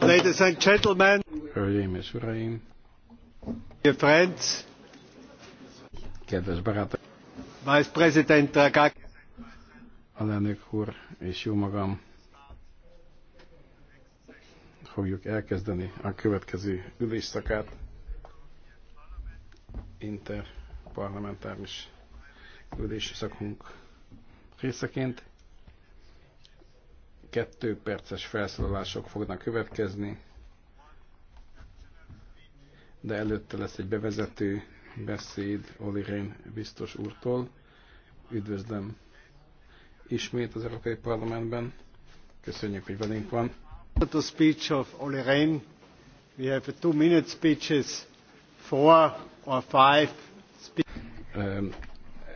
Ladies and gentlemen, Hölgyeim és uraim, dear friends, kedves barátok, Vice President Draghi, alelnök úr és jó magam, fogjuk elkezdeni a következő ülésszakát interparlamentáris ülésszakunk részeként kettő perces felszólalások fognak következni, de előtte lesz egy bevezető beszéd Oli Rén biztos úrtól. Üdvözlöm ismét az Európai Parlamentben. Köszönjük, hogy velünk van. The speech of Oli Rehn. We have two minute speeches, four or five speeches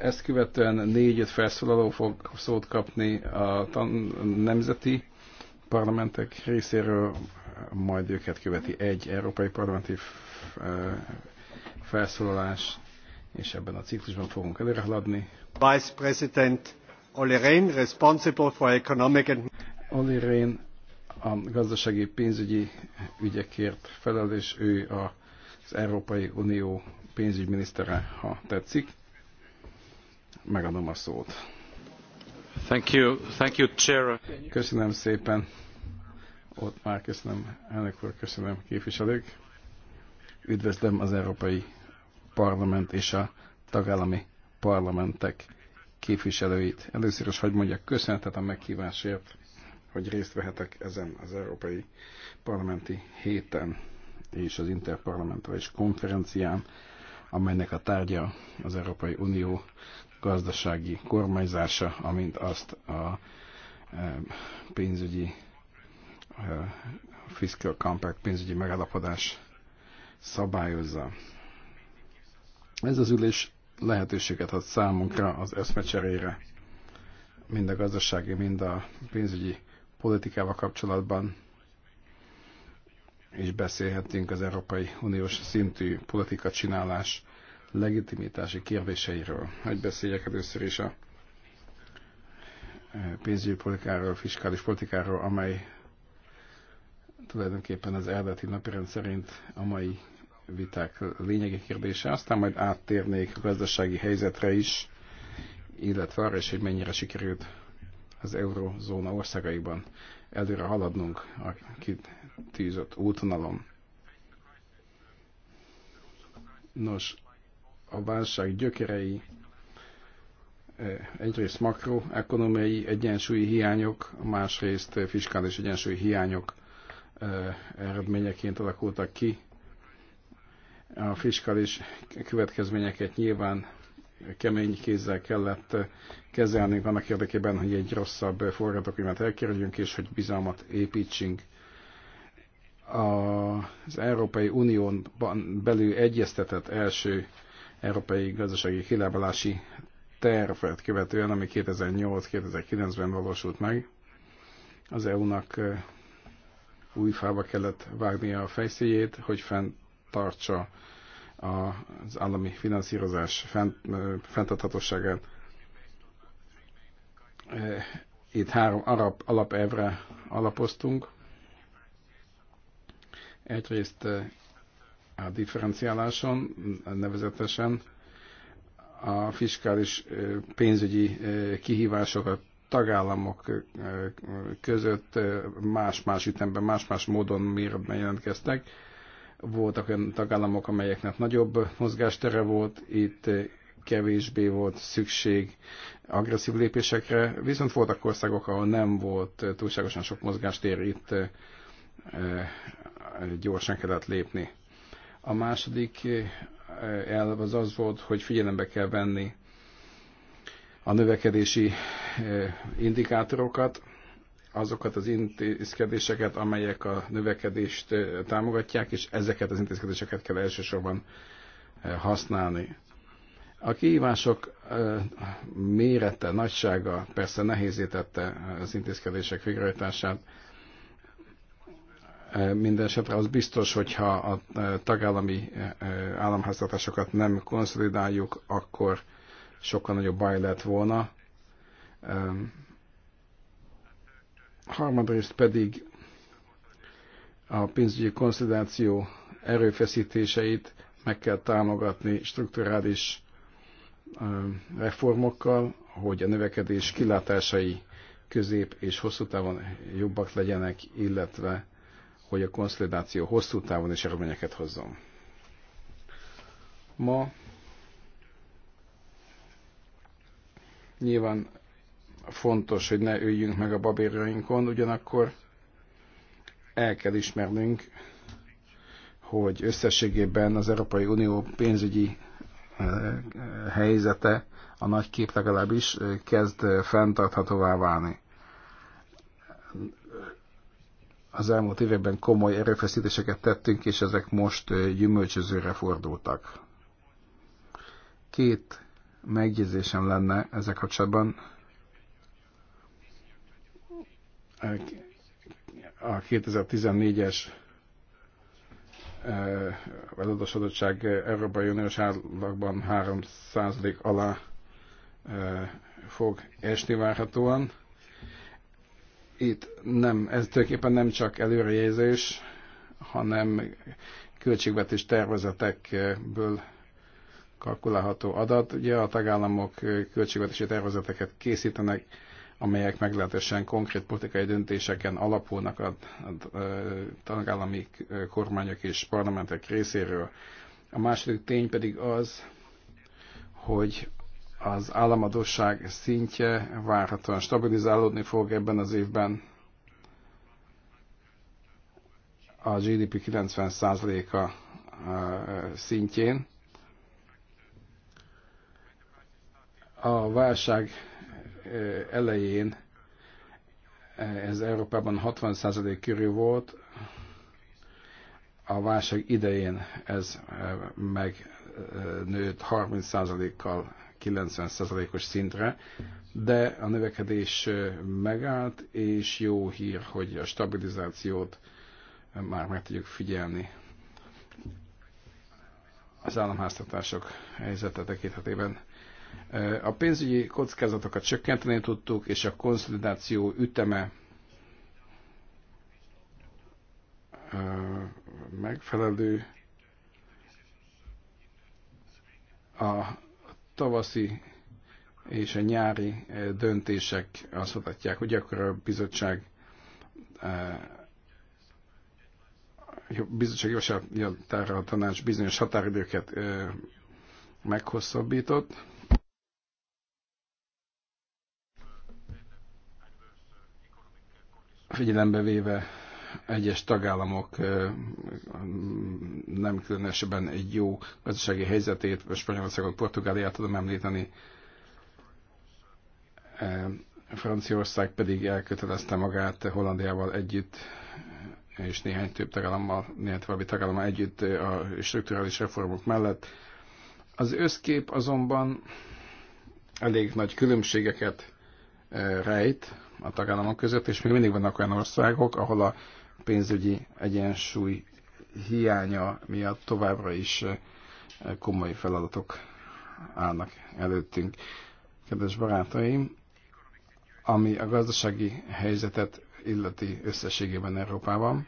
ezt követően négy-öt felszólaló fog szót kapni a nemzeti parlamentek részéről, majd őket követi egy európai parlamenti felszólalás, és ebben a ciklusban fogunk előre haladni. Vice President Olli Rehn, responsible for economic and... Olli Rehn a gazdasági pénzügyi ügyekért felelős, ő az Európai Unió pénzügyminisztere, ha tetszik megadom a szót. Thank you, thank you, Chair. Köszönöm szépen. Ott már köszönöm, elnök úr, köszönöm képviselők. Üdvözlöm az Európai Parlament és a tagállami parlamentek képviselőit. Először is hagyd mondjak köszönetet a meghívásért, hogy részt vehetek ezen az Európai Parlamenti héten és az interparlamentális konferencián, amelynek a tárgya az Európai Unió gazdasági kormányzása, amint azt a eh, pénzügyi eh, fiscal compact, pénzügyi megállapodás szabályozza. Ez az ülés lehetőséget ad számunkra az eszmecserére, mind a gazdasági, mind a pénzügyi politikával kapcsolatban, és beszélhetünk az Európai Uniós szintű politika csinálás legitimitási kérdéseiről. Hogy beszéljek először is a eh, pénzügyi politikáról, fiskális politikáról, amely tulajdonképpen az eredeti napirend szerint a mai viták lényegi kérdése. Aztán majd áttérnék a gazdasági helyzetre is, illetve arra is, hogy mennyire sikerült az eurozóna országaiban előre haladnunk a kitűzött útonalon. Nos, a válság gyökerei e, egyrészt makroekonomiai egyensúlyi hiányok, másrészt fiskális egyensúlyi hiányok e, eredményeként alakultak ki. A fiskális következményeket nyilván kemény kézzel kellett kezelni, annak érdekében, hogy egy rosszabb forgatókönyvet elkerüljünk, és hogy bizalmat építsünk. Az Európai Unión belül egyeztetett első európai gazdasági kilábalási tervet követően, ami 2008-2009-ben valósult meg. Az EU-nak új fába kellett vágnia a fejszéjét, hogy fenntartsa az állami finanszírozás fent, fenntarthatóságát. Itt három arab alapelvre alapoztunk. Egyrészt a differenciáláson, nevezetesen a fiskális pénzügyi kihívások a tagállamok között más-más ütemben, más-más módon méretben jelentkeztek. Voltak olyan tagállamok, amelyeknek nagyobb mozgástere volt, itt kevésbé volt szükség agresszív lépésekre, viszont voltak országok, ahol nem volt túlságosan sok mozgástér, itt gyorsan kellett lépni. A második eh, elv az az volt, hogy figyelembe kell venni a növekedési eh, indikátorokat, azokat az intézkedéseket, amelyek a növekedést eh, támogatják, és ezeket az intézkedéseket kell elsősorban használni. A kihívások mérete, nagysága persze nehézítette az intézkedések végrehajtását, Mindenesetre az biztos, hogyha a tagállami e, e, államháztartásokat nem konszolidáljuk, akkor sokkal nagyobb baj lett volna. E, harmadrészt pedig a pénzügyi konszolidáció erőfeszítéseit meg kell támogatni strukturális reformokkal, hogy a növekedés kilátásai közép és hosszú távon jobbak legyenek, illetve hogy a konszolidáció hosszú távon is eredményeket hozzon. Ma nyilván fontos, hogy ne üljünk meg a babérjainkon, ugyanakkor el kell ismernünk, hogy összességében az Európai Unió pénzügyi eh, eh, helyzete, a nagy kép legalábbis eh, kezd fenntarthatóvá válni. az elmúlt években komoly erőfeszítéseket tettünk, és ezek most gyümölcsözőre fordultak. Két megjegyzésem lenne ezek kapcsolatban. A 2014-es az adósodottság Európai Uniós átlagban 3% alá fog esni várhatóan itt nem, ez tulajdonképpen nem csak előrejelzés, hanem költségvetés tervezetekből kalkulálható adat. Ugye a tagállamok költségvetési tervezeteket készítenek, amelyek meglehetősen konkrét politikai döntéseken alapulnak a, tagállami kormányok és parlamentek részéről. A második tény pedig az, hogy az államadóság szintje várhatóan stabilizálódni fog ebben az évben. A GDP 90%-a szintjén. A válság elején ez Európában 60% körül volt, a válság idején ez megnőtt 30%-kal 90%-os szintre, de a növekedés megállt, és jó hír, hogy a stabilizációt már meg tudjuk figyelni az államháztartások helyzete tekintetében. A pénzügyi kockázatokat csökkenteni tudtuk, és a konszolidáció üteme megfelelő a tavaszi és a nyári eh, döntések azt mutatják, hogy akkor a bizottság a eh, bizottság a tanács bizonyos határidőket eh, meghosszabbított. Figyelembe véve egyes tagállamok nem különösebben egy jó gazdasági helyzetét, Spanyolországot, Portugáliát tudom említeni, Franciaország pedig elkötelezte magát Hollandiával együtt, és néhány több tagállammal, néhány további tagállammal együtt a strukturális reformok mellett. Az összkép azonban elég nagy különbségeket rejt a tagállamok között, és még mindig vannak olyan országok, ahol a pénzügyi egyensúly hiánya miatt továbbra is eh, komoly feladatok állnak előttünk. Kedves barátaim, ami a gazdasági helyzetet illeti összességében Európában,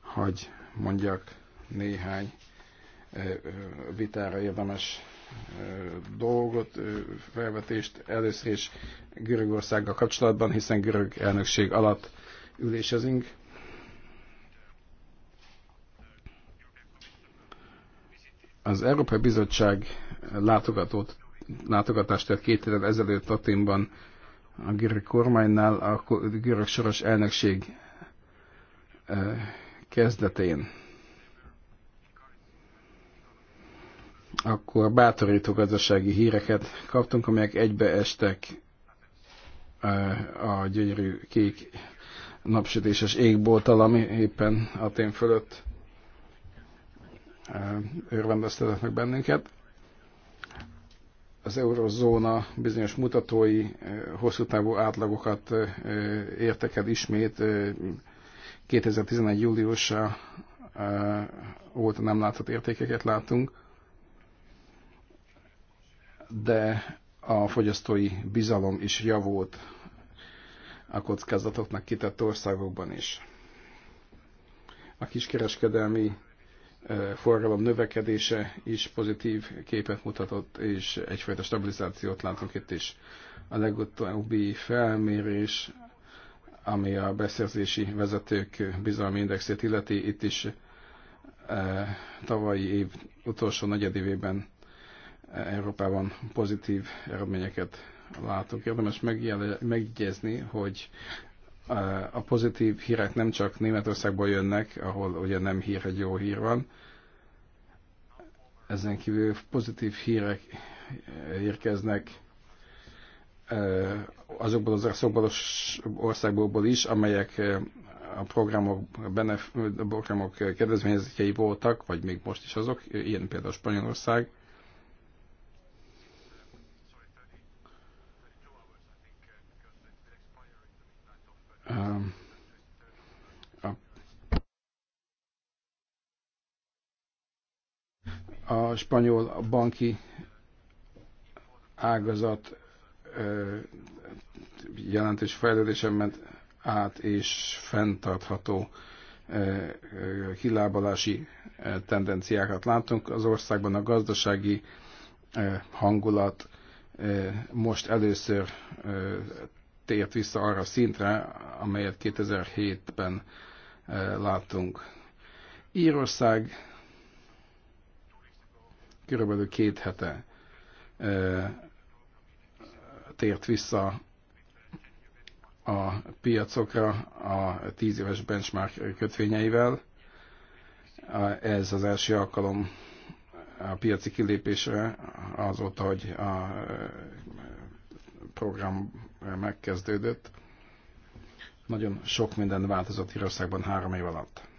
hogy mondjak néhány eh, vitára érdemes eh, dolgot, felvetést először is Görögországgal kapcsolatban, hiszen görög elnökség alatt ülésezünk. Az Európai Bizottság látogatót, látogatást tett két évvel ezelőtt Aténban a görög kormánynál, a görög soros elnökség kezdetén. Akkor bátorító gazdasági híreket kaptunk, amelyek egybeestek a gyönyörű kék napsütéses égboltal, ami éppen a tém fölött eh, örvendeztetett meg bennünket. Az eurozóna bizonyos mutatói eh, hosszú távú átlagokat eh, értek el ismét. 2011. júliusa óta nem látott értékeket látunk, de a fogyasztói bizalom is javult a kockázatoknak kitett országokban is. A kiskereskedelmi forgalom növekedése is pozitív képet mutatott, és egyfajta stabilizációt látunk itt is. A legutóbbi felmérés, ami a beszerzési vezetők bizalmi indexét illeti, itt is tavalyi év utolsó negyedévében Európában pozitív eredményeket látunk. Érdemes megjegyezni, hogy a pozitív hírek nem csak Németországból jönnek, ahol ugye nem hír, egy jó hír van. Ezen kívül pozitív hírek érkeznek azokból az országból, is, amelyek a programok, benef- a programok kedvezményezetjei voltak, vagy még most is azok, ilyen például Spanyolország, a spanyol banki ágazat jelentős fejlődésen ment át, és fenntartható kilábalási tendenciákat látunk. Az országban a gazdasági hangulat most először tért vissza arra a szintre, amelyet 2007-ben láttunk. Írország körülbelül két hete tért vissza a piacokra a 10 éves benchmark kötvényeivel. Ez az első alkalom a piaci kilépésre azóta, hogy a program megkezdődött. Nagyon sok minden változott Írországban három év alatt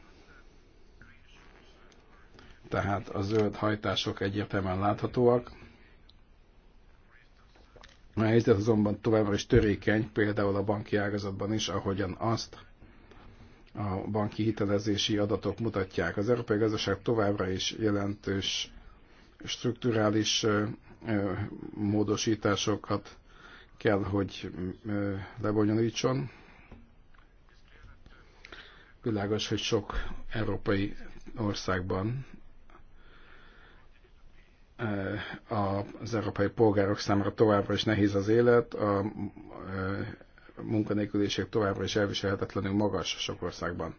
tehát a zöld hajtások egyértelműen láthatóak. A helyzet azonban továbbra is törékeny, például a banki ágazatban is, ahogyan azt a banki hitelezési adatok mutatják. Az európai gazdaság továbbra is jelentős strukturális módosításokat kell, hogy lebonyolítson. Világos, hogy sok európai országban az európai polgárok számára továbbra is nehéz az élet, a munkanélküliség továbbra is elviselhetetlenül magas sok országban.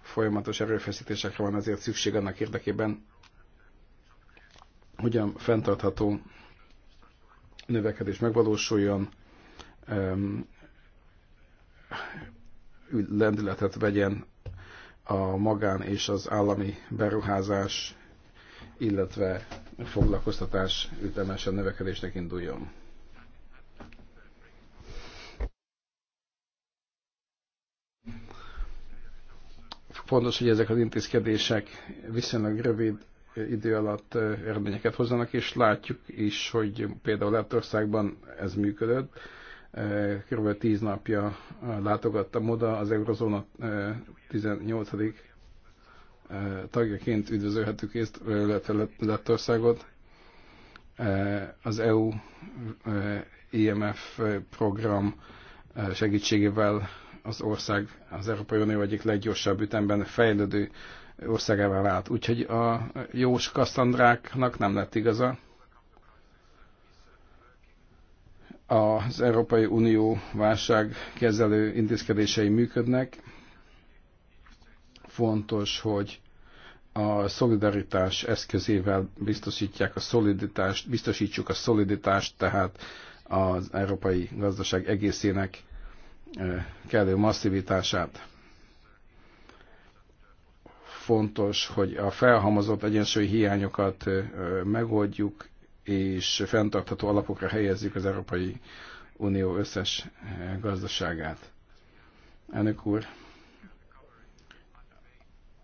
Folyamatos erőfeszítésekre van azért szükség annak érdekében, hogy a fenntartható növekedés megvalósuljon, lendületet vegyen a magán és az állami beruházás illetve foglalkoztatás ütemesen növekedésnek induljon. Fontos, hogy ezek az intézkedések viszonylag rövid idő alatt eredményeket hozzanak, és látjuk is, hogy például Lettországban ez működött. Kb. 10 napja látogattam oda, az Eurozóna 18 tagjaként üdvözölhetük észt, Lettországot. Az EU IMF program segítségével az ország az Európai Unió egyik leggyorsabb ütemben fejlődő országává vált. Úgyhogy a Jós Kasszandráknak nem lett igaza. Az Európai Unió válság kezelő intézkedései működnek fontos, hogy a szolidaritás eszközével biztosítják a szoliditást, biztosítsuk a szoliditást, tehát az európai gazdaság egészének eh, kellő masszivitását. Fontos, hogy a felhamozott egyensúlyi hiányokat eh, megoldjuk, és fenntartható alapokra helyezzük az Európai Unió összes eh, gazdaságát. Elnök úr!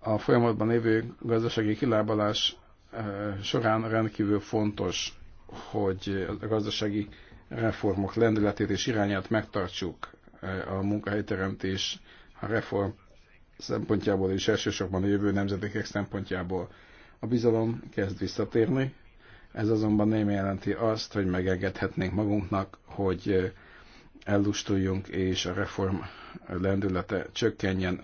a folyamatban lévő gazdasági kilábalás eh, során rendkívül fontos, hogy a gazdasági reformok lendületét és irányát megtartsuk eh, a munkahelyteremtés, a reform szempontjából és elsősorban a jövő nemzedékek szempontjából. A bizalom kezd visszatérni, ez azonban nem jelenti azt, hogy megengedhetnénk magunknak, hogy eh, ellustuljunk és a reform lendülete csökkenjen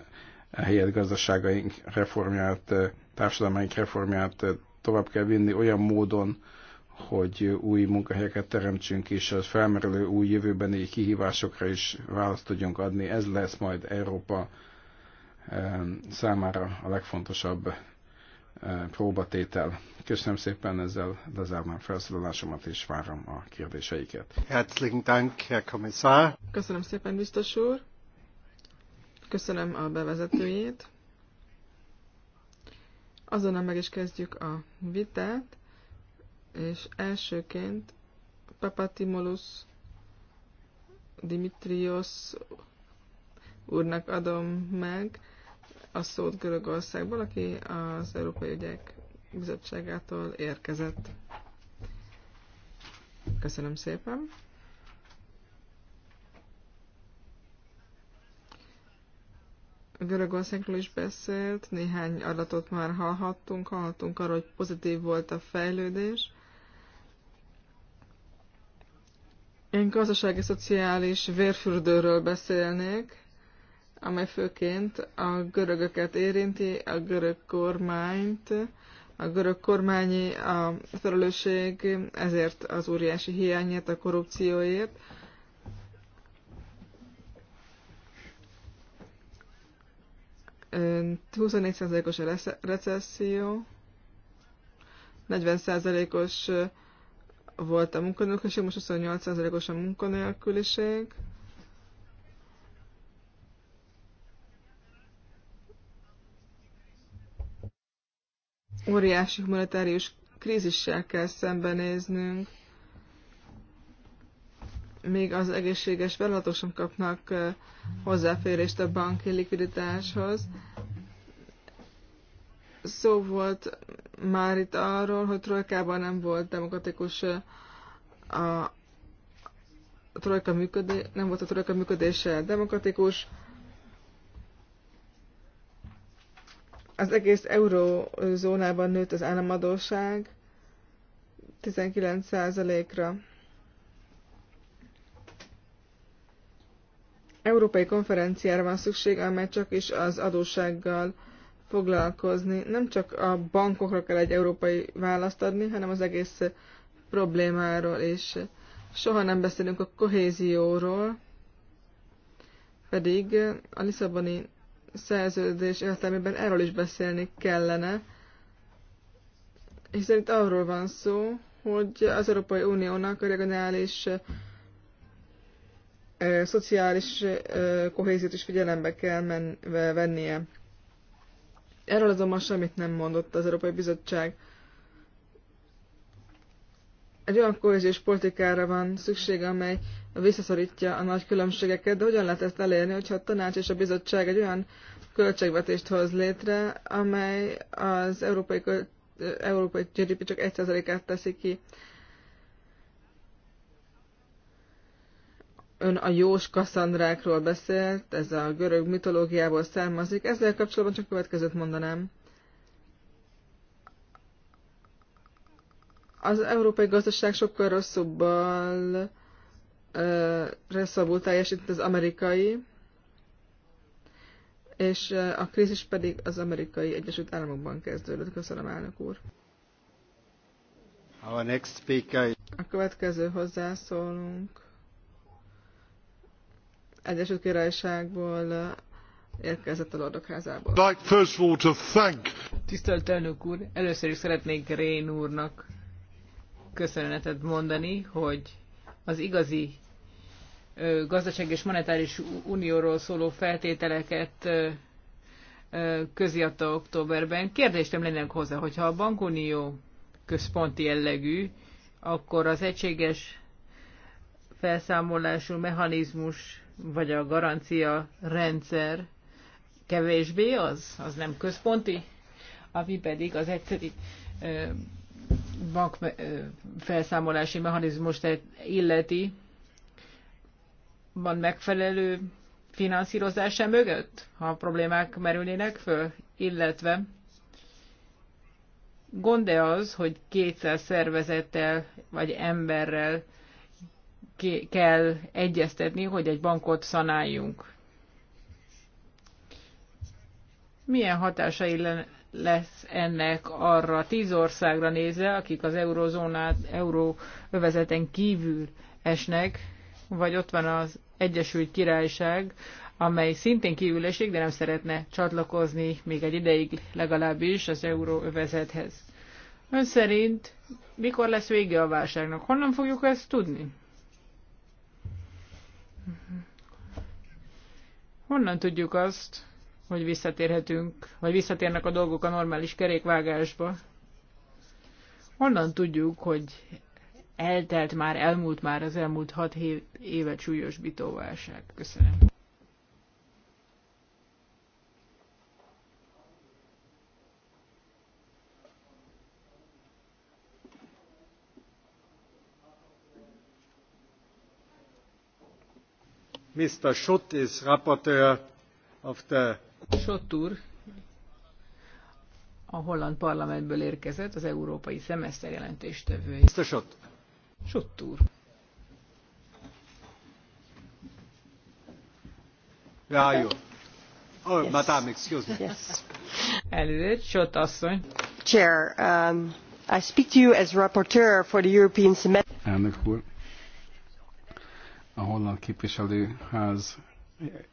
E helyett gazdaságaink reformját, e, társadalmaink reformját e, tovább kell vinni olyan módon, hogy új munkahelyeket teremtsünk, és az felmerülő új jövőbeni kihívásokra is választ tudjunk adni. Ez lesz majd Európa számára a legfontosabb próbatétel. Köszönöm szépen, ezzel lezárnám felszólalásomat, és várom a kérdéseiket. Herzlichen Dank, Herr Kommissar. Köszönöm szépen, biztos úr. Köszönöm a bevezetőjét. Azonnal meg is kezdjük a vitát, és elsőként Papatimolus Dimitrios úrnak adom meg a szót Görögországból, aki az Európai Ügyek Bizottságától érkezett. Köszönöm szépen! Görögországról is beszélt, néhány adatot már hallhattunk, hallhattunk arról, hogy pozitív volt a fejlődés. Én gazdasági szociális vérfürdőről beszélnék, amely főként a görögöket érinti, a görög kormányt, a görög kormányi a felelősség ezért az óriási hiányért, a korrupcióért, 24%-os a recesszió, 40%-os volt a munkanélküliség, most 28%-os a munkanélküliség. Óriási humanitárius krízissel kell szembenéznünk még az egészséges vállalatok sem kapnak hozzáférést a banki likviditáshoz. Szó volt már itt arról, hogy Trojkában nem volt demokratikus a trojka működé, nem volt a trojka működése demokratikus. Az egész eurózónában nőtt az államadóság 19%-ra. európai konferenciára van szükség, amely csak is az adóssággal foglalkozni. Nem csak a bankokra kell egy európai választ adni, hanem az egész problémáról is. Soha nem beszélünk a kohézióról, pedig a Lisszaboni szerződés értelmében erről is beszélni kellene, hiszen itt arról van szó, hogy az Európai Uniónak a regionális szociális kohéziót is figyelembe kell men- vennie. Erről azonban semmit nem mondott az Európai Bizottság. Egy olyan kohéziós politikára van szüksége, amely visszaszorítja a nagy különbségeket, de hogyan lehet ezt elérni, hogyha a tanács és a bizottság egy olyan költségvetést hoz létre, amely az európai, európai GDP csak 1%-át teszi ki. Ön a Jós Kassandrákról beszélt, ez a görög mitológiából származik. Ezzel kapcsolatban csak következőt mondanám. Az európai gazdaság sokkal rosszabbal rosszabbul teljesít az amerikai, és a krízis pedig az amerikai Egyesült Államokban kezdődött. Köszönöm, elnök úr. Our next speaker. A következő hozzászólunk. Egyesült Királyságból érkezett a Lordok házából. Tisztelt elnök úr, először is szeretnék Rén úrnak köszönetet mondani, hogy az igazi gazdaság és monetáris unióról szóló feltételeket közjadta októberben. Kérdésem lennénk hozzá, hogyha a bankunió központi jellegű, akkor az egységes felszámolású mechanizmus vagy a garancia rendszer kevésbé az, az nem központi, ami pedig az egyszerű bank felszámolási mechanizmust e- illeti, van megfelelő finanszírozása mögött, ha problémák merülnének föl, illetve gond-e az, hogy 200 szervezettel vagy emberrel kell egyeztetni, hogy egy bankot szanáljunk. Milyen hatásai lesz ennek arra tíz országra nézve, akik az eurozónát, euróövezeten kívül esnek, vagy ott van az Egyesült Királyság, amely szintén kívül esik, de nem szeretne csatlakozni még egy ideig legalábbis az euróövezethez. Ön szerint mikor lesz vége a válságnak? Honnan fogjuk ezt tudni? Uh-huh. Honnan tudjuk azt, hogy visszatérhetünk, vagy visszatérnek a dolgok a normális kerékvágásba? Honnan tudjuk, hogy eltelt már, elmúlt már az elmúlt hat évet súlyos bitóválság? Köszönöm. Mr. Schutt is rapporteur úr a holland parlamentből érkezett, az európai szemeszter jelentéstevője. Mr. Schott. Schutt úr. Rájó. Oh, yes. madame, excuse me. Yes. Elnézést, Schutt asszony. Chair, um, I speak to you as rapporteur for the European semester. Elnök úr, a holland képviselőház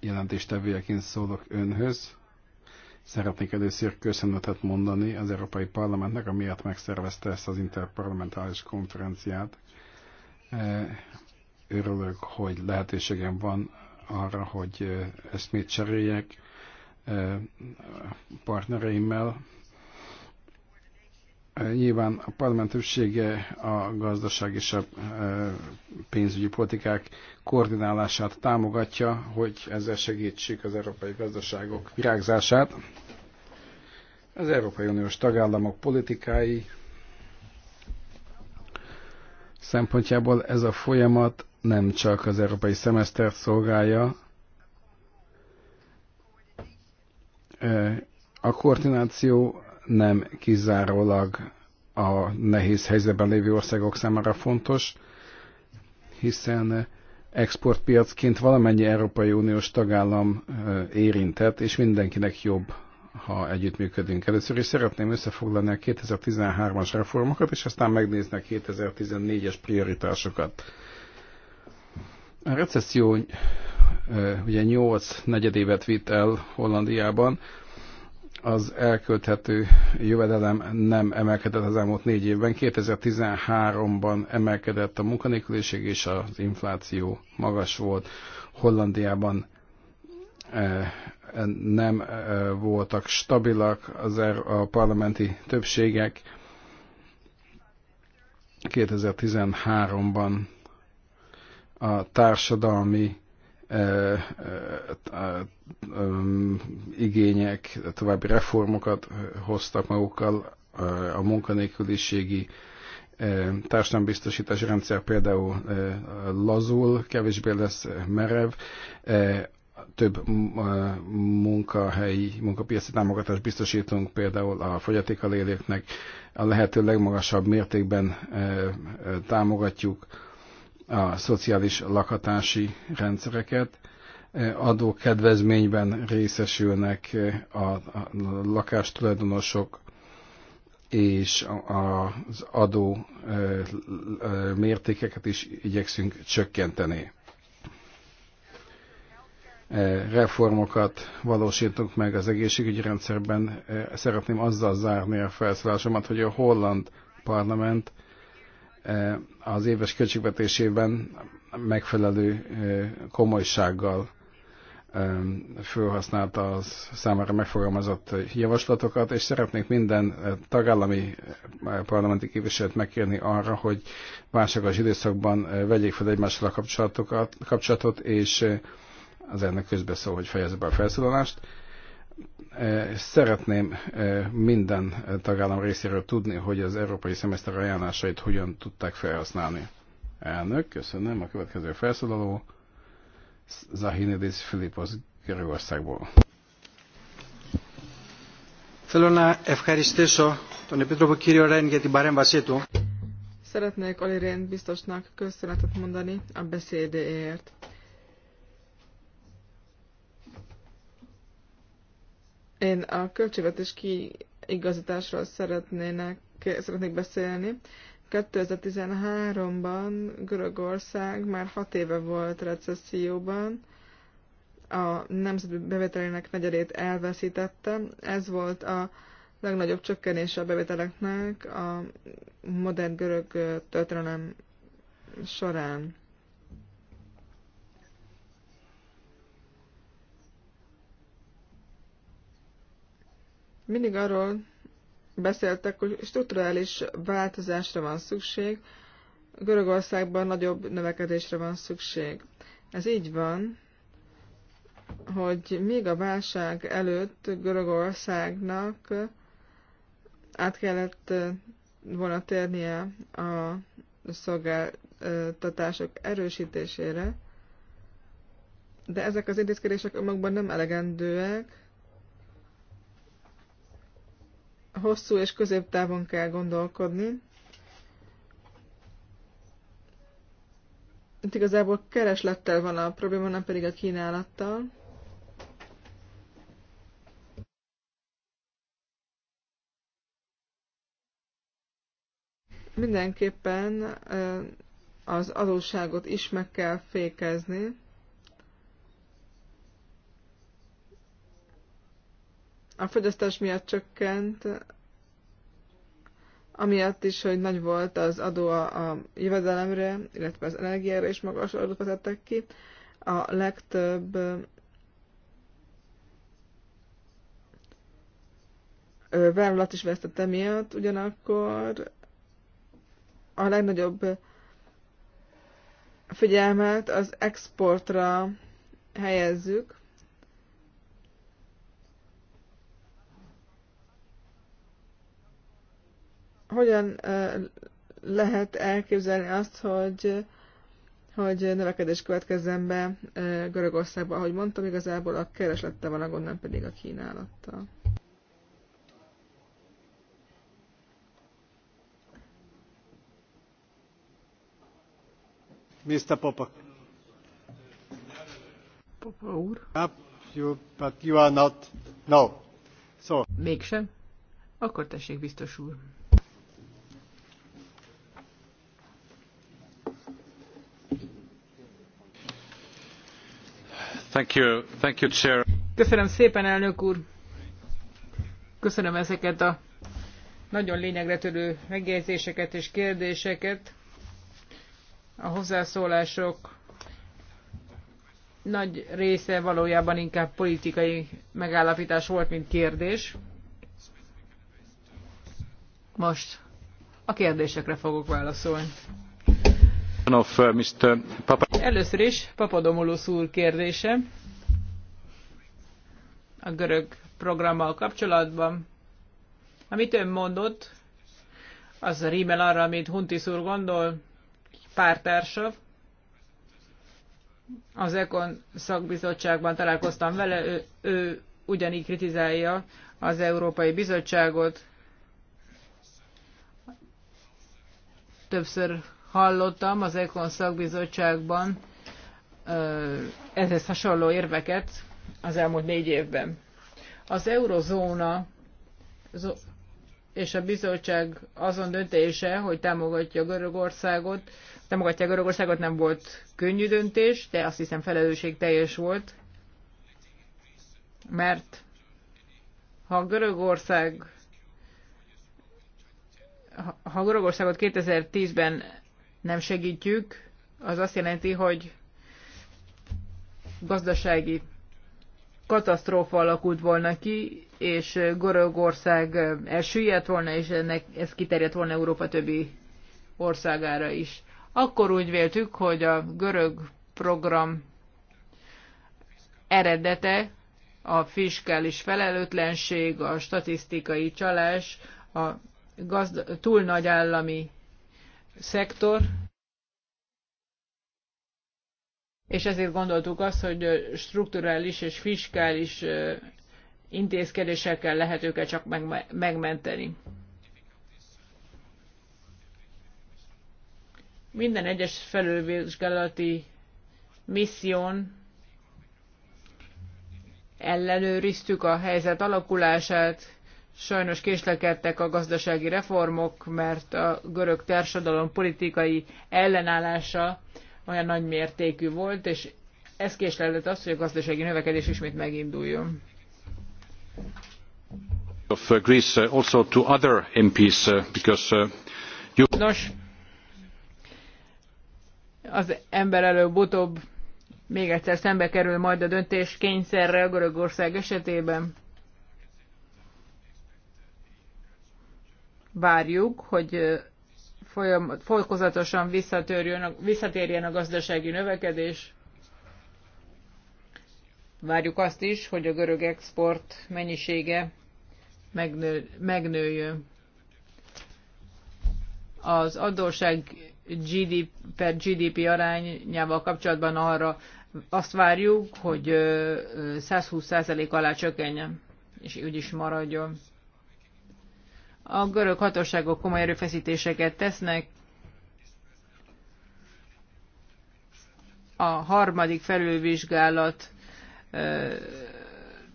jelentéstevőjeként szólok önhöz. Szeretnék először köszönetet mondani az Európai Parlamentnek, amiért megszervezte ezt az interparlamentális konferenciát. E, örülök, hogy lehetőségem van arra, hogy e, eszmét cseréljek e, partnereimmel, Nyilván a parlament többsége a gazdaság és a e, pénzügyi politikák koordinálását támogatja, hogy ezzel segítsék az európai gazdaságok virágzását. Az Európai Uniós tagállamok politikái szempontjából ez a folyamat nem csak az európai szemesztert szolgálja, e, a koordináció nem kizárólag a nehéz helyzetben lévő országok számára fontos, hiszen exportpiacként valamennyi Európai Uniós tagállam érintett, és mindenkinek jobb, ha együttműködünk. Először És szeretném összefoglalni a 2013-as reformokat, és aztán megnézni a 2014-es prioritásokat. A recesszió ugye 8 negyedévet vitt el Hollandiában, az elkölthető jövedelem nem emelkedett az elmúlt négy évben. 2013-ban emelkedett a munkanélküliség és az infláció magas volt. Hollandiában e, e, nem e, voltak stabilak az er-, a parlamenti többségek. 2013-ban a társadalmi igények, további reformokat hoztak magukkal, a munkanélküliségi társadalombiztosítási rendszer például lazul, kevésbé lesz merev, több munkahelyi, munkapiaci támogatást biztosítunk például a fogyatékkal élőknek, a lehető legmagasabb mértékben támogatjuk a szociális lakhatási rendszereket, e, adó kedvezményben részesülnek e, a lakástulajdonosok, és az adó e, mértékeket is igyekszünk csökkenteni. Reformokat valósítunk meg az egészségügyi rendszerben. Szeretném azzal zárni a felszólásomat, hogy a holland parlament Eh, az éves költségvetésében megfelelő eh, komolysággal eh, felhasználta az számára megfogalmazott javaslatokat, és szeretnék minden tagállami parlamenti képviselőt megkérni arra, hogy válságos időszakban vegyék fel egymással a kapcsolatot, és az ennek közbeszól, hogy fejezze be a felszólalást. Szeretném minden tagállam részéről tudni, hogy az európai szemeszter ajánlásait hogyan tudták felhasználni. Elnök, köszönöm. A következő felszólaló Zahinidis Filipos Görögországból. να ευχαριστήσω τον Szeretnék Oli biztosnak köszönetet mondani a beszédéért. Én a költségvetés kiigazításról szeretnének, szeretnék beszélni. 2013-ban Görögország már hat éve volt recesszióban, a nemzeti bevételének negyedét elveszítette. Ez volt a legnagyobb csökkenése a bevételeknek a modern görög történelem során. Mindig arról beszéltek, hogy strukturális változásra van szükség, Görögországban nagyobb növekedésre van szükség. Ez így van, hogy még a válság előtt Görögországnak át kellett eh, volna térnie a szolgáltatások erősítésére, de ezek az intézkedések önmagban nem elegendőek, hosszú és középtávon kell gondolkodni. Itt igazából kereslettel van a probléma, nem pedig a kínálattal. Mindenképpen az adósságot is meg kell fékezni. A fogyasztás miatt csökkent, amiatt is, hogy nagy volt az adó a, a jövedelemre, illetve az energiára is magas adót vetettek ki. A legtöbb vállalat is vesztett miatt ugyanakkor a legnagyobb figyelmet az exportra helyezzük. hogyan lehet elképzelni azt, hogy, hogy növekedés következzen be Görögországban, ahogy mondtam, igazából a kereslettel van a gond, nem pedig a kínálattal. Mr. Papa. Popa úr. You, but you are not. No. So. Mégsem. Akkor tessék, biztos úr. Köszönöm szépen, elnök úr. Köszönöm ezeket a nagyon lényegre törő megjegyzéseket és kérdéseket. A hozzászólások nagy része valójában inkább politikai megállapítás volt, mint kérdés. Most a kérdésekre fogok válaszolni. Uh, Először is Papadomoulos úr kérdése a görög programmal kapcsolatban. Amit ön mondott, az a rímel arra, amit Huntis úr gondol, pártársa. Az Ekon szakbizottságban találkoztam vele, ő, ő ugyanígy kritizálja az Európai Bizottságot. Többször hallottam az Ekon szakbizottságban ehhez hasonló érveket az elmúlt négy évben. Az eurozóna és a bizottság azon döntése, hogy támogatja Görögországot, támogatja Görögországot nem volt könnyű döntés, de azt hiszem felelősség teljes volt, mert ha Görögország ha Görögországot 2010-ben nem segítjük, az azt jelenti, hogy gazdasági katasztrófa alakult volna ki, és Görögország elsüllyedt volna, és ennek, ez kiterjedt volna Európa többi országára is. Akkor úgy véltük, hogy a görög program eredete a fiskális felelőtlenség, a statisztikai csalás, a gazda, túl nagy állami szektor, és ezért gondoltuk azt, hogy strukturális és fiskális intézkedésekkel lehet őket csak megmenteni. Minden egyes felülvizsgálati misszión ellenőriztük a helyzet alakulását, Sajnos késlekedtek a gazdasági reformok, mert a görög társadalom politikai ellenállása olyan nagy mértékű volt, és ez késlelett az, hogy a gazdasági növekedés ismét meginduljon. Of uh, Greece, uh, also to other MPs, uh, because you... Nos, az ember előbb-utóbb még egyszer szembe kerül majd a döntés a Görögország esetében. várjuk, hogy folyamatosan visszatérjen a gazdasági növekedés. Várjuk azt is, hogy a görög export mennyisége megnő, megnőjön. Az adóság GDP, per GDP arányával kapcsolatban arra azt várjuk, hogy 120% alá csökkenjen, és úgy is maradjon. A görög hatóságok komoly erőfeszítéseket tesznek. A harmadik felülvizsgálat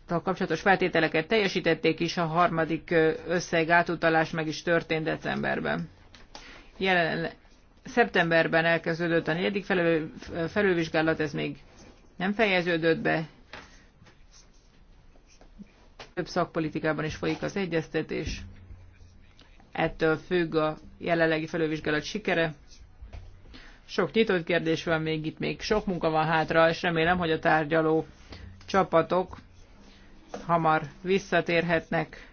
kapcsolatos feltételeket teljesítették is, a harmadik összeg átutalás meg is történt decemberben. Jelen, szeptemberben elkezdődött a negyedik felül, felülvizsgálat, ez még nem fejeződött be. Több szakpolitikában is folyik az egyeztetés. Ettől függ a jelenlegi felővizsgálat sikere. Sok nyitott kérdés van még itt, még sok munka van hátra, és remélem, hogy a tárgyaló csapatok hamar visszatérhetnek,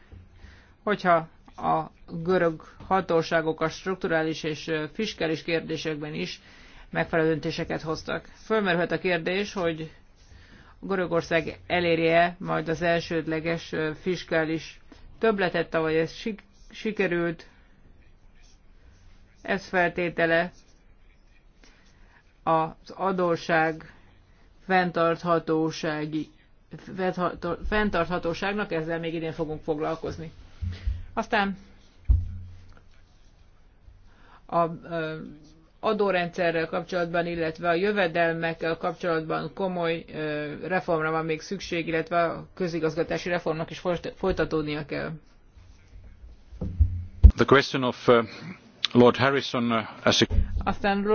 hogyha a görög hatóságok a strukturális és fiskális kérdésekben is megfelelő döntéseket hoztak. Fölmerülhet a kérdés, hogy Görögország elérje majd az elsődleges fiskális többletet, tavaly ez sikerült. Ez feltétele az adósság fenntarthatósági fenntarthatóságnak, ezzel még idén fogunk foglalkozni. Aztán a adórendszerrel kapcsolatban, illetve a jövedelmekkel kapcsolatban komoly reformra van még szükség, illetve a közigazgatási reformnak is folytatódnia kell. The question of uh, Lord Harrison uh, as a... Aztán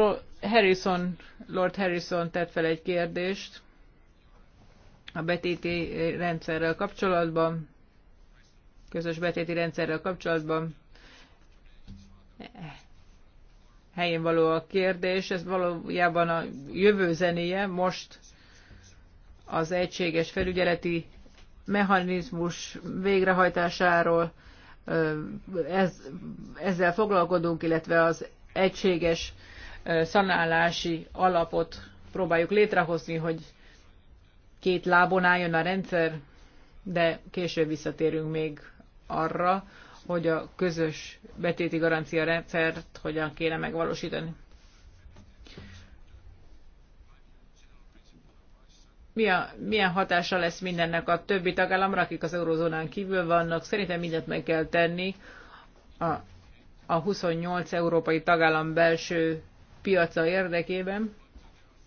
Harrison, Lord Harrison tett fel egy kérdést a betéti rendszerrel kapcsolatban, közös betéti rendszerrel kapcsolatban. Helyén való a kérdés, ez valójában a jövő zenéje, most az egységes felügyeleti mechanizmus végrehajtásáról ez, ezzel foglalkodunk, illetve az egységes szanálási alapot próbáljuk létrehozni, hogy két lábon álljon a rendszer, de később visszatérünk még arra, hogy a közös betéti garancia rendszert hogyan kéne megvalósítani. milyen, milyen hatása lesz mindennek a többi tagállamra, akik az eurozónán kívül vannak. Szerintem mindent meg kell tenni a, a 28 európai tagállam belső piaca érdekében,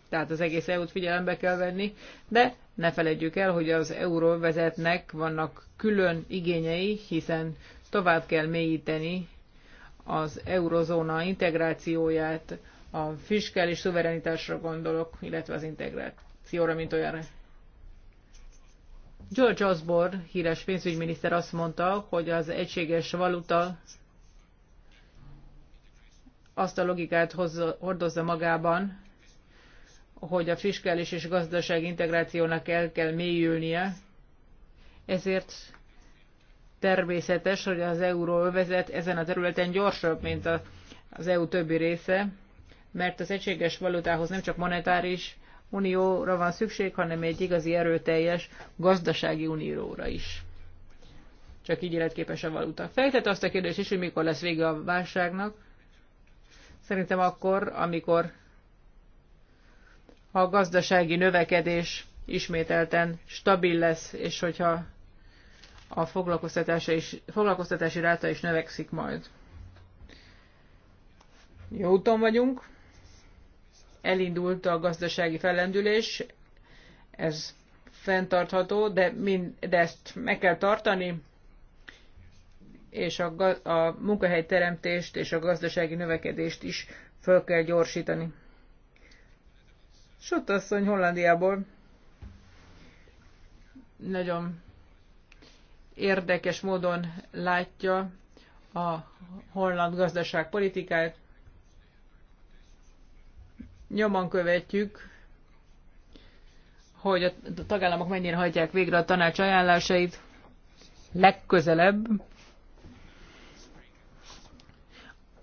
tehát az egész EU-t figyelembe kell venni, de ne feledjük el, hogy az euróvezetnek vannak külön igényei, hiszen tovább kell mélyíteni az eurozóna integrációját, a fiskális szuverenitásra gondolok, illetve az integrált Szióra, mint olyanra. George Osborne, híres pénzügyminiszter azt mondta, hogy az egységes valuta azt a logikát hozza, hordozza magában, hogy a fiskális és gazdaság integrációnak el kell mélyülnie, ezért természetes, hogy az euróövezet ezen a területen gyorsabb, mint az EU többi része, mert az egységes valutához nem csak monetáris unióra van szükség, hanem egy igazi erőteljes gazdasági unióra is. Csak így életképes a valuta. Fejtett azt a kérdést is, hogy mikor lesz vége a válságnak. Szerintem akkor, amikor ha a gazdasági növekedés ismételten stabil lesz, és hogyha a foglalkoztatása is, foglalkoztatási ráta is növekszik majd. Jó úton vagyunk elindult a gazdasági fellendülés, ez fenntartható, de, mind, de ezt meg kell tartani, és a, a munkahelyteremtést és a gazdasági növekedést is föl kell gyorsítani. Sotasszony Hollandiából nagyon érdekes módon látja a holland gazdaságpolitikát nyomon követjük, hogy a tagállamok mennyire hagyják végre a tanács ajánlásait legközelebb.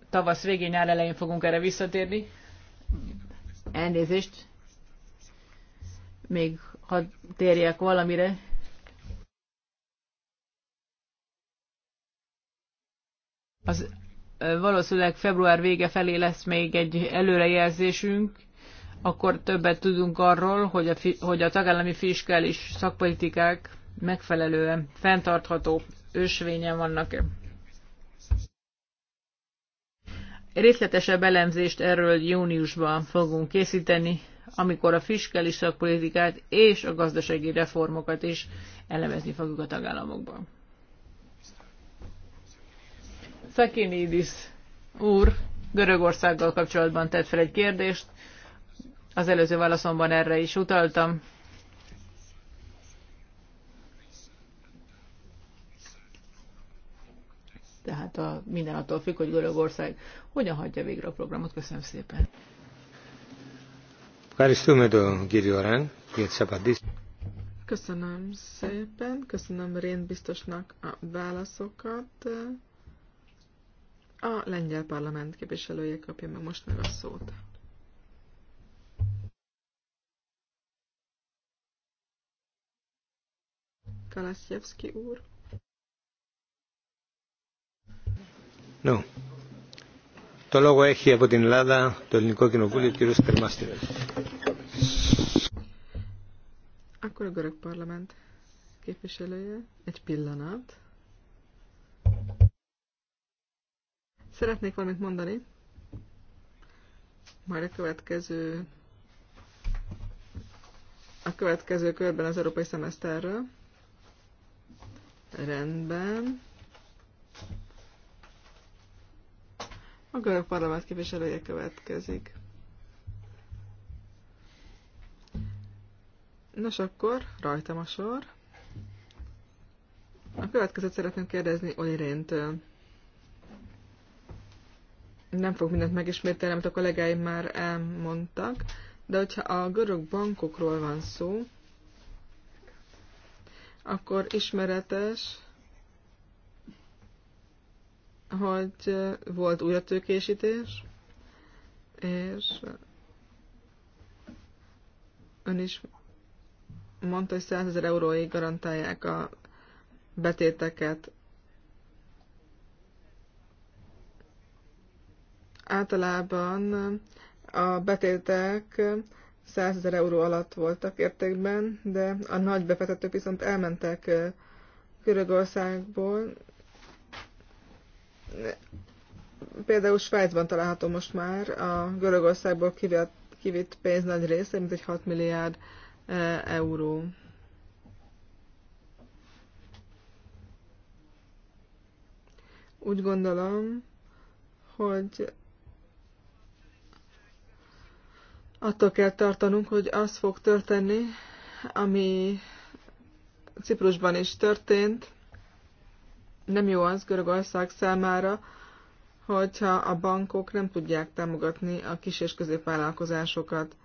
Tavasz végén, nyár elején fogunk erre visszatérni. Elnézést. Még ha térjek valamire. Az valószínűleg február vége felé lesz még egy előrejelzésünk, akkor többet tudunk arról, hogy a, hogy a tagállami fiskális szakpolitikák megfelelően fenntartható ösvényen vannak-e. Részletesebb elemzést erről júniusban fogunk készíteni, amikor a fiskális szakpolitikát és a gazdasági reformokat is elemezni fogjuk a tagállamokban. Szakinidis úr Görögországgal kapcsolatban tett fel egy kérdést. Az előző válaszomban erre is utaltam. Tehát a, minden attól függ, hogy Görögország hogyan hagyja végre a programot. Köszönöm szépen. Köszönöm szépen, köszönöm Rén biztosnak a válaszokat. A lengyel parlament képviselője kapja meg most meg a szót. Kalaszjevski úr. No. Το λόγο έχει από την Ελλάδα το Ελληνικό Κοινοβούλιο ο κ. Ακούω Akkor a görög Κύριε képviselője. Egy pillanat. Szeretnék valamit mondani. Majd a következő a következő körben az európai szemeszterről. Rendben. A görög parlament képviselője következik. Nos akkor, rajtam a sor. A következőt szeretném kérdezni Oli Réntől nem fog mindent megismételni, amit a kollégáim már elmondtak, de hogyha a görög bankokról van szó, akkor ismeretes, hogy volt újratőkésítés, és ön is mondta, hogy 100 ezer euróig garantálják a betéteket. általában a betétek 100 ezer euró alatt voltak értékben, de a nagy befektetők viszont elmentek Görögországból. Például Svájcban található most már a Görögországból kivett, kivitt pénz nagy része, mint egy 6 milliárd euró. Úgy gondolom, hogy attól kell tartanunk, hogy az fog történni, ami Ciprusban is történt. Nem jó az Görögország számára, hogyha a bankok nem tudják támogatni a kis- és középvállalkozásokat.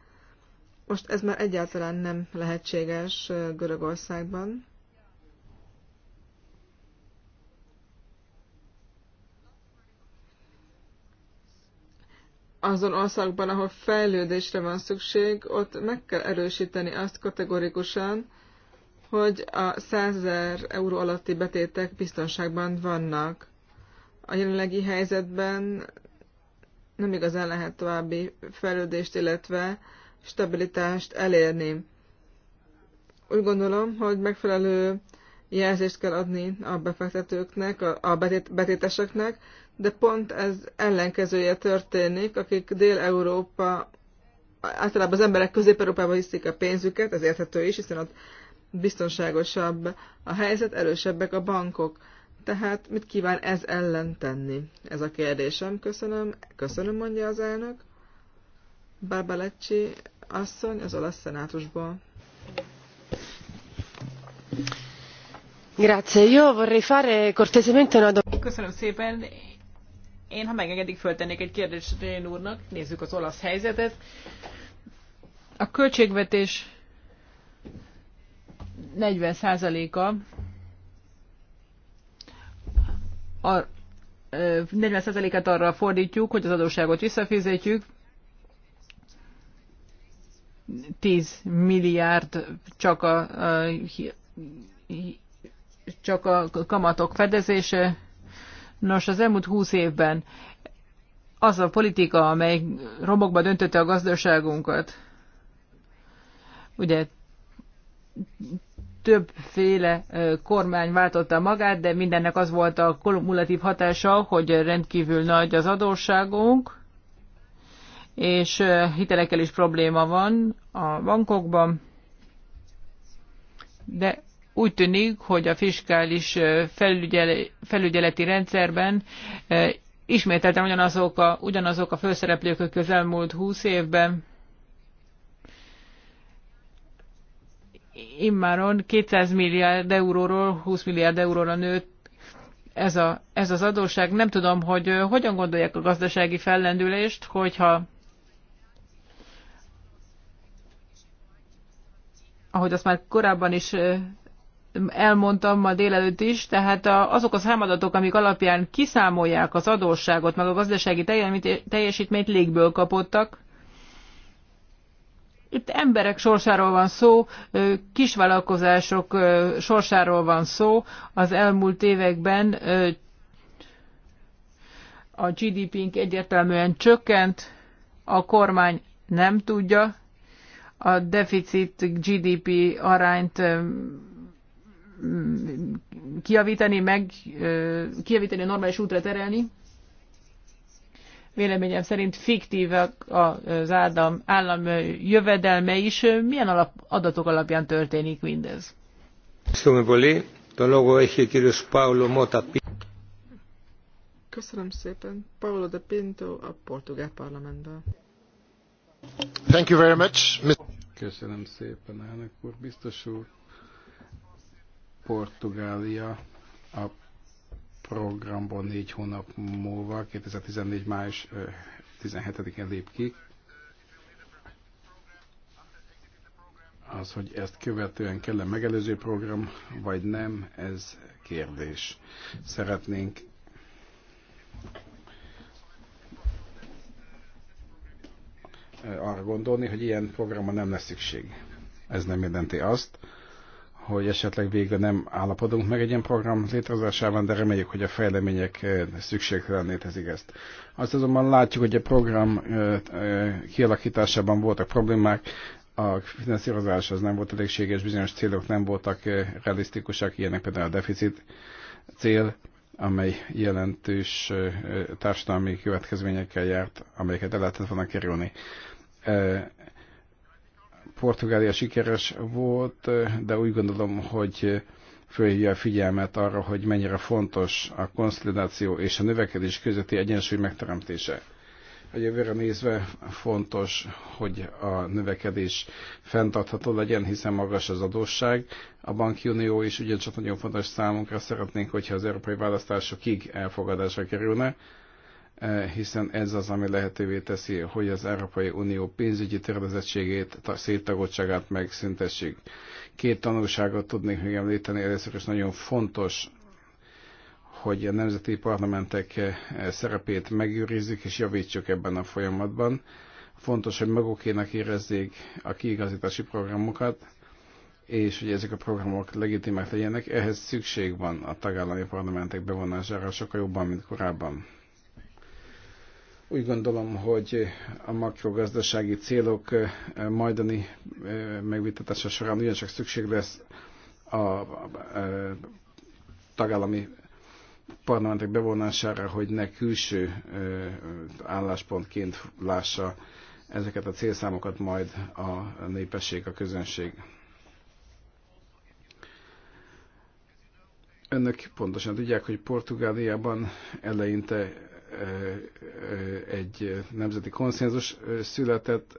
Most ez már egyáltalán nem lehetséges Görögországban. azon országban, ahol fejlődésre van szükség, ott meg kell erősíteni azt kategorikusan, hogy a 100 ezer euró alatti betétek biztonságban vannak. A jelenlegi helyzetben nem igazán lehet további fejlődést, illetve stabilitást elérni. Úgy gondolom, hogy megfelelő jelzést kell adni a befektetőknek, a betéteseknek, de pont ez ellenkezője történik, akik Dél-Európa, általában az emberek Közép-Európába hiszik a pénzüket, ez érthető is, hiszen ott biztonságosabb a helyzet, erősebbek a bankok. Tehát mit kíván ez ellen tenni? Ez a kérdésem. Köszönöm. Köszönöm, mondja az elnök. Barbalecci asszony az olasz szenátusból. Grazie, io vorrei fare cortesemente una domanda. Köszönöm szépen. Én, ha megengedik, föltennék egy kérdést Rén úrnak. Nézzük az olasz helyzetet. A költségvetés 40%-a 40%-át arra fordítjuk, hogy az adósságot visszafizetjük, 10 milliárd csak a, csak a kamatok fedezése, Nos, az elmúlt húsz évben az a politika, amely romokba döntötte a gazdaságunkat, ugye többféle kormány váltotta magát, de mindennek az volt a kumulatív hatása, hogy rendkívül nagy az adósságunk, és hitelekkel is probléma van a bankokban, de úgy tűnik, hogy a fiskális felügyeleti rendszerben ismételten ugyanazok a, ugyanazok a főszereplők a közelmúlt húsz évben. Immáron 200 milliárd euróról 20 milliárd euróra nőtt ez, a, ez az adóság. Nem tudom, hogy hogyan gondolják a gazdasági fellendülést, hogyha ahogy azt már korábban is elmondtam ma délelőtt is, tehát azok a számadatok, amik alapján kiszámolják az adósságot, meg a gazdasági teljesítményt légből kapottak. Itt emberek sorsáról van szó, kisvállalkozások sorsáról van szó. Az elmúlt években a GDP-nk egyértelműen csökkent, a kormány nem tudja a deficit GDP arányt kiavítani, meg kiavítani, normális útra terelni. Véleményem szerint fiktív az állam, állam jövedelme is. Milyen alap, adatok alapján történik mindez? Köszönöm szépen. Paulo de Pinto a portugál parlamentből. Thank you very much. Köszönöm szépen, elnök úr, biztos úr. Portugália a programból négy hónap múlva, 2014. május 17-én lép ki. Az, hogy ezt követően kell-e megelőző program, vagy nem, ez kérdés. Szeretnénk arra gondolni, hogy ilyen programra nem lesz szükség. Ez nem jelenti azt, hogy esetleg végre nem állapodunk meg egy ilyen program létrehozásában, de reméljük, hogy a fejlemények szükségtelen létezik ezt. Azt azonban látjuk, hogy a program kialakításában voltak problémák, a finanszírozás az nem volt elégséges, bizonyos célok nem voltak realisztikusak, ilyenek például a deficit cél, amely jelentős társadalmi következményekkel járt, amelyeket el lehetett volna kerülni Portugália sikeres volt, de úgy gondolom, hogy fölhívja a figyelmet arra, hogy mennyire fontos a konszolidáció és a növekedés közötti egyensúly megteremtése. A jövőre nézve fontos, hogy a növekedés fenntartható legyen, hiszen magas az adósság. A banki unió is ugyancsak nagyon fontos számunkra, szeretnénk, hogyha az európai választásokig elfogadásra kerülne Eh, hiszen ez az, ami lehetővé teszi, hogy az Európai Unió pénzügyi tervezettségét, széttagottságát megszüntessék. Két tanulságot tudnék még említeni, először is nagyon fontos, hogy a nemzeti parlamentek eh, szerepét megőrizzük és javítsuk ebben a folyamatban. Fontos, hogy magukének érezzék a kiigazítási programokat, és hogy ezek a programok legitimek legyenek, ehhez szükség van a tagállami parlamentek bevonására sokkal jobban, mint korábban úgy gondolom, hogy a makrogazdasági célok majdani megvitatása során ugyancsak szükség lesz a tagállami parlamentek bevonására, hogy ne külső álláspontként lássa ezeket a célszámokat majd a népesség, a közönség. Önök pontosan tudják, hogy Portugáliában eleinte egy nemzeti konszenzus született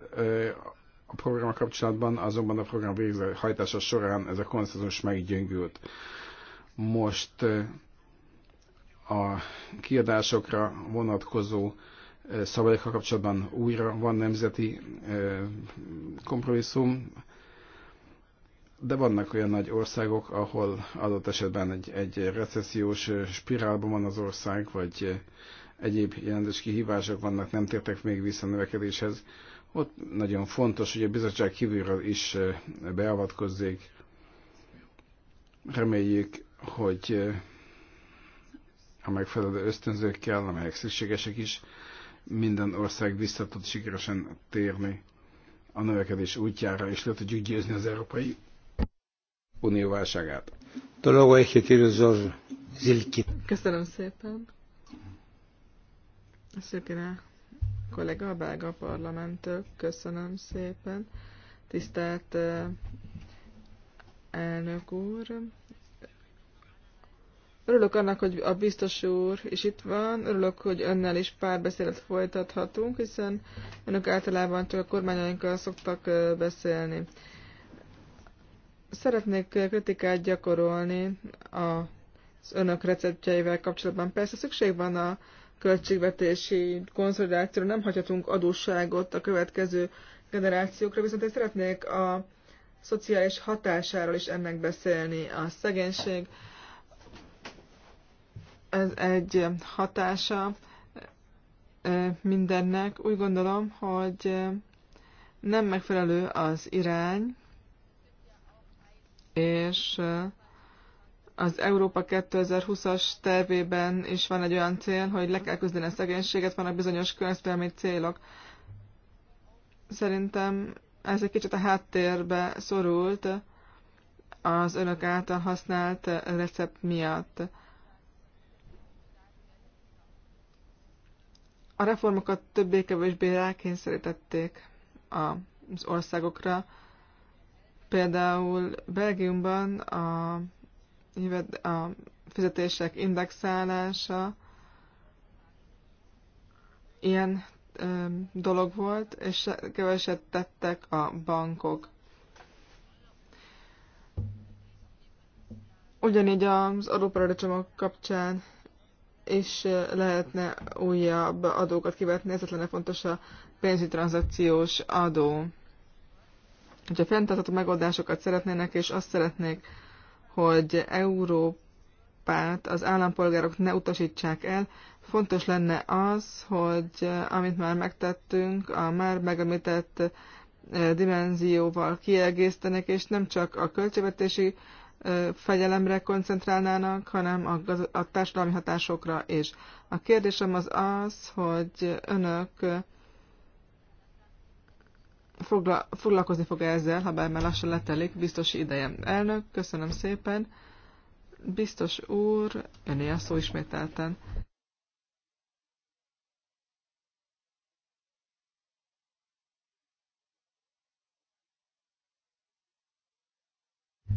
a program kapcsolatban, azonban a program végrehajtása során ez a konszenzus meggyöngült. Most a kiadásokra vonatkozó szabályokkal kapcsolatban újra van nemzeti kompromisszum, de vannak olyan nagy országok, ahol adott esetben egy, egy recessziós spirálban van az ország, vagy egyéb jelentős kihívások vannak, nem tértek még vissza a növekedéshez. Ott nagyon fontos, hogy a bizottság kívülről is beavatkozzék. Reméljük, hogy a megfelelő ösztönzőkkel, amelyek szükségesek is, minden ország vissza tud sikeresen térni a növekedés útjára, és le tudjuk győzni az Európai Unió válságát. Köszönöm szépen. Szükire kollega a belga parlamenttől. Köszönöm szépen. Tisztelt elnök úr. Örülök annak, hogy a biztos úr is itt van, örülök, hogy önnel is párbeszédet folytathatunk, hiszen önök általában csak a kormányainkkal szoktak beszélni. Szeretnék kritikát gyakorolni az önök receptjeivel kapcsolatban. Persze szükség van a költségvetési konszolidációra nem hagyhatunk adósságot a következő generációkra, viszont én szeretnék a szociális hatásáról is ennek beszélni. A szegénység ez egy hatása mindennek. Úgy gondolom, hogy nem megfelelő az irány, és az Európa 2020-as tervében is van egy olyan cél, hogy le kell küzdeni a szegénységet, vannak bizonyos környezetelmi célok. Szerintem ez egy kicsit a háttérbe szorult az önök által használt recept miatt. A reformokat többé-kevésbé rákényszerítették az országokra. Például Belgiumban a a fizetések indexálása ilyen dolog volt, és keveset tettek a bankok. Ugyanígy az adóparadicsomok kapcsán és lehetne újabb adókat kivetni, ez lenne fontos a pénzügyi tranzakciós adó. Hogyha fenntartható megoldásokat szeretnének, és azt szeretnék, hogy Európát az állampolgárok ne utasítsák el, fontos lenne az, hogy amit már megtettünk, a már megemlített eh, dimenzióval kiegésztenek, és nem csak a költségvetési eh, fegyelemre koncentrálnának, hanem a, gaz- a társadalmi hatásokra is. A kérdésem az az, hogy önök fogla, foglalkozni fog ezzel, ha bár már lassan letelik, biztos ideje. Elnök, köszönöm szépen. Biztos úr, öné a szó ismételten.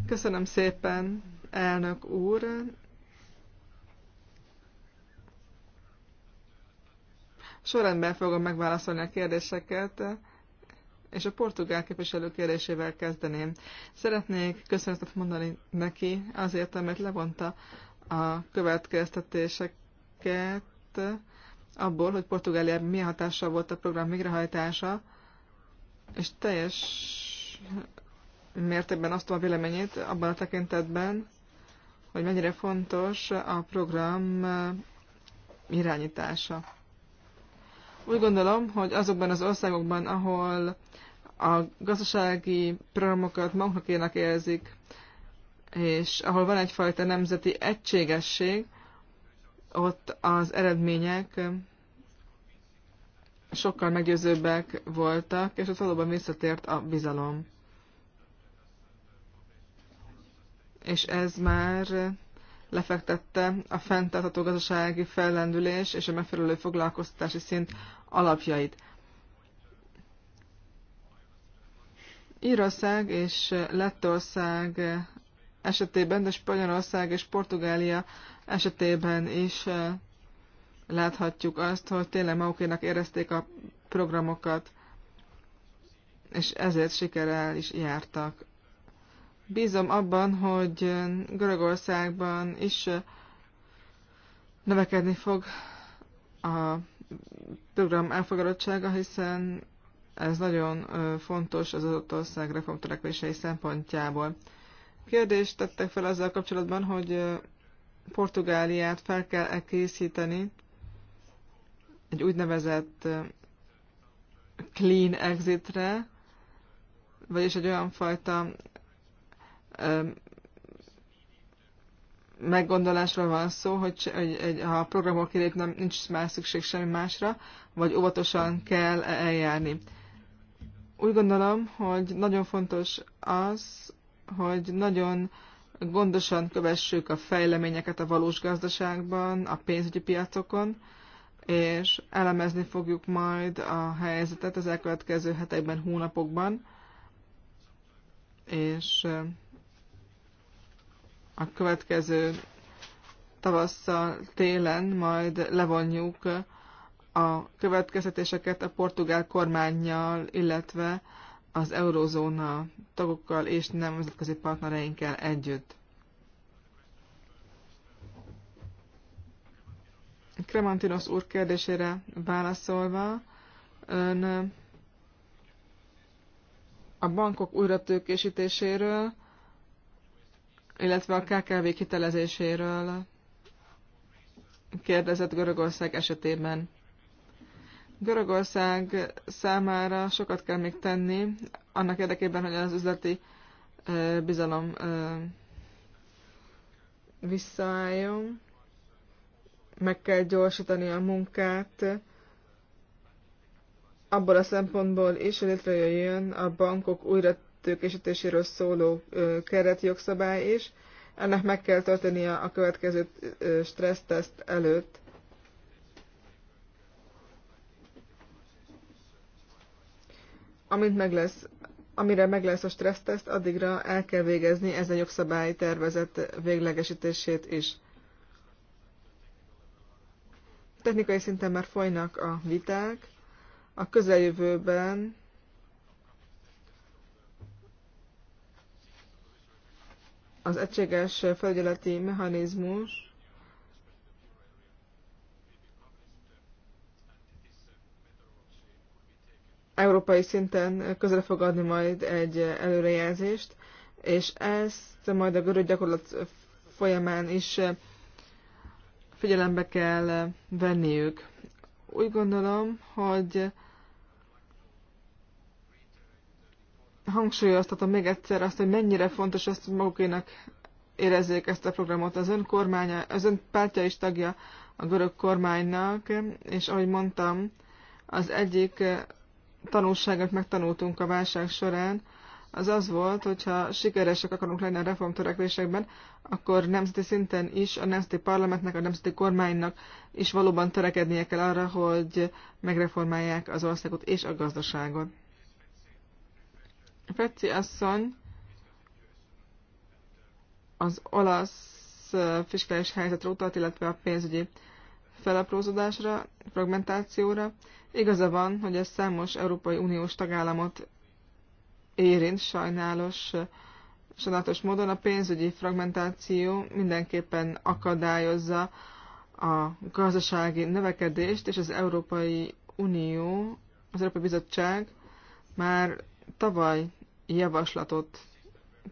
Köszönöm szépen, elnök úr. Sorrendben fogom megválaszolni a kérdéseket és a portugál képviselő kérésével kezdeném. Szeretnék köszönetet mondani neki azért, amit levonta a következtetéseket abból, hogy Portugáliában milyen hatással volt a program végrehajtása, és teljes mértékben azt a véleményét abban a tekintetben, hogy mennyire fontos a program irányítása. Úgy gondolom, hogy azokban az országokban, ahol a gazdasági programokat maguknak érzik, és ahol van egyfajta nemzeti egységesség, ott az eredmények sokkal meggyőzőbbek voltak, és ott valóban visszatért a bizalom. És ez már lefektette a fenntartható gazdasági fellendülés és a megfelelő foglalkoztatási szint alapjait. Írország és Lettország esetében, de Spanyolország és Portugália esetében is eh, láthatjuk azt, hogy tényleg magukénak érezték a programokat, és ezért sikerrel is jártak Bízom abban, hogy Görögországban is növekedni fog a program elfogadottsága, hiszen ez nagyon fontos az adott ország reformtörekvései szempontjából. Kérdést tettek fel azzal kapcsolatban, hogy Portugáliát fel kell -e készíteni egy úgynevezett clean exitre, vagyis egy olyan fajta meggondolásról van szó, hogy ha a programok kilép, nem nincs már szükség semmi másra, vagy óvatosan kell e- eljárni. Úgy gondolom, hogy nagyon fontos az, hogy nagyon gondosan kövessük a fejleményeket a valós gazdaságban, a pénzügyi piacokon, és elemezni fogjuk majd a helyzetet az elkövetkező hetekben, hónapokban, és a következő tavasszal, télen majd levonjuk a következtetéseket a portugál kormányjal, illetve az eurozóna tagokkal és nemzetközi partnereinkkel együtt. Kremantinos úr kérdésére válaszolva, ön a bankok újratőkésítéséről illetve a KKV kitelezéséről kérdezett Görögország esetében. Görögország számára sokat kell még tenni, annak érdekében, hogy az üzleti bizalom visszaálljon. Meg kell gyorsítani a munkát, abból a szempontból is létrejöjjön a bankok újra tőkésítéséről szóló keretjogszabály is. Ennek meg kell történnie a következő stresszteszt előtt. Amint meg lesz, amire meg lesz a stresszteszt, addigra el kell végezni ezen jogszabály tervezett véglegesítését is. Technikai szinten már folynak a viták. A közeljövőben az egységes felügyeleti mechanizmus európai szinten közre fog adni majd egy előrejelzést, és ezt majd a görög gyakorlat folyamán is figyelembe kell venniük. Úgy gondolom, hogy hangsúlyoztatom még egyszer azt, hogy mennyire fontos ezt, magukének érezzék ezt a programot. Az ön kormánya, az ön pártja is tagja a görög kormánynak, és ahogy mondtam, az egyik eh, tanulságot megtanultunk a válság során, az az volt, hogyha sikeresek akarunk lenni a reformtörekvésekben, akkor nemzeti szinten is a nemzeti parlamentnek, a nemzeti kormánynak is valóban törekednie kell arra, hogy megreformálják az országot és a gazdaságot. Feci asszony az olasz fiskális helyzetre utalt, illetve a pénzügyi felaprózódásra, fragmentációra. Igaza van, hogy ez számos Európai Uniós tagállamot érint sajnálos, sajnálatos módon. A pénzügyi fragmentáció mindenképpen akadályozza a gazdasági növekedést, és az Európai Unió, az Európai Bizottság már tavaly javaslatot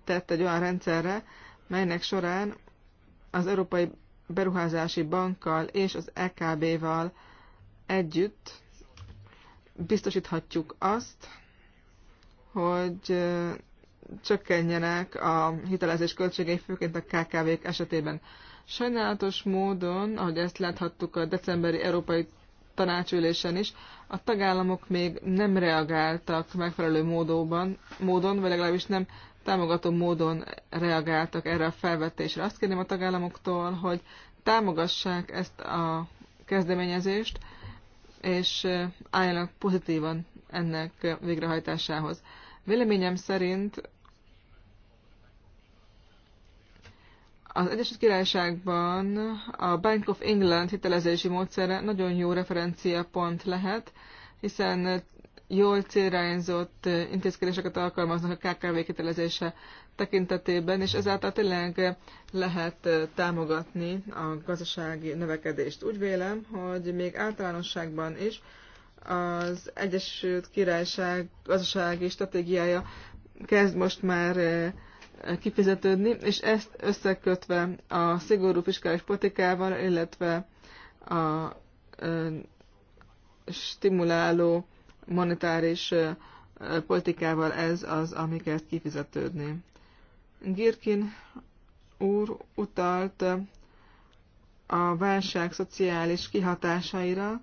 tett egy olyan rendszerre, melynek során az Európai Beruházási Bankkal és az EKB-val együtt biztosíthatjuk azt, hogy csökkenjenek a hitelezés költségei, főként a KKV-k esetében. Sajnálatos módon, ahogy ezt láthattuk a decemberi Európai tanácsülésen is, a tagállamok még nem reagáltak megfelelő módóban, módon, vagy legalábbis nem támogató módon reagáltak erre a felvetésre. Azt kérném a tagállamoktól, hogy támogassák ezt a kezdeményezést, és álljanak pozitívan ennek végrehajtásához. Véleményem szerint Az Egyesült Királyságban a Bank of England hitelezési módszere nagyon jó referenciapont lehet, hiszen jól célrányzott intézkedéseket alkalmaznak a KKV hitelezése tekintetében, és ezáltal tényleg lehet támogatni a gazdasági növekedést. Úgy vélem, hogy még általánosságban is az Egyesült Királyság gazdasági stratégiája kezd most már eh, kifizetődni, és ezt összekötve a szigorú fiskális politikával, illetve a stimuláló monetáris politikával ez az, amiket kifizetődni. Girkin úr utalt a válság szociális kihatásaira,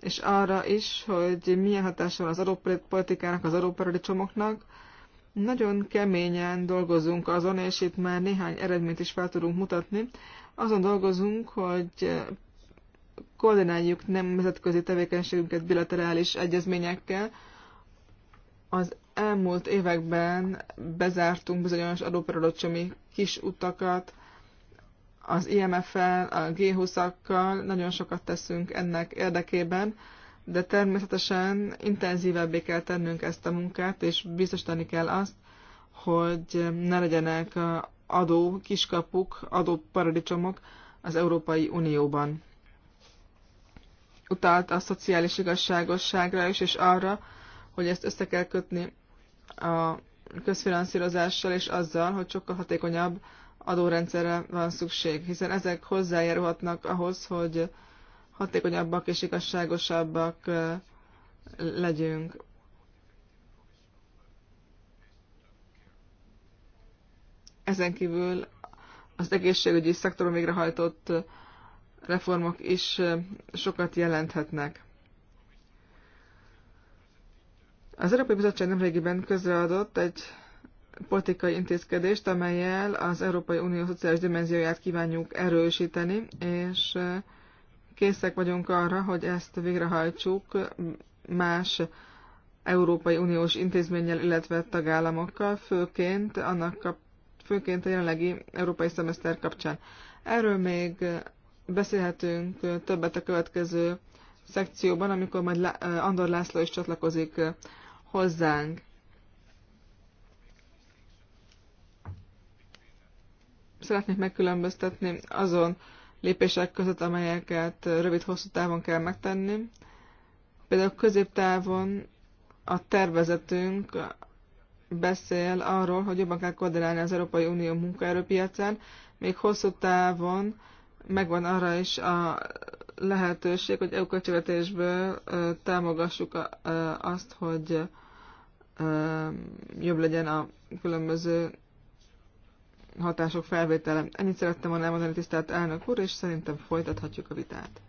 és arra is, hogy milyen hatása van az adópolitikának, az adóparadicsomoknak, nagyon keményen dolgozunk azon, és itt már néhány eredményt is fel tudunk mutatni. Azon dolgozunk, hogy koordináljuk nemzetközi tevékenységünket bilaterális egyezményekkel. Az elmúlt években bezártunk bizonyos adóparadicsomi kis utakat, az IMF-el, a G20-akkal nagyon sokat teszünk ennek érdekében, de természetesen intenzívebbé kell tennünk ezt a munkát, és biztosítani kell azt, hogy ne legyenek adó kiskapuk, adó paradicsomok az Európai Unióban. Utalt a szociális igazságosságra is, és arra, hogy ezt össze kell kötni a közfinanszírozással és azzal, hogy sokkal hatékonyabb adórendszerre van szükség, hiszen ezek hozzájárulhatnak ahhoz, hogy hatékonyabbak és igazságosabbak legyünk. Ezen kívül az egészségügyi szektoron végrehajtott reformok is sokat jelenthetnek. Az Európai Bizottság nemrégiben közreadott egy politikai intézkedést, amelyel az Európai Unió szociális dimenzióját kívánjuk erősíteni, és készek vagyunk arra, hogy ezt végrehajtsuk más Európai Uniós intézménnyel, illetve tagállamokkal, főként, annak kap, főként a jelenlegi európai szemeszter kapcsán. Erről még beszélhetünk többet a következő szekcióban, amikor majd Andor László is csatlakozik hozzánk. Szeretnék megkülönböztetni azon lépések között, amelyeket rövid-hosszú távon kell megtenni. Például középtávon a tervezetünk beszél arról, hogy jobban kell koordinálni az Európai Unió munkaerőpiacán, még hosszú távon megvan arra is a lehetőség, hogy EU költségvetésből támogassuk azt, hogy jobb legyen a különböző hatások felvétele. Ennyit szerettem volna elmondani, tisztelt elnök úr, és szerintem folytathatjuk a vitát.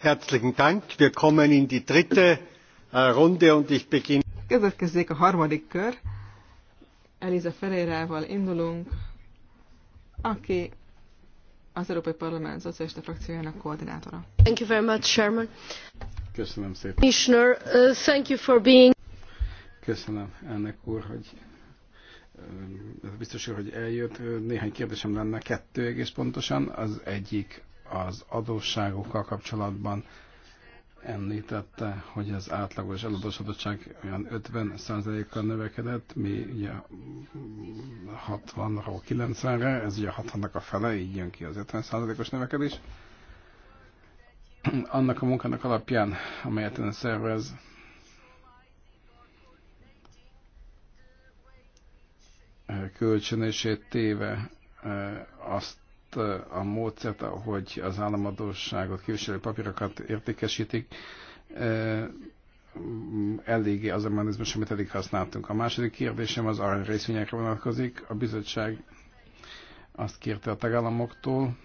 Herzlichen Következzék a harmadik kör. Eliza Ferreirával indulunk, aki az Európai Parlament Szocialista Frakciójának koordinátora. Thank you very much, Chairman. Köszönöm szépen. Commissioner, uh, thank you for being Köszönöm ennek úr, hogy biztos hogy eljött. Néhány kérdésem lenne, kettő egész pontosan. Az egyik az adósságokkal kapcsolatban említette, hogy az átlagos eladósodottság olyan 50%-kal növekedett, mi ugye 60-ról 90-re, ez ugye 60-nak a fele, így jön ki az 50%-os növekedés. Annak a munkának alapján, amelyet ön szervez, kölcsönösét téve eh, azt eh, a módszert, hogy az államadóságot képviselő papírokat értékesítik, eh, eléggé az a mechanizmus, amit eddig használtunk. A második kérdésem az részvényekre vonatkozik. A bizottság azt kérte a tagállamoktól,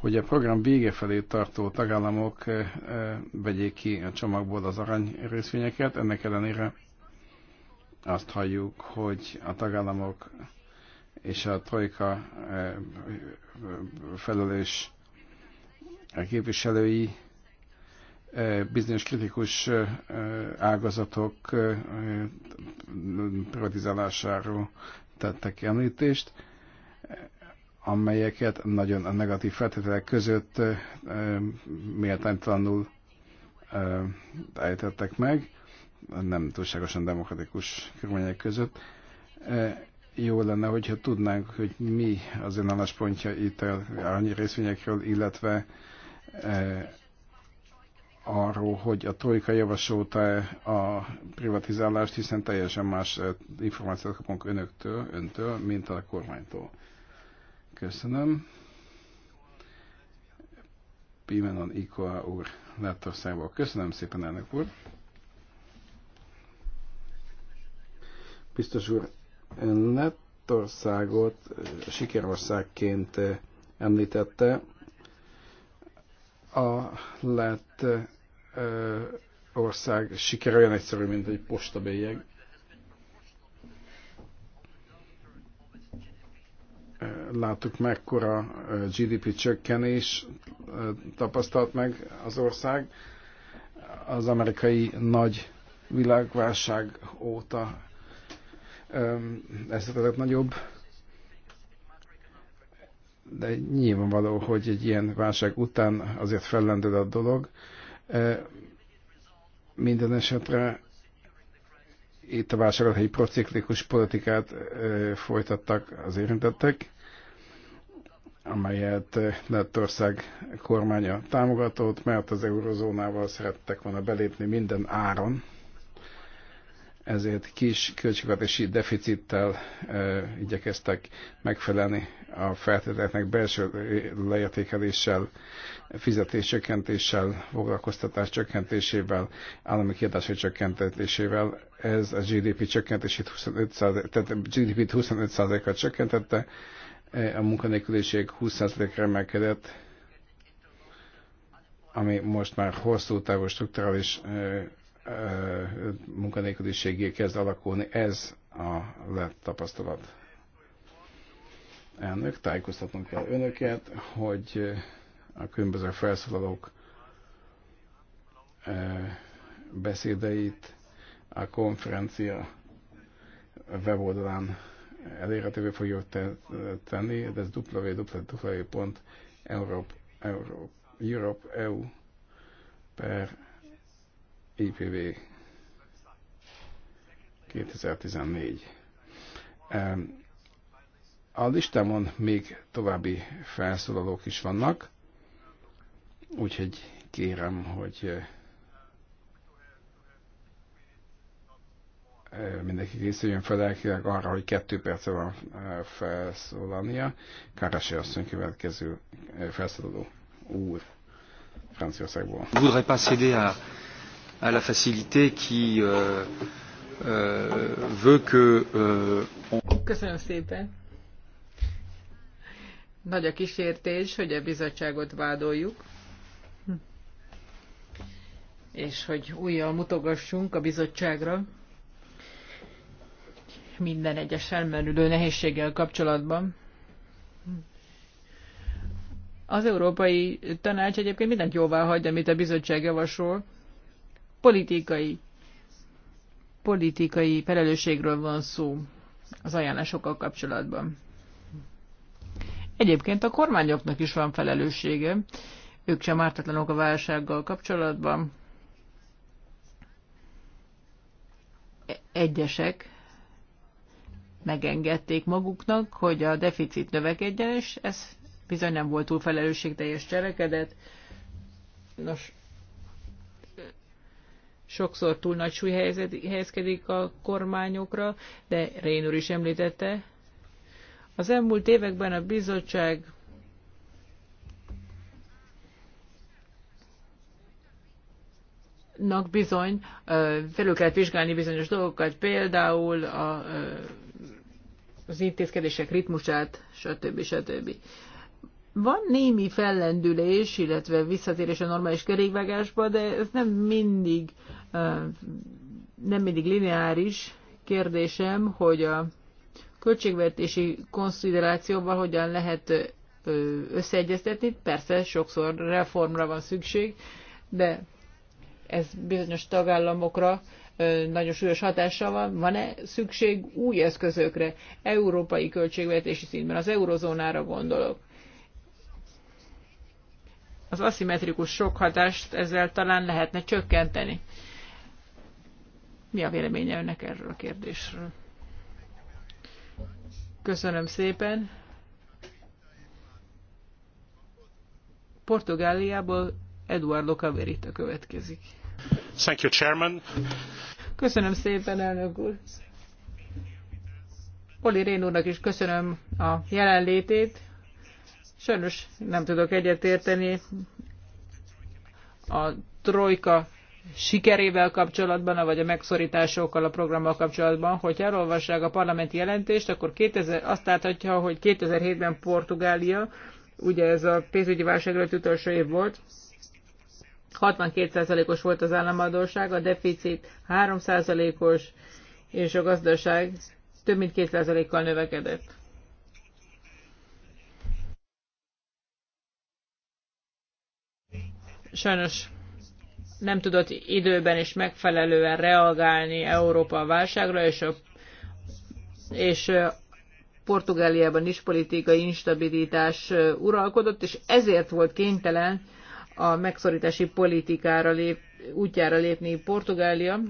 hogy a program vége felé tartó tagállamok eh, eh, vegyék ki a csomagból az arany részvényeket. Ennek ellenére azt halljuk, hogy a tagállamok és a trojka eh, felelős képviselői bizonyos kritikus ágazatok privatizálásáról tettek említést amelyeket nagyon negatív feltételek között méltánytalanul állítottak meg, nem túlságosan demokratikus körülmények között. Jó lenne, hogyha tudnánk, hogy mi az ön álláspontja itt a annyi részvényekről, illetve arról, hogy a Trojka javasolta a privatizálást, hiszen teljesen más információt kapunk önöktől, öntől, mint a kormánytól. Köszönöm. Pimenon Ikoa úr Lettországból. Köszönöm szépen, elnök úr. Biztos úr, Lettországot eh, sikerországként eh, említette. A lett eh, ország siker olyan egyszerű, mint egy postabélyeg. láttuk mekkora GDP csökkenés tapasztalt meg az ország. Az amerikai nagy világválság óta ez nagyobb. De nyilvánvaló, hogy egy ilyen válság után azért fellendül a dolog. Minden esetre itt a vásáron prociklikus politikát folytattak az érintettek, amelyet Lettország kormánya támogatott, mert az eurozónával szerettek volna belépni minden áron, ezért kis költségvetési deficittel e, igyekeztek megfelelni a feltételeknek belső leértékeléssel, fizetéscsökkentéssel, foglalkoztatás csökkentésével, állami kiadások csökkentésével, ez a GDP csökkentését 25 tehát a GDP-t 25%-kal csökkentette, e, a munkanélküliség 20%-ra emelkedett, ami most már hosszú távú strukturális e, e, munkanélküliségé kezd alakulni. Ez a lett tapasztalat. Elnök, tájékoztatnunk kell önöket, hogy a különböző felszólalók beszédeit a konferencia weboldalán elérhetővé fogjuk tenni, de ez www.europe.eu e per IPV 2014. A listámon még további felszólalók is vannak, úgyhogy kérem, hogy mindenki készüljön fel elkileg arra, hogy kettő perce van felszólalnia. Karasi asszony következő felszólaló úr Franciaországból. Je voudrais pas céder à, à la facilité qui euh, euh, veut que euh, on... Köszönöm szépen. Nagy a kísértés, hogy a bizottságot vádoljuk hm, és hogy újjal mutogassunk a bizottságra minden egyes felmerülő nehézséggel kapcsolatban. Az Európai Tanács egyébként mindent jóvá hagy, amit a bizottság javasol. Politikai, politikai felelősségről van szó az ajánlásokkal kapcsolatban. Egyébként a kormányoknak is van felelőssége, ők sem ártatlanok a válsággal kapcsolatban. E-, egyesek megengedték maguknak, hogy a deficit növekedjen, és ez bizony nem volt túl felelősségteljes cselekedet. Nos, sokszor túl nagy súly helyezkedik a kormányokra, de Rén úr is említette. Az elmúlt években a bizottság bizony felül kell vizsgálni bizonyos dolgokat, például a az intézkedések ritmusát, stb. stb. Van némi fellendülés, illetve visszatérés a normális kerékvágásba, de ez nem mindig, nem mindig lineáris. Kérdésem, hogy a költségvetési konsziderációval hogyan lehet összeegyeztetni. Persze sokszor reformra van szükség, de ez bizonyos tagállamokra nagyon súlyos hatással van, van-e szükség új eszközökre, európai költségvetési szintben, az eurozónára gondolok. Az aszimmetrikus sok hatást ezzel talán lehetne csökkenteni. Mi a véleménye önnek erről a kérdésről? Köszönöm szépen. Portugáliából Eduardo Caverita következik. Thank you, Chairman. Köszönöm szépen, elnök úr. Oli Rén úrnak is köszönöm a jelenlétét. Sajnos nem tudok egyetérteni a trojka sikerével kapcsolatban, vagy a megszorításokkal a programmal kapcsolatban, hogy elolvassák a parlamenti jelentést, akkor 2000, azt láthatja, hogy 2007-ben Portugália, ugye ez a pénzügyi válság utolsó év volt, 62%-os volt az államadóság, a deficit 3%-os, és a gazdaság több mint 2%-kal növekedett. Sajnos nem tudott időben és megfelelően reagálni Európa a válságra, és, a, és Portugáliában is politikai instabilitás uralkodott, és ezért volt kénytelen a megszorítási politikára lép, útjára lépni Portugália.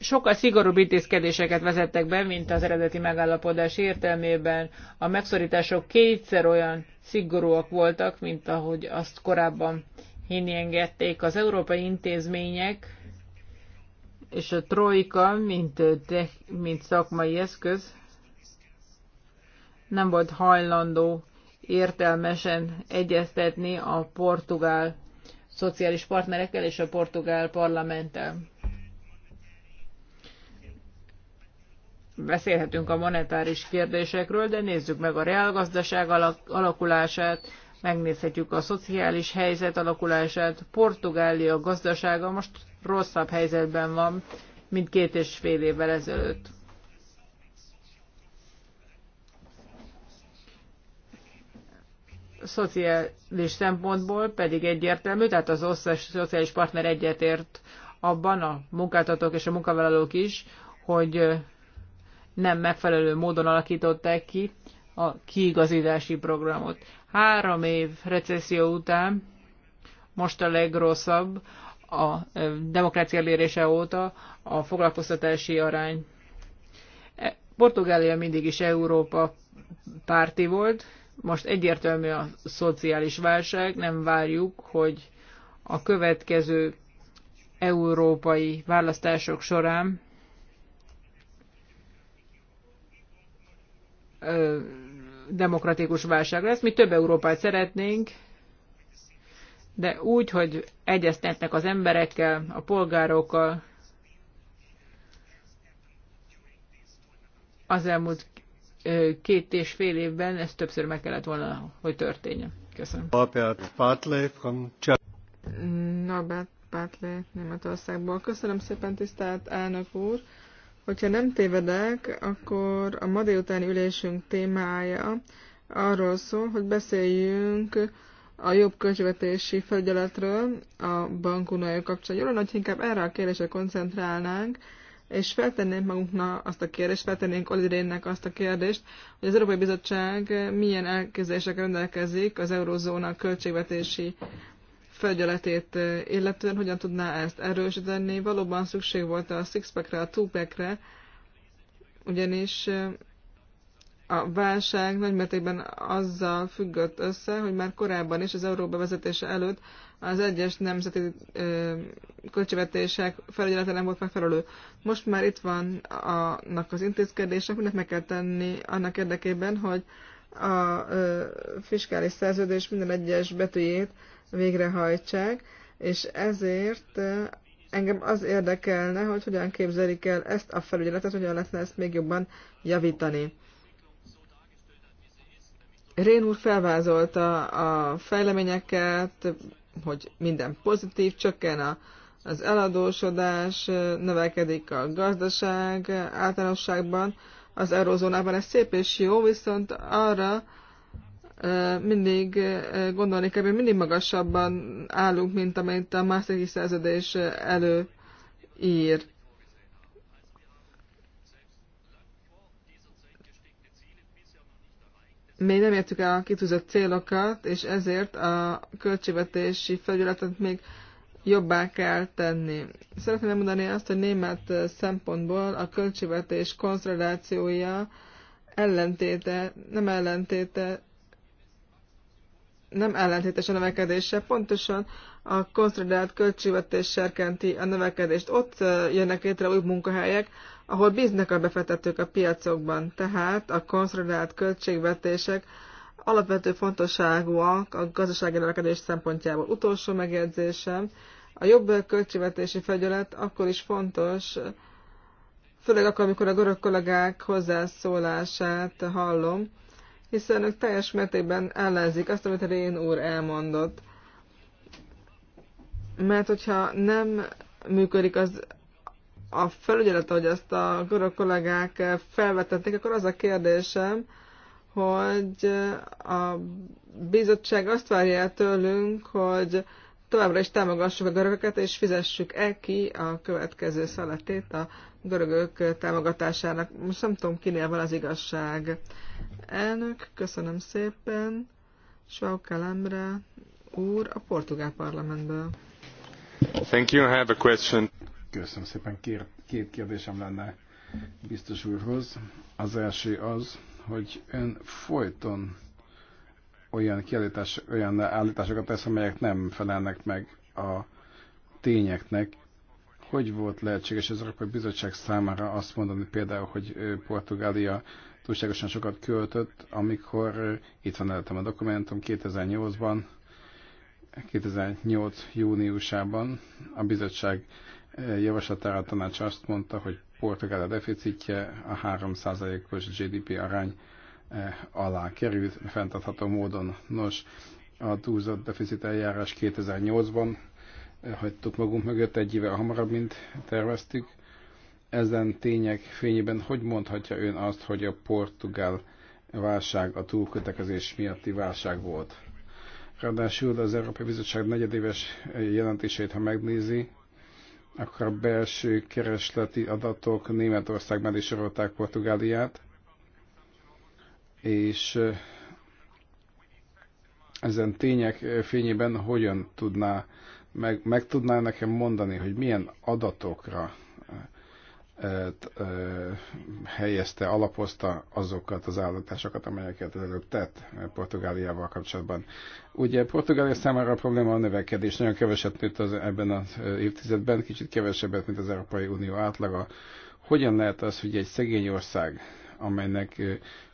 Sokkal szigorúbb intézkedéseket vezettek be, mint az eredeti megállapodás értelmében. A megszorítások kétszer olyan szigorúak voltak, mint ahogy azt korábban hinni engedték. Az európai intézmények és a trojka, mint, mint szakmai eszköz, nem volt hajlandó értelmesen egyeztetni a portugál szociális partnerekkel és a portugál parlamenttel. Beszélhetünk a monetáris kérdésekről, de nézzük meg a reálgazdaság alakulását, megnézhetjük a szociális helyzet alakulását. Portugália gazdasága most rosszabb helyzetben van, mint két és fél évvel ezelőtt. szociális szempontból pedig egyértelmű, tehát az összes szociális partner egyetért abban a munkáltatók és a munkavállalók is, hogy nem megfelelő módon alakították ki a kiigazítási programot. Három év recesszió után, most a legrosszabb a demokrácia elérése óta a foglalkoztatási arány. E, Portugália mindig is Európa párti volt, most egyértelmű a szociális válság, nem várjuk, hogy a következő európai választások során demokratikus válság lesz. Mi több Európát szeretnénk, de úgy, hogy egyeztetnek az emberekkel, a polgárokkal. Az elmúlt két és fél évben ezt többször meg kellett volna, hogy történjen. Köszönöm. Norbert Bartley from Norbert Németországból. Köszönöm szépen, tisztelt elnök úr. Hogyha nem tévedek, akkor a ma délutáni ülésünk témája arról szól, hogy beszéljünk a jobb költségvetési felügyeletről a bankunai kapcsán. Jól hogy inkább erre a kérdésre koncentrálnánk, és feltennénk magunknak azt a kérdést, feltennénk Olidrénnek azt a kérdést, hogy az Európai Bizottság milyen elképzelések rendelkezik az eurozóna költségvetési felgyeletét eh, illetően hogyan tudná ezt erősíteni. Valóban szükség volt a six a two ugyanis eh, a válság nagymértékben azzal függött össze, hogy már korábban is az Európa vezetése előtt az egyes nemzeti ö, költségvetések felügyelete nem volt megfelelő. Most már itt van annak az intézkedések, mindent meg kell tenni annak érdekében, hogy a ö, fiskális szerződés minden egyes betűjét végrehajtsák, és ezért engem az érdekelne, hogy hogyan képzelik el ezt a felügyeletet, hogyan lehetne ezt még jobban javítani Rén úr felvázolta a fejleményeket, hogy minden pozitív, csökken a, az eladósodás, növekedik a gazdaság általánosságban, az eurozónában ez szép és jó, viszont arra mindig gondolni kell, hogy mindig magasabban állunk, mint amit a második szerződés előír. még nem értük el a kitűzött célokat, és ezért a költségvetési felületet még jobbá kell tenni. Szeretném mondani azt, hogy német szempontból a költségvetés konszolidációja ellentéte, nem ellentéte, nem ellentétes a növekedése, pontosan a konszolidált költségvetés serkenti a növekedést. Ott jönnek létre új munkahelyek, ahol bíznak a befektetők a piacokban. Tehát a konszolidált költségvetések alapvető fontosságúak a gazdasági növekedés szempontjából. Utolsó megjegyzésem, a jobb költségvetési fegyelet akkor is fontos, főleg akkor, amikor a görög kollégák hozzászólását hallom, hiszen ők teljes mértékben ellenzik azt, amit Rén úr elmondott. Mert hogyha nem működik az a felügyelet, hogy ezt a görög kollégák felvetették, akkor az a kérdésem, hogy a bizottság azt várja el tőlünk, hogy továbbra is támogassuk a görögöket, és fizessük el ki a következő szaletét a görögök támogatásának. Most nem tudom, kinél van az igazság. Elnök, köszönöm szépen. Svauk úr a portugál parlamentből. Thank you. I have a question. Köszönöm szépen. két kérdésem lenne biztos úrhoz. Az első az, hogy ön folyton olyan, kiállítás, olyan állításokat tesz, amelyek nem felelnek meg a tényeknek. Hogy volt lehetséges az Európai Bizottság számára azt mondani például, hogy Portugália túlságosan sokat költött, amikor itt van előttem a dokumentum 2008-ban, 2008. júniusában a bizottság eh, javaslatára a tanács azt mondta, hogy Portugál a deficitje a 3%-os GDP arány eh, alá került fenntartható módon. Nos, a túlzott deficit eljárás 2008-ban eh, hagytuk magunk mögött egy évvel hamarabb, mint terveztük. Ezen tények fényében hogy mondhatja ön azt, hogy a portugál válság a túlkötekezés miatti válság volt? Ráadásul az Európai Bizottság negyedéves jelentéseit, ha megnézi, akkor a belső keresleti adatok Németország mellé sorolták Portugáliát, és ezen tények fényében hogyan tudná, meg, meg tudná nekem mondani, hogy milyen adatokra helyezte, alapozta azokat az állításokat, amelyeket előbb tett Portugáliával kapcsolatban. Ugye Portugália számára a probléma a növekedés, nagyon keveset nőtt az, ebben az évtizedben, kicsit kevesebbet, mint az Európai Unió átlaga. Hogyan lehet az, hogy egy szegény ország, amelynek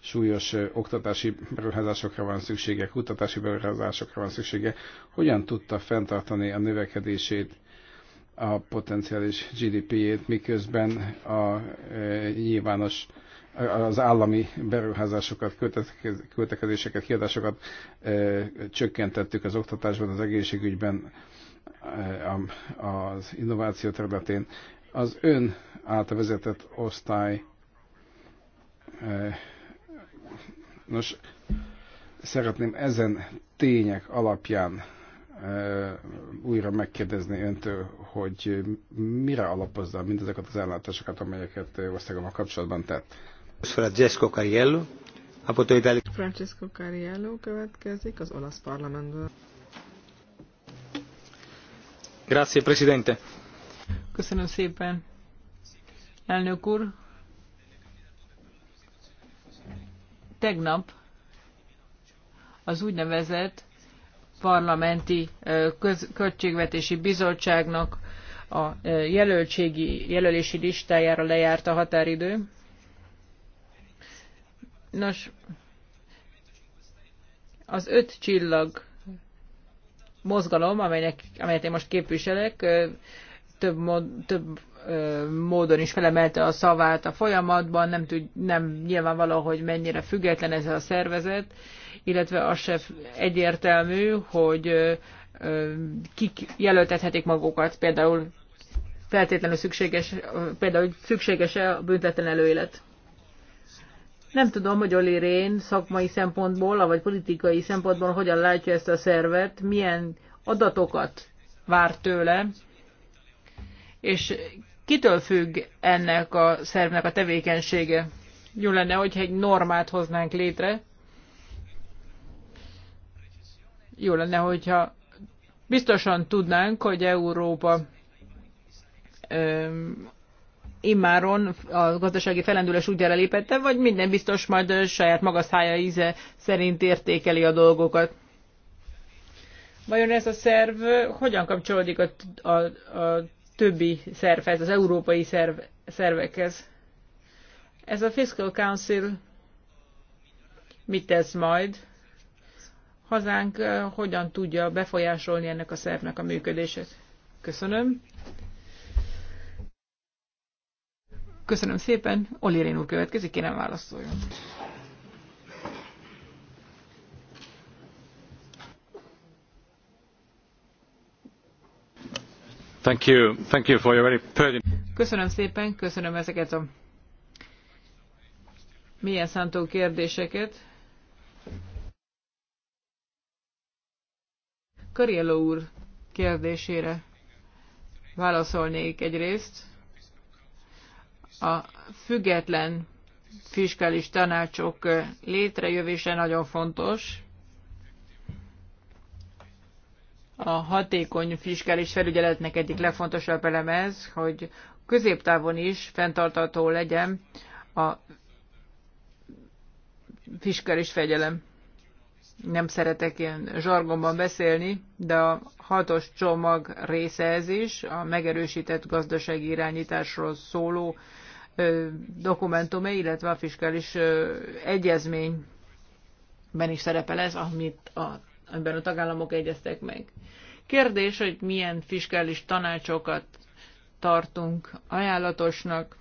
súlyos oktatási beruházásokra van szüksége, kutatási beruházásokra van szüksége, hogyan tudta fenntartani a növekedését a potenciális GDP-jét, miközben a e, nyilvános az állami beruházásokat, költekezéseket, kiadásokat e, csökkentettük az oktatásban, az egészségügyben, e, az innováció területén. Az ön által vezetett osztály, nos, szeretném ezen tények alapján újra megkérdezni öntől, hogy mire alapozza mindezeket az ellátásokat, amelyeket országommal kapcsolatban tett. Francesco Cariello, Francesco Cariello következik az olasz parlamentből. Grazie, Presidente. Köszönöm szépen. Elnök úr, tegnap az úgynevezett parlamenti köz, költségvetési bizottságnak a jelöltségi, jelölési listájára lejárt a határidő. Nos, az öt csillag mozgalom, amelynek, amelyet én most képviselek, több, mód, több módon is felemelte a szavát a folyamatban, nem, tud, nem nyilvánvaló, hogy mennyire független ez a szervezet, illetve az se egyértelmű, hogy kik jelöltethetik magukat, például feltétlenül szükséges, például szükséges-e a büntetlen előélet. Nem tudom, hogy Oli Rén szakmai szempontból, vagy politikai szempontból hogyan látja ezt a szervet, milyen adatokat vár tőle, és kitől függ ennek a szervnek a tevékenysége. Jó lenne, hogyha egy normát hoznánk létre, jó lenne, hogyha biztosan tudnánk, hogy Európa immáron a gazdasági felendülés útjára lépette, vagy minden biztos majd saját maga szája íze szerint értékeli a dolgokat. Vajon ez a szerv hogyan kapcsolódik a, a, a többi szervhez, az európai szerv, szervekhez? Ez a Fiscal Council mit tesz majd? hazánk hogyan tudja befolyásolni ennek a szervnek a működését. Köszönöm. Köszönöm szépen. Rén úr következik, kérem válaszoljon. Thank you. Thank you for your very pertinent... Köszönöm szépen, köszönöm ezeket a milyen szántó kérdéseket. Köriello úr kérdésére válaszolnék egyrészt. A független fiskális tanácsok létrejövése nagyon fontos. A hatékony fiskális felügyeletnek egyik legfontosabb eleme ez, hogy középtávon is fenntartató legyen a fiskális fegyelem nem szeretek ilyen zsargonban beszélni, de a hatos csomag része ez is, a megerősített gazdasági irányításról szóló dokumentumé, illetve a fiskális egyezményben is szerepel ez, amit a, amiben a tagállamok egyeztek meg. Kérdés, hogy milyen fiskális tanácsokat tartunk ajánlatosnak,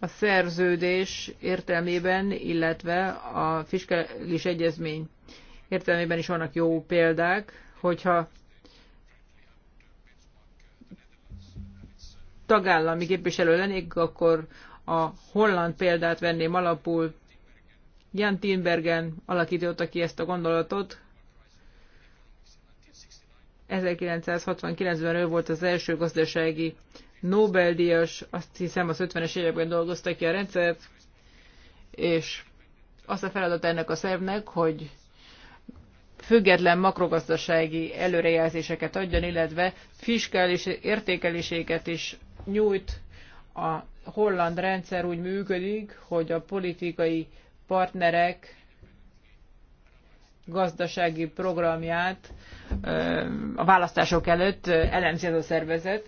a szerződés értelmében, illetve a fiskális egyezmény értelmében is vannak jó példák, hogyha tagállami képviselő lennék, akkor a holland példát venném alapul. Jan Tinbergen alakította ki ezt a gondolatot. 1969-ben ő volt az első gazdasági Nobel-díjas, azt hiszem az 50-es években dolgozta ki a rendszert, és az a feladat ennek a szervnek, hogy független makrogazdasági előrejelzéseket adjon, illetve fiskális értékeléséket is nyújt. A holland rendszer úgy működik, hogy a politikai partnerek gazdasági programját a választások előtt elemzi ez a szervezet,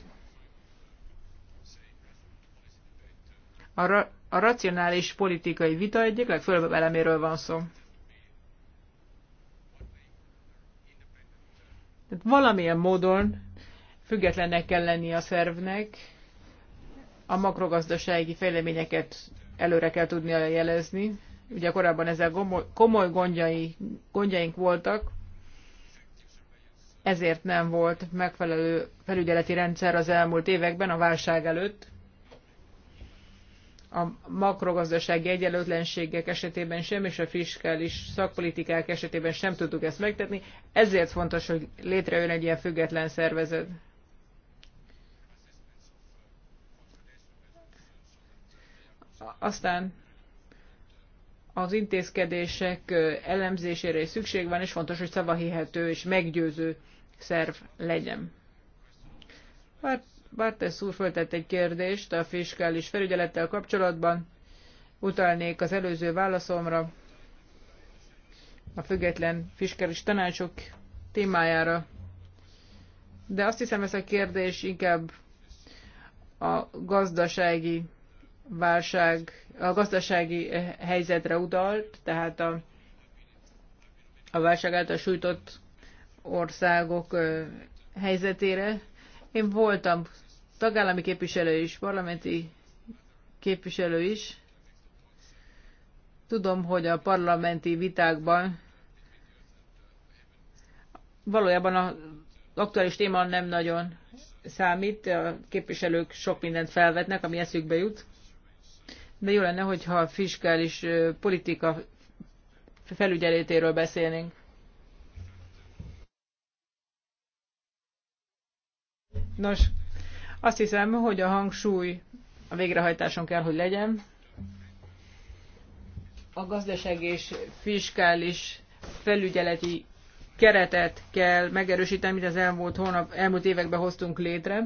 A, ra- a racionális politikai vita egyik legfőbb eleméről van szó. Tehát valamilyen módon függetlennek kell lenni a szervnek, a makrogazdasági fejleményeket előre kell tudnia jelezni. Ugye korábban ezzel komoly gondjai, gondjaink voltak, ezért nem volt megfelelő felügyeleti rendszer az elmúlt években a válság előtt a makrogazdasági egyenlőtlenségek esetében sem, és a fiskális szakpolitikák esetében sem tudtuk ezt megtenni. Ezért fontos, hogy létrejön egy ilyen független szervezet. Aztán az intézkedések elemzésére is szükség van, és fontos, hogy szavahihető és meggyőző szerv legyen. Hát Bartes úr föltett egy kérdést a fiskális felügyelettel kapcsolatban. Utalnék az előző válaszomra, a független fiskális tanácsok témájára. De azt hiszem, ez a kérdés inkább a gazdasági válság, a gazdasági helyzetre utalt, tehát a, a válság által sújtott országok helyzetére. Én voltam tagállami képviselő is, parlamenti képviselő is. Tudom, hogy a parlamenti vitákban valójában az aktuális téma nem nagyon számít, a képviselők sok mindent felvetnek, ami eszükbe jut. De jó lenne, hogyha a fiskális politika felügyeletéről beszélnénk. Nos, azt hiszem, hogy a hangsúly a végrehajtáson kell, hogy legyen. A gazdaság és fiskális felügyeleti keretet kell megerősíteni, amit az elmúlt, hónap, elmúlt években hoztunk létre.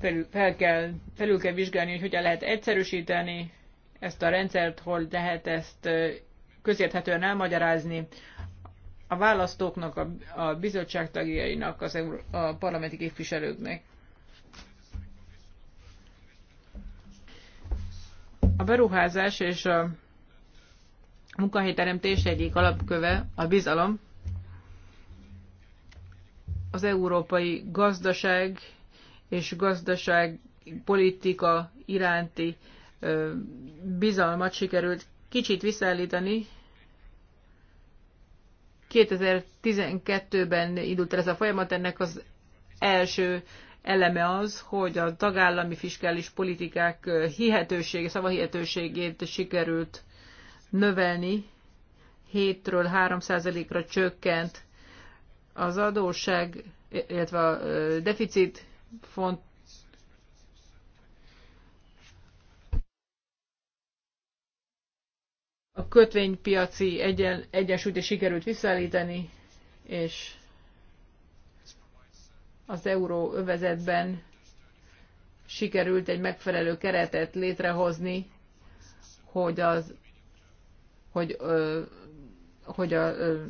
Felül, fel kell, felül kell vizsgálni, hogy hogyan lehet egyszerűsíteni ezt a rendszert, hol lehet ezt közérthetően elmagyarázni a választóknak, a, a bizottság tagjainak, az Euró- a parlamenti képviselőknek. A beruházás és a munkahelyteremtés egyik alapköve a bizalom. Az európai gazdaság és gazdaság politika iránti bizalmat sikerült kicsit visszaállítani, 2012-ben indult el ez a folyamat, ennek az első eleme az, hogy a tagállami fiskális politikák hihetősége, szavahihetőségét sikerült növelni, 7-ről 3%-ra csökkent az adósság, illetve a deficit, font, A kötvénypiaci egyen, egyensúlyt is sikerült visszaállítani, és az euróövezetben sikerült egy megfelelő keretet létrehozni, hogy az hogy, ö, hogy a ö,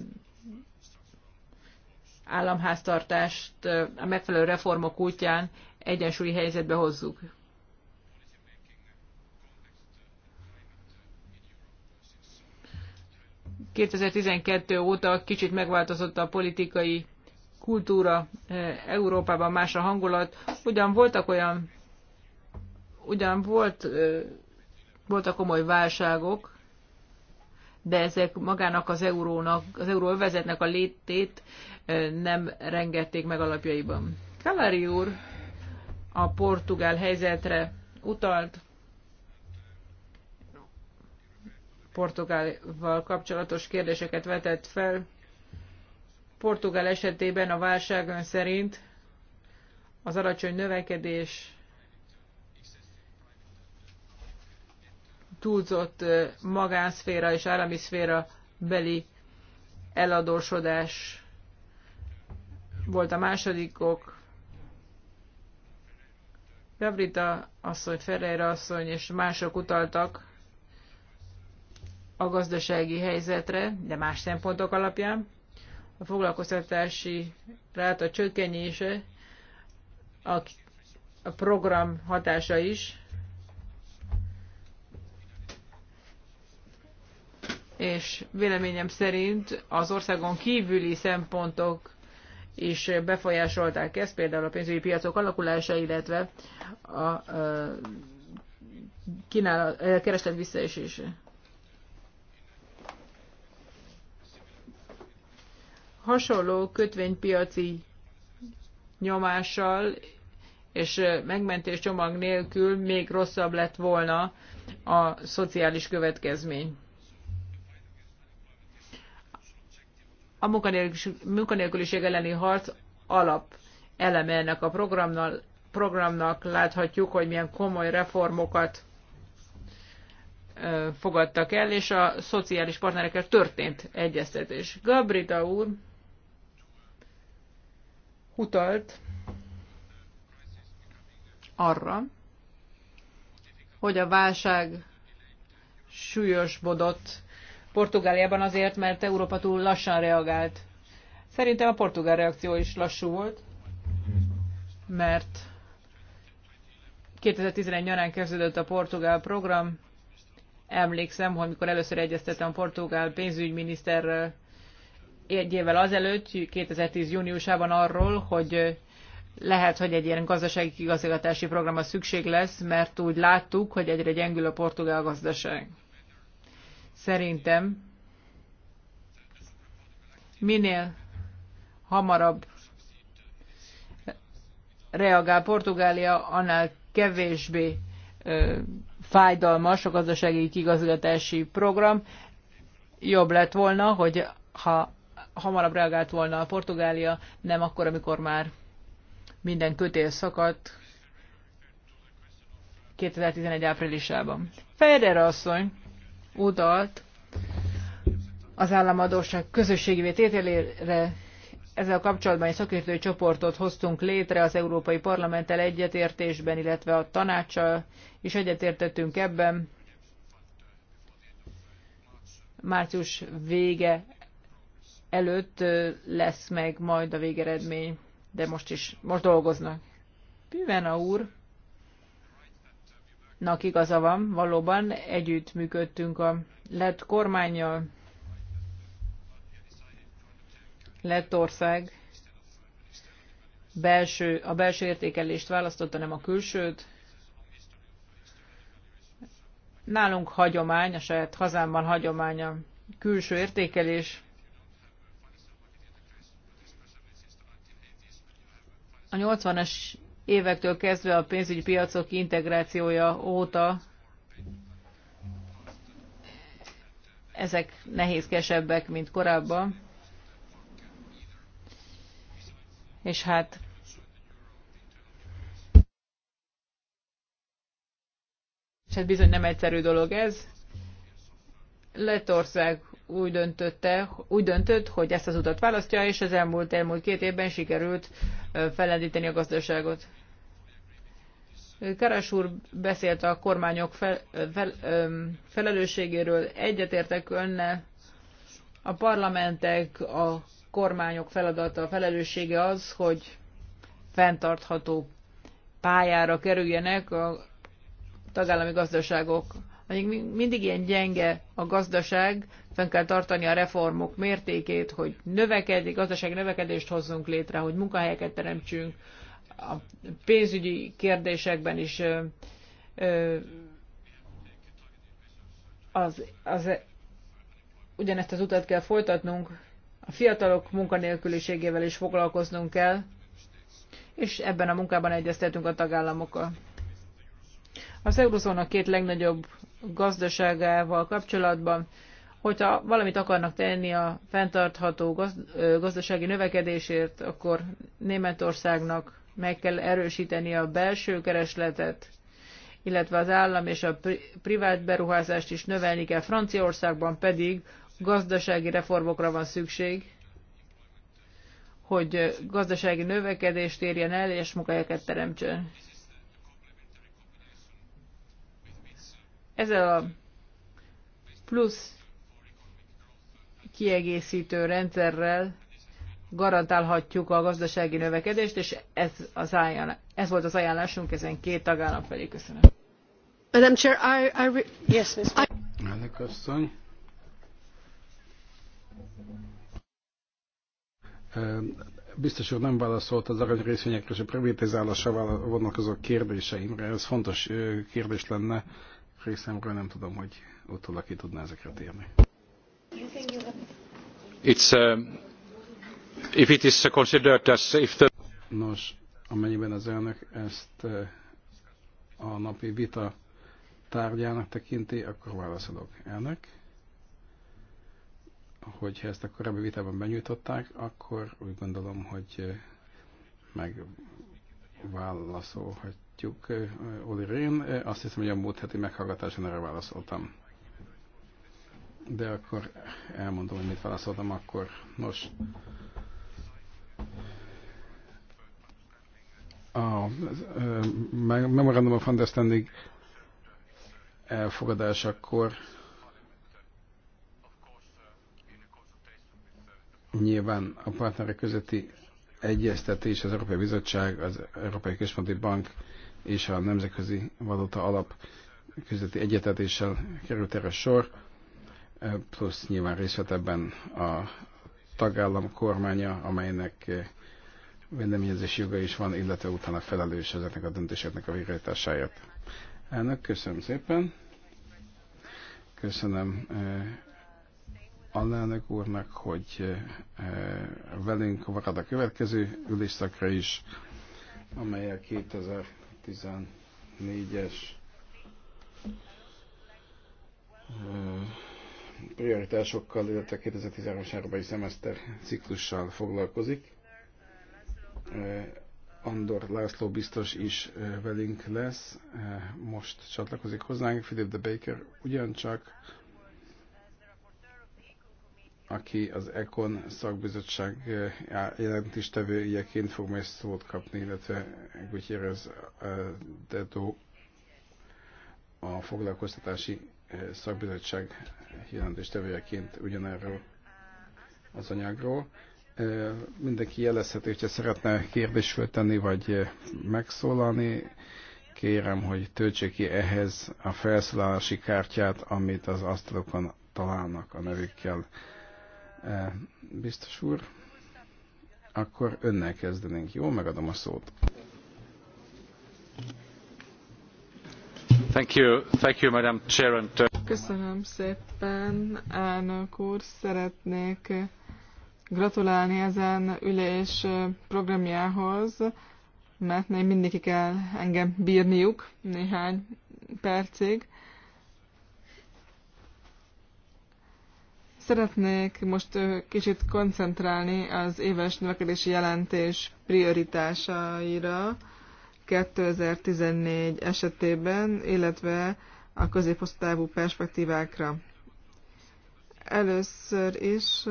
államháztartást a megfelelő reformok útján egyensúlyi helyzetbe hozzuk. 2012 óta kicsit megváltozott a politikai kultúra eh, Európában, más a hangulat. Ugyan voltak olyan, ugyan volt, eh, voltak komoly válságok, de ezek magának az eurónak, az euróövezetnek a létét eh, nem rengették meg alapjaiban. Kalári úr a portugál helyzetre utalt, Portugálval kapcsolatos kérdéseket vetett fel. Portugál esetében a válság ön szerint az alacsony növekedés túlzott magánszféra és állami szféra beli eladósodás volt a másodikok. Gavrita asszony, Ferreira asszony és mások utaltak a gazdasági helyzetre, de más szempontok alapján. A foglalkoztatási ráta csökkenése, a, a program hatása is, és véleményem szerint az országon kívüli szempontok is befolyásolták ezt, például a pénzügyi piacok alakulása, illetve a, a kínálat, kereslet visszaesése. hasonló kötvénypiaci nyomással és megmentés csomag nélkül még rosszabb lett volna a szociális következmény. A munkanélküliség elleni harc alap eleme ennek a programnak, programnak láthatjuk, hogy milyen komoly reformokat fogadtak el, és a szociális partnerekkel történt egyeztetés. Gabrita úr utalt arra, hogy a válság súlyosbodott Portugáliában azért, mert Európa túl lassan reagált. Szerintem a portugál reakció is lassú volt, mert 2011 nyarán kezdődött a portugál program. Emlékszem, hogy mikor először egyeztettem a portugál pénzügyminiszterrel, egy évvel azelőtt, 2010. júniusában arról, hogy lehet, hogy egy ilyen gazdasági igazgatási programra szükség lesz, mert úgy láttuk, hogy egyre gyengül a portugál gazdaság. Szerintem minél hamarabb reagál Portugália, annál kevésbé ö, fájdalmas a gazdasági kigazgatási program. Jobb lett volna, hogy ha hamarabb reagált volna a Portugália, nem akkor, amikor már minden kötél szakadt 2011 áprilisában. Ferrer asszony utalt az államadóság közösségi tételére ezzel kapcsolatban egy szakértői csoportot hoztunk létre az Európai Parlamenttel egyetértésben, illetve a tanácssal is egyetértettünk ebben. Március vége előtt lesz meg majd a végeredmény, de most is, most dolgoznak. Pivena úr, nak igaza van, valóban együtt működtünk a lett kormányjal, ország? belső, a belső értékelést választotta, nem a külsőt. Nálunk hagyomány, a saját hazámban hagyomány a külső értékelés. A 80-as évektől kezdve a pénzügyi piacok integrációja óta ezek nehézkesebbek, mint korábban. És hát és hát bizony nem egyszerű dolog ez. Lettország úgy, döntötte, úgy döntött, hogy ezt az utat választja, és az elmúlt, elmúlt két évben sikerült fellendíteni a gazdaságot. Karas úr beszélt a kormányok fel, fel, felelősségéről, egyetértek önnel. A parlamentek, a kormányok feladata, a felelőssége az, hogy fenntartható pályára kerüljenek a tagállami gazdaságok. Még mindig ilyen gyenge a gazdaság, fenn kell tartani a reformok mértékét, hogy növekedik, gazdaság növekedést hozzunk létre, hogy munkahelyeket teremtsünk, a pénzügyi kérdésekben is az, az, ugyanezt az utat kell folytatnunk, a fiatalok munkanélküliségével is foglalkoznunk kell, és ebben a munkában egyeztetünk a tagállamokkal. Az eurozóna két legnagyobb gazdaságával kapcsolatban hogyha valamit akarnak tenni a fenntartható gazdasági növekedésért, akkor Németországnak meg kell erősíteni a belső keresletet, illetve az állam és a privát beruházást is növelni kell. Franciaországban pedig gazdasági reformokra van szükség, hogy gazdasági növekedést érjen el és munkahelyeket teremtsen. Ezzel a plusz kiegészítő rendszerrel garantálhatjuk a gazdasági növekedést, és ez, az ajánlás, ez volt az ajánlásunk ezen két tagállam felé. Köszönöm. Madam Chair, I, I yes, Ms. Elnök asszony. Biztos hogy nem válaszolt az arany részvényekre és a privatizálásával azok kérdéseimre. Ez fontos kérdés lenne. Részemről nem tudom, hogy utólag ki tudná ezekre térni. Um, Nos, amennyiben az elnök ezt uh, a napi vita tárgyának tekinti, akkor válaszolok. Elnök, hogyha ezt a korábbi vitában benyújtották, akkor úgy gondolom, hogy uh, megválaszolhatjuk uh, Oli Rén. Azt hiszem, hogy a múlt heti meghallgatáson erre válaszoltam de akkor elmondom, hogy mit válaszoltam akkor. Nos, a Memorandum of Understanding elfogadásakor nyilván a partnerek közötti egyeztetés az Európai Bizottság, az Európai Központi Bank és a Nemzetközi Valóta Alap közötti egyetetéssel került erre sor. Eh, plusz nyilván ebben a tagállam kormánya, amelynek eh, véleményezési joga is van, illetve utána felelős ezeknek a döntéseknek a végrehajtásáért. Elnök, köszönöm szépen. Köszönöm eh, alelnök úrnak, hogy velünk marad a következő ülésszakra is, amely a 2014-es prioritásokkal, illetve 2013-as európai szemeszter ciklussal foglalkozik. Andor László biztos is velünk lesz, most csatlakozik hozzánk, Philip de Baker ugyancsak, aki az Econ szakbizottság jelentéstevőjeként fog majd szót kapni, illetve Gutierrez Dedo a foglalkoztatási szakbizottság jelentéstevőjeként ugyanerről az anyagról. Mindenki jelezheti, hogyha szeretne kérdést föltenni, vagy megszólalni. Kérem, hogy töltse ki ehhez a felszólalási kártyát, amit az asztalokon találnak a nevükkel. Biztos úr, akkor önnel kezdenénk, jó? Megadom a szót. Uh, Köszönöm szépen, elnök úr. Szeretnék gratulálni ezen ülés programjához, mert még mindig ki kell engem bírniuk néhány percig. Szeretnék most kicsit koncentrálni az éves növekedési jelentés prioritásaira. 2014 esetében, illetve a középosztávú perspektívákra. Először is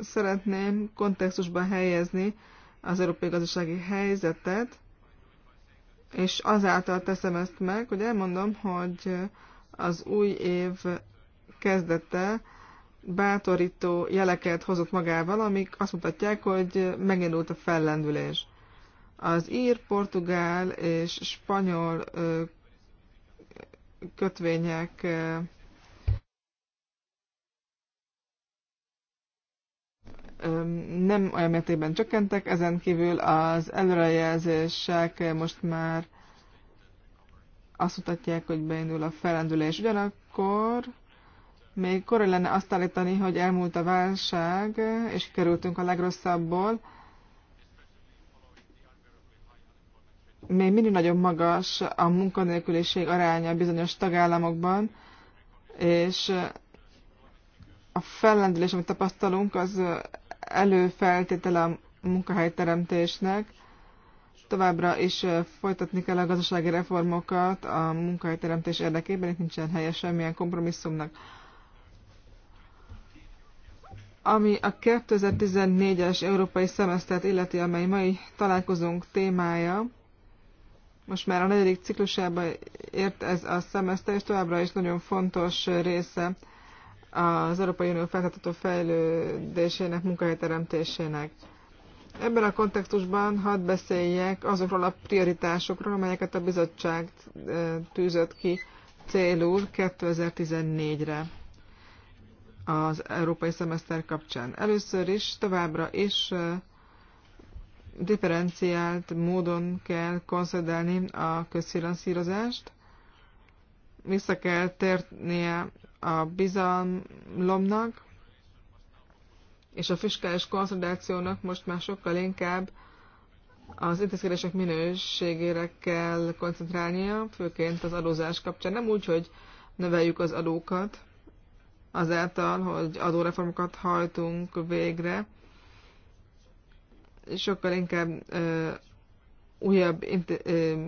szeretném kontextusban helyezni az európai gazdasági helyzetet, és azáltal teszem ezt meg, hogy elmondom, hogy az új év kezdete bátorító jeleket hozott magával, amik azt mutatják, hogy megindult a fellendülés. Az ír, portugál és spanyol kötvények nem olyan mértékben csökkentek, ezen kívül az előrejelzések most már azt mutatják, hogy beindul a felrendülés. Ugyanakkor még korai lenne azt állítani, hogy elmúlt a válság, és kerültünk a legrosszabbból. még mindig nagyon magas a munkanélküliség aránya bizonyos tagállamokban, és a fellendülés, amit tapasztalunk, az előfeltétele a munkahelyteremtésnek. Továbbra is folytatni kell a gazdasági reformokat a munkahelyteremtés érdekében, itt nincsen helye semmilyen kompromisszumnak. Ami a 2014-es európai szemesztert illeti, amely mai találkozunk témája, most már a negyedik ciklusába ért ez a szemeszter, és továbbra is nagyon fontos része az Európai Unió feltartató fejlődésének, munkahelyteremtésének. Ebben a kontextusban hadd beszéljek azokról a prioritásokról, amelyeket a bizottság e, tűzött ki célul 2014-re az európai szemeszter kapcsán. Először is továbbra is e, differenciált módon kell konszolidálni a közfinanszírozást, vissza kell térnie a bizalomnak, és a fiskális konszolidációnak most már sokkal inkább az intézkedések minőségére kell koncentrálnia, főként az adózás kapcsán. Nem úgy, hogy növeljük az adókat, azáltal, hogy adóreformokat hajtunk végre, sokkal inkább ö, újabb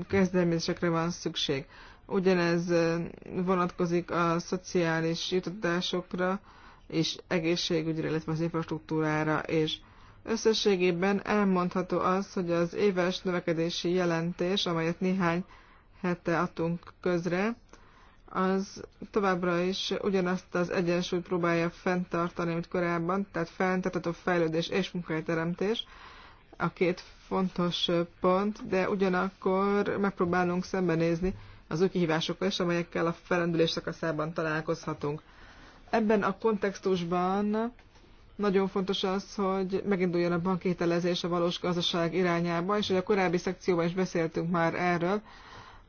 kezdeményezésekre van szükség. Ugyanez vonatkozik a szociális jutatásokra és egészségügyre, illetve az infrastruktúrára, és összességében elmondható az, hogy az éves növekedési jelentés, amelyet néhány hete adtunk közre, az továbbra is ugyanazt az egyensúlyt próbálja fenntartani, mint korábban, tehát fenntartható fejlődés és munkahelyteremtés, teremtés, a két fontos pont, de ugyanakkor megpróbálunk szembenézni az új kihívásokkal is, amelyekkel a felrendülés szakaszában találkozhatunk. Ebben a kontextusban nagyon fontos az, hogy meginduljon a bankételezés a valós gazdaság irányába, és hogy a korábbi szekcióban is beszéltünk már erről,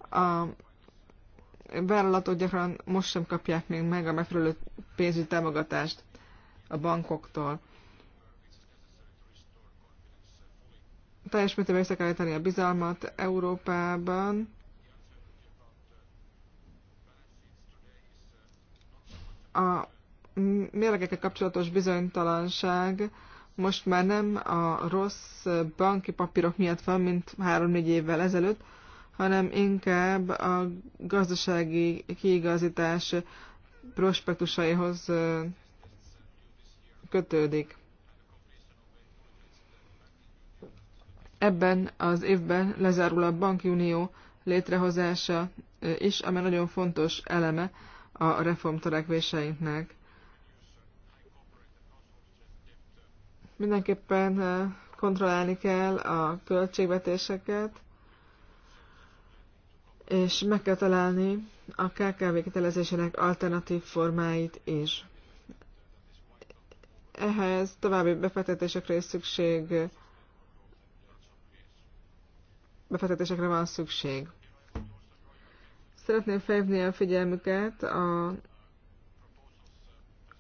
a vállalatok gyakran most sem kapják még meg a megfelelő pénzügyi támogatást a bankoktól. teljes mértékben vissza kell állítani a bizalmat Európában. A mérlegekkel kapcsolatos bizonytalanság most már nem a rossz banki papírok miatt van, mint három-négy évvel ezelőtt, hanem inkább a gazdasági kiigazítás prospektusaihoz kötődik. Ebben az évben lezárul a bankunió létrehozása is, amely nagyon fontos eleme a reform törekvéseinknek. Mindenképpen kontrollálni kell a költségvetéseket, és meg kell találni a KKV kitelezésének alternatív formáit is. Ehhez további befektetésekre is szükség befektetésekre van szükség. Szeretném felhívni a figyelmüket a,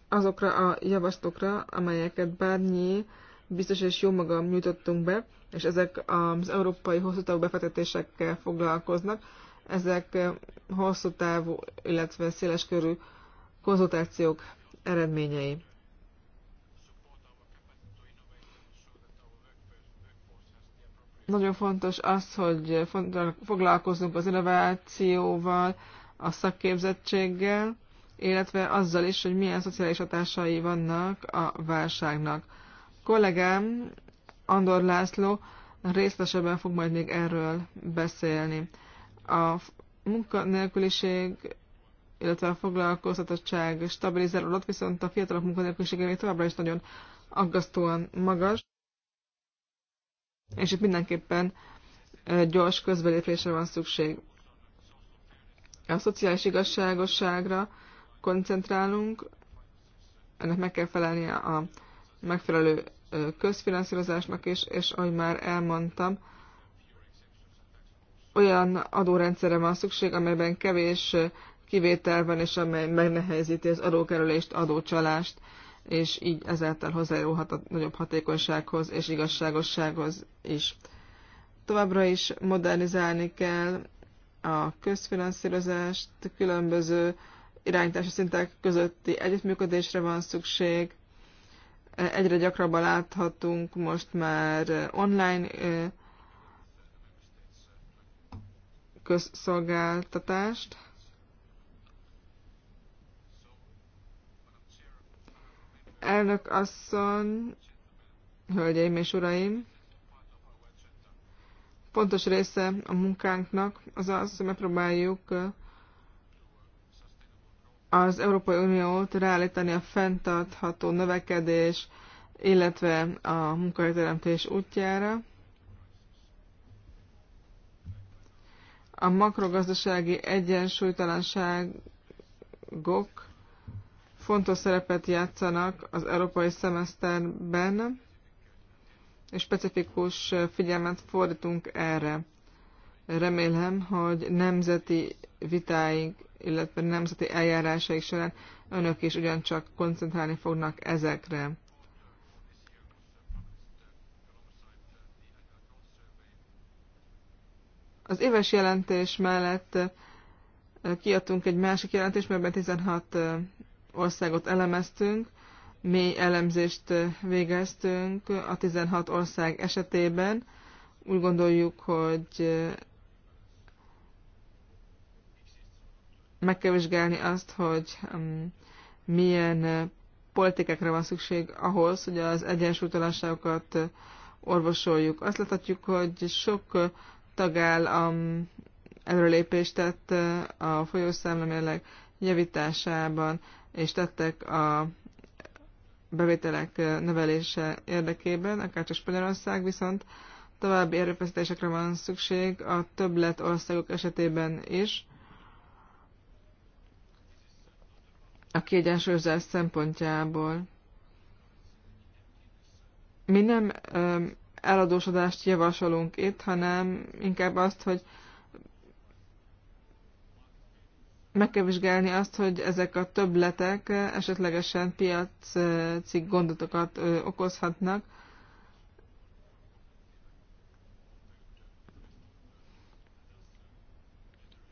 azokra a javaslatokra, amelyeket Bárnyi biztos és jó magam nyújtottunk be, és ezek az európai hosszú távú befektetésekkel foglalkoznak. Ezek hosszú távú, illetve széleskörű konzultációk eredményei. Nagyon fontos az, hogy foglalkozunk az innovációval, a szakképzettséggel, illetve azzal is, hogy milyen szociális hatásai vannak a válságnak. Kollégám Andor László részletesebben fog majd még erről beszélni. A munkanélküliség, illetve a foglalkoztatottság stabilizálódott, viszont a fiatalok munkanélkülisége még továbbra is nagyon aggasztóan magas és itt mindenképpen gyors közbelépésre van szükség. A szociális igazságosságra koncentrálunk, ennek meg kell felelnie a megfelelő közfinanszírozásnak is, és ahogy már elmondtam, olyan adórendszerre van szükség, amelyben kevés kivétel van, és amely megnehezíti az adókerülést, adócsalást és így ezáltal hozzájárulhat a nagyobb hatékonysághoz és igazságossághoz is. Továbbra is modernizálni kell a közfinanszírozást, különböző irányítási szintek közötti együttműködésre van szükség. Egyre gyakrabban láthatunk most már online közszolgáltatást. Elnök asszony, hölgyeim és uraim, pontos része a munkánknak az az, hogy megpróbáljuk az Európai Uniót reállítani a fenntartható növekedés, illetve a munkahelyteremtés útjára. A makrogazdasági egyensúlytalanságok fontos szerepet játszanak az európai szemeszterben, és specifikus figyelmet fordítunk erre. Remélem, hogy nemzeti vitáink, illetve nemzeti eljárásaik során önök is ugyancsak koncentrálni fognak ezekre. Az éves jelentés mellett kiadtunk egy másik jelentést, melyben 16 országot elemeztünk, mély elemzést végeztünk a 16 ország esetében. Úgy gondoljuk, hogy meg kell vizsgálni azt, hogy milyen politikákra van szükség ahhoz, hogy az egyensúlytalanságokat orvosoljuk. Azt láthatjuk, hogy sok tagállam előrelépést tett a folyószámlemérleg javításában és tettek a bevételek növelése érdekében, akár csak Spanyolország, viszont további erőfeszítésekre van szükség a többlet országok esetében is, a kiegyensúlyozás szempontjából. Mi nem eladósodást javasolunk itt, hanem inkább azt, hogy meg kell vizsgálni azt, hogy ezek a többletek esetlegesen piaci gondotokat okozhatnak.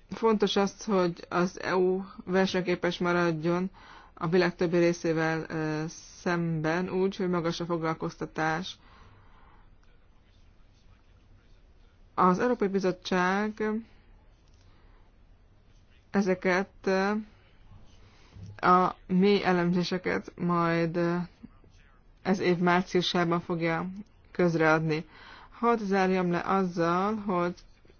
Fontos az, hogy az EU versenyképes maradjon a világ többi részével szemben úgy, hogy magas a foglalkoztatás. Az Európai Bizottság ezeket a mély elemzéseket majd ez év márciusában fogja közreadni. Hadd zárjam le azzal, hogy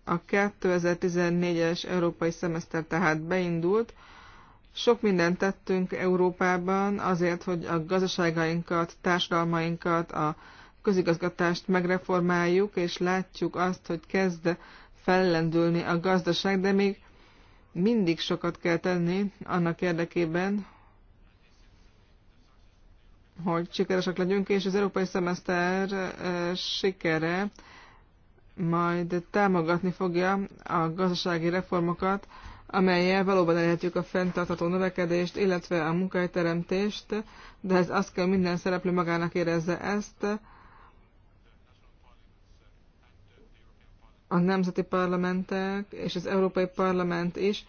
a 2014-es európai szemeszter tehát beindult. Sok mindent tettünk Európában azért, hogy a gazdaságainkat, társadalmainkat, a közigazgatást megreformáljuk, és látjuk azt, hogy kezd fellendülni a gazdaság, de még mindig sokat kell tenni annak érdekében, hogy sikeresek legyünk, és az európai szemeszter eh, sikere majd támogatni fogja a gazdasági reformokat, amelyel valóban elérhetjük a fenntartható növekedést, illetve a munkahelyteremtést, de ez azt kell minden szereplő magának érezze ezt, a nemzeti parlamentek és az Európai Parlament is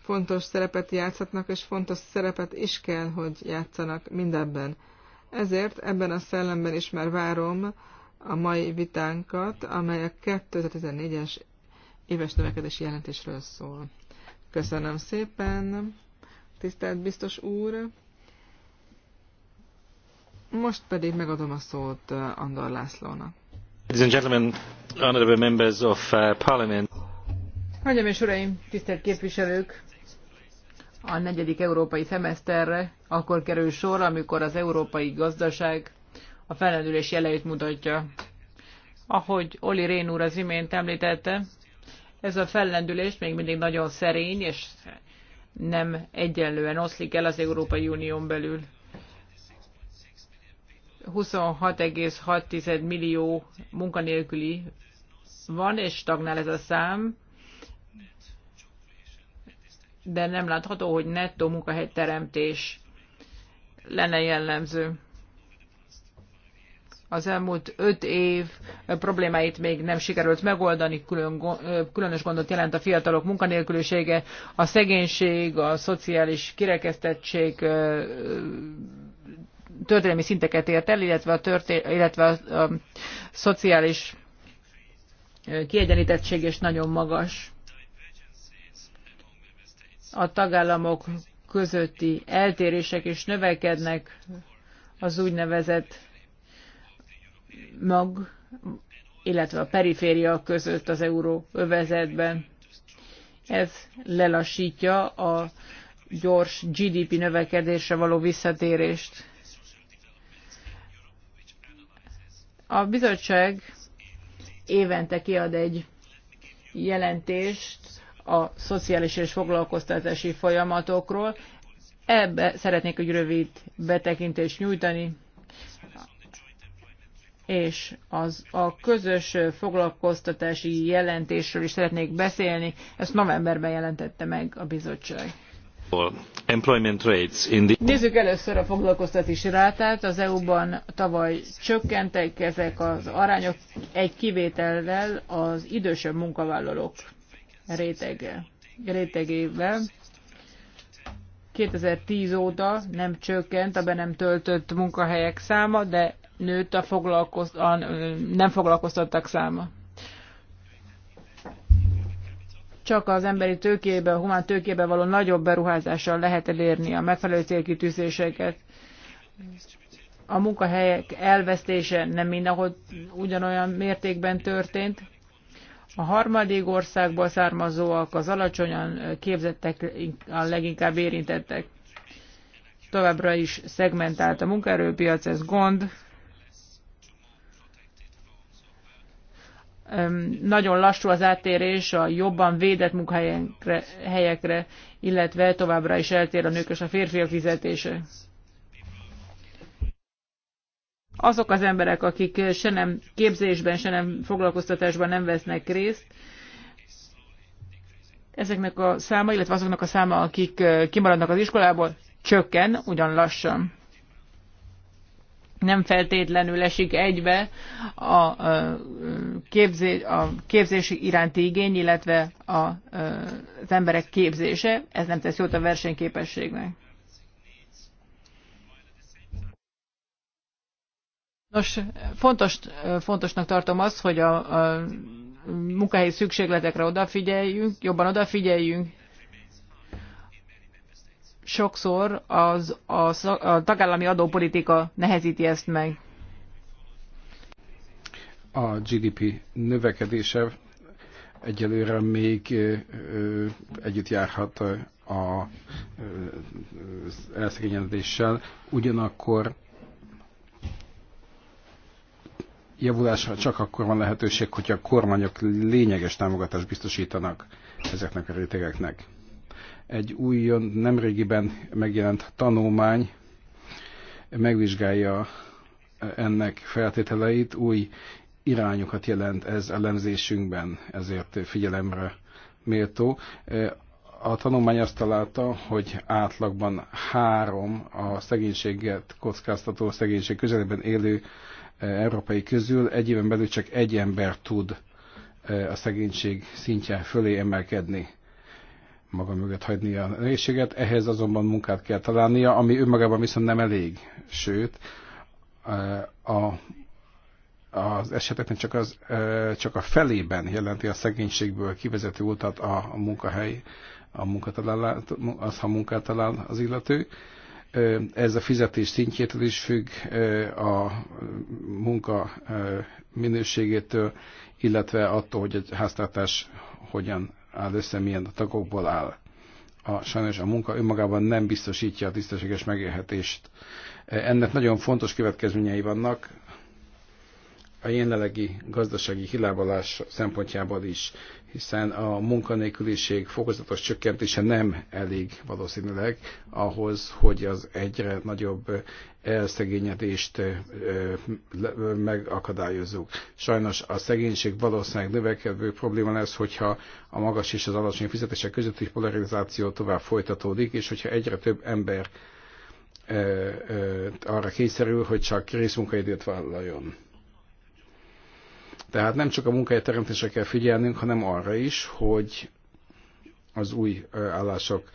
fontos szerepet játszhatnak, és fontos szerepet is kell, hogy játszanak mindebben. Ezért ebben a szellemben is már várom a mai vitánkat, amely a 2014-es éves növekedési jelentésről szól. Köszönöm szépen, tisztelt biztos úr! Most pedig megadom a szót Andor Lászlónak. Uh, Hölgyeim és uraim, tisztelt képviselők! A negyedik európai szemeszterre akkor kerül sor, amikor az európai gazdaság a felelőlés jeleit mutatja. Ahogy Oli Rén úr az imént említette, ez a fellendülés még mindig nagyon szerény, és nem egyenlően oszlik el az Európai Unión belül. 26,6 millió munkanélküli van, és stagnál ez a szám, de nem látható, hogy nettó munkahelyteremtés lenne jellemző. Az elmúlt öt év problémáit még nem sikerült megoldani, külön, különös gondot jelent a fiatalok munkanélkülisége, a szegénység, a szociális kirekesztettség történelmi szinteket ért el, illetve a, törté, illetve a, a szociális kiegyenlítettség is nagyon magas. A tagállamok közötti eltérések is növekednek az úgynevezett mag, illetve a periféria között az euróövezetben. Ez lelassítja a gyors GDP növekedésre való visszatérést. A bizottság évente kiad egy jelentést a szociális és foglalkoztatási folyamatokról. Ebbe szeretnék egy rövid betekintést nyújtani, és az a közös foglalkoztatási jelentésről is szeretnék beszélni. Ezt novemberben jelentette meg a bizottság. Nézzük először a foglalkoztatási rátát. Az EU-ban tavaly csökkentek ezek az arányok egy kivétellel az idősebb munkavállalók thousand rétegével. 2010 óta nem csökkent a be nem töltött munkahelyek száma, de nőtt a, a nem foglalkoztattak száma. csak az emberi tőkébe, a humán tőkébe való nagyobb beruházással lehet elérni a megfelelő célkitűzéseket. A munkahelyek elvesztése nem mindenhol ugyanolyan mértékben történt. A harmadik országból származóak, az alacsonyan képzettek a leginkább érintettek. Továbbra is szegmentált a munkaerőpiac, ez gond, nagyon lassú az áttérés a jobban védett munkahelyekre, helyekre, illetve továbbra is eltér a nők és a férfiak fizetése. Azok az emberek, akik se nem képzésben, se nem foglalkoztatásban nem vesznek részt, ezeknek a száma, illetve azoknak a száma, akik kimaradnak az iskolából, csökken, ugyan lassan nem feltétlenül esik egybe a, képzé, a képzési iránti igény, illetve a, az emberek képzése. Ez nem tesz jót a versenyképességnek. Nos, fontos, fontosnak tartom azt, hogy a, a munkahelyi szükségletekre odafigyeljünk, jobban odafigyeljünk, sokszor az, a, a tagállami adópolitika nehezíti ezt meg. A GDP növekedése egyelőre még együtt járhat a elszegényedéssel, ugyanakkor javulásra csak akkor van lehetőség, hogyha a kormányok lényeges támogatást biztosítanak ezeknek a rétegeknek. Egy új, nemrégiben megjelent tanulmány megvizsgálja ennek feltételeit, új irányokat jelent ez elemzésünkben, ezért figyelemre méltó. A tanulmány azt találta, hogy átlagban három a szegénységet kockáztató, szegénység közelében élő e, európai közül egy éven belül csak egy ember tud e, a szegénység szintje fölé emelkedni maga mögött hagyni a nehézséget, ehhez azonban munkát kell találnia, ami önmagában viszont nem elég. Sőt, a, az eseteknek csak, az, e, csak a felében jelenti a szegénységből kivezető utat a, a munkahely, a az, ha munkát talál az illető. E, ez a fizetés szintjétől is függ, e, a munka minőségétől, illetve attól, hogy egy háztartás hogyan áll össze, milyen tagokból áll. A, sajnos a munka önmagában nem biztosítja a tisztességes megélhetést. Ennek nagyon fontos következményei vannak, a jelenlegi gazdasági hilábalás szempontjából is, hiszen a munkanélküliség fokozatos csökkentése nem elég valószínűleg ahhoz, hogy az egyre nagyobb elszegényedést megakadályozzuk. Sajnos a szegénység valószínűleg növekedő probléma lesz, hogyha a magas és az alacsony fizetések közötti polarizáció tovább folytatódik, és hogyha egyre több ember arra kényszerül, hogy csak részmunkaidőt vállaljon tehát nem csak a teremtésre kell figyelnünk, hanem arra is, hogy az új állások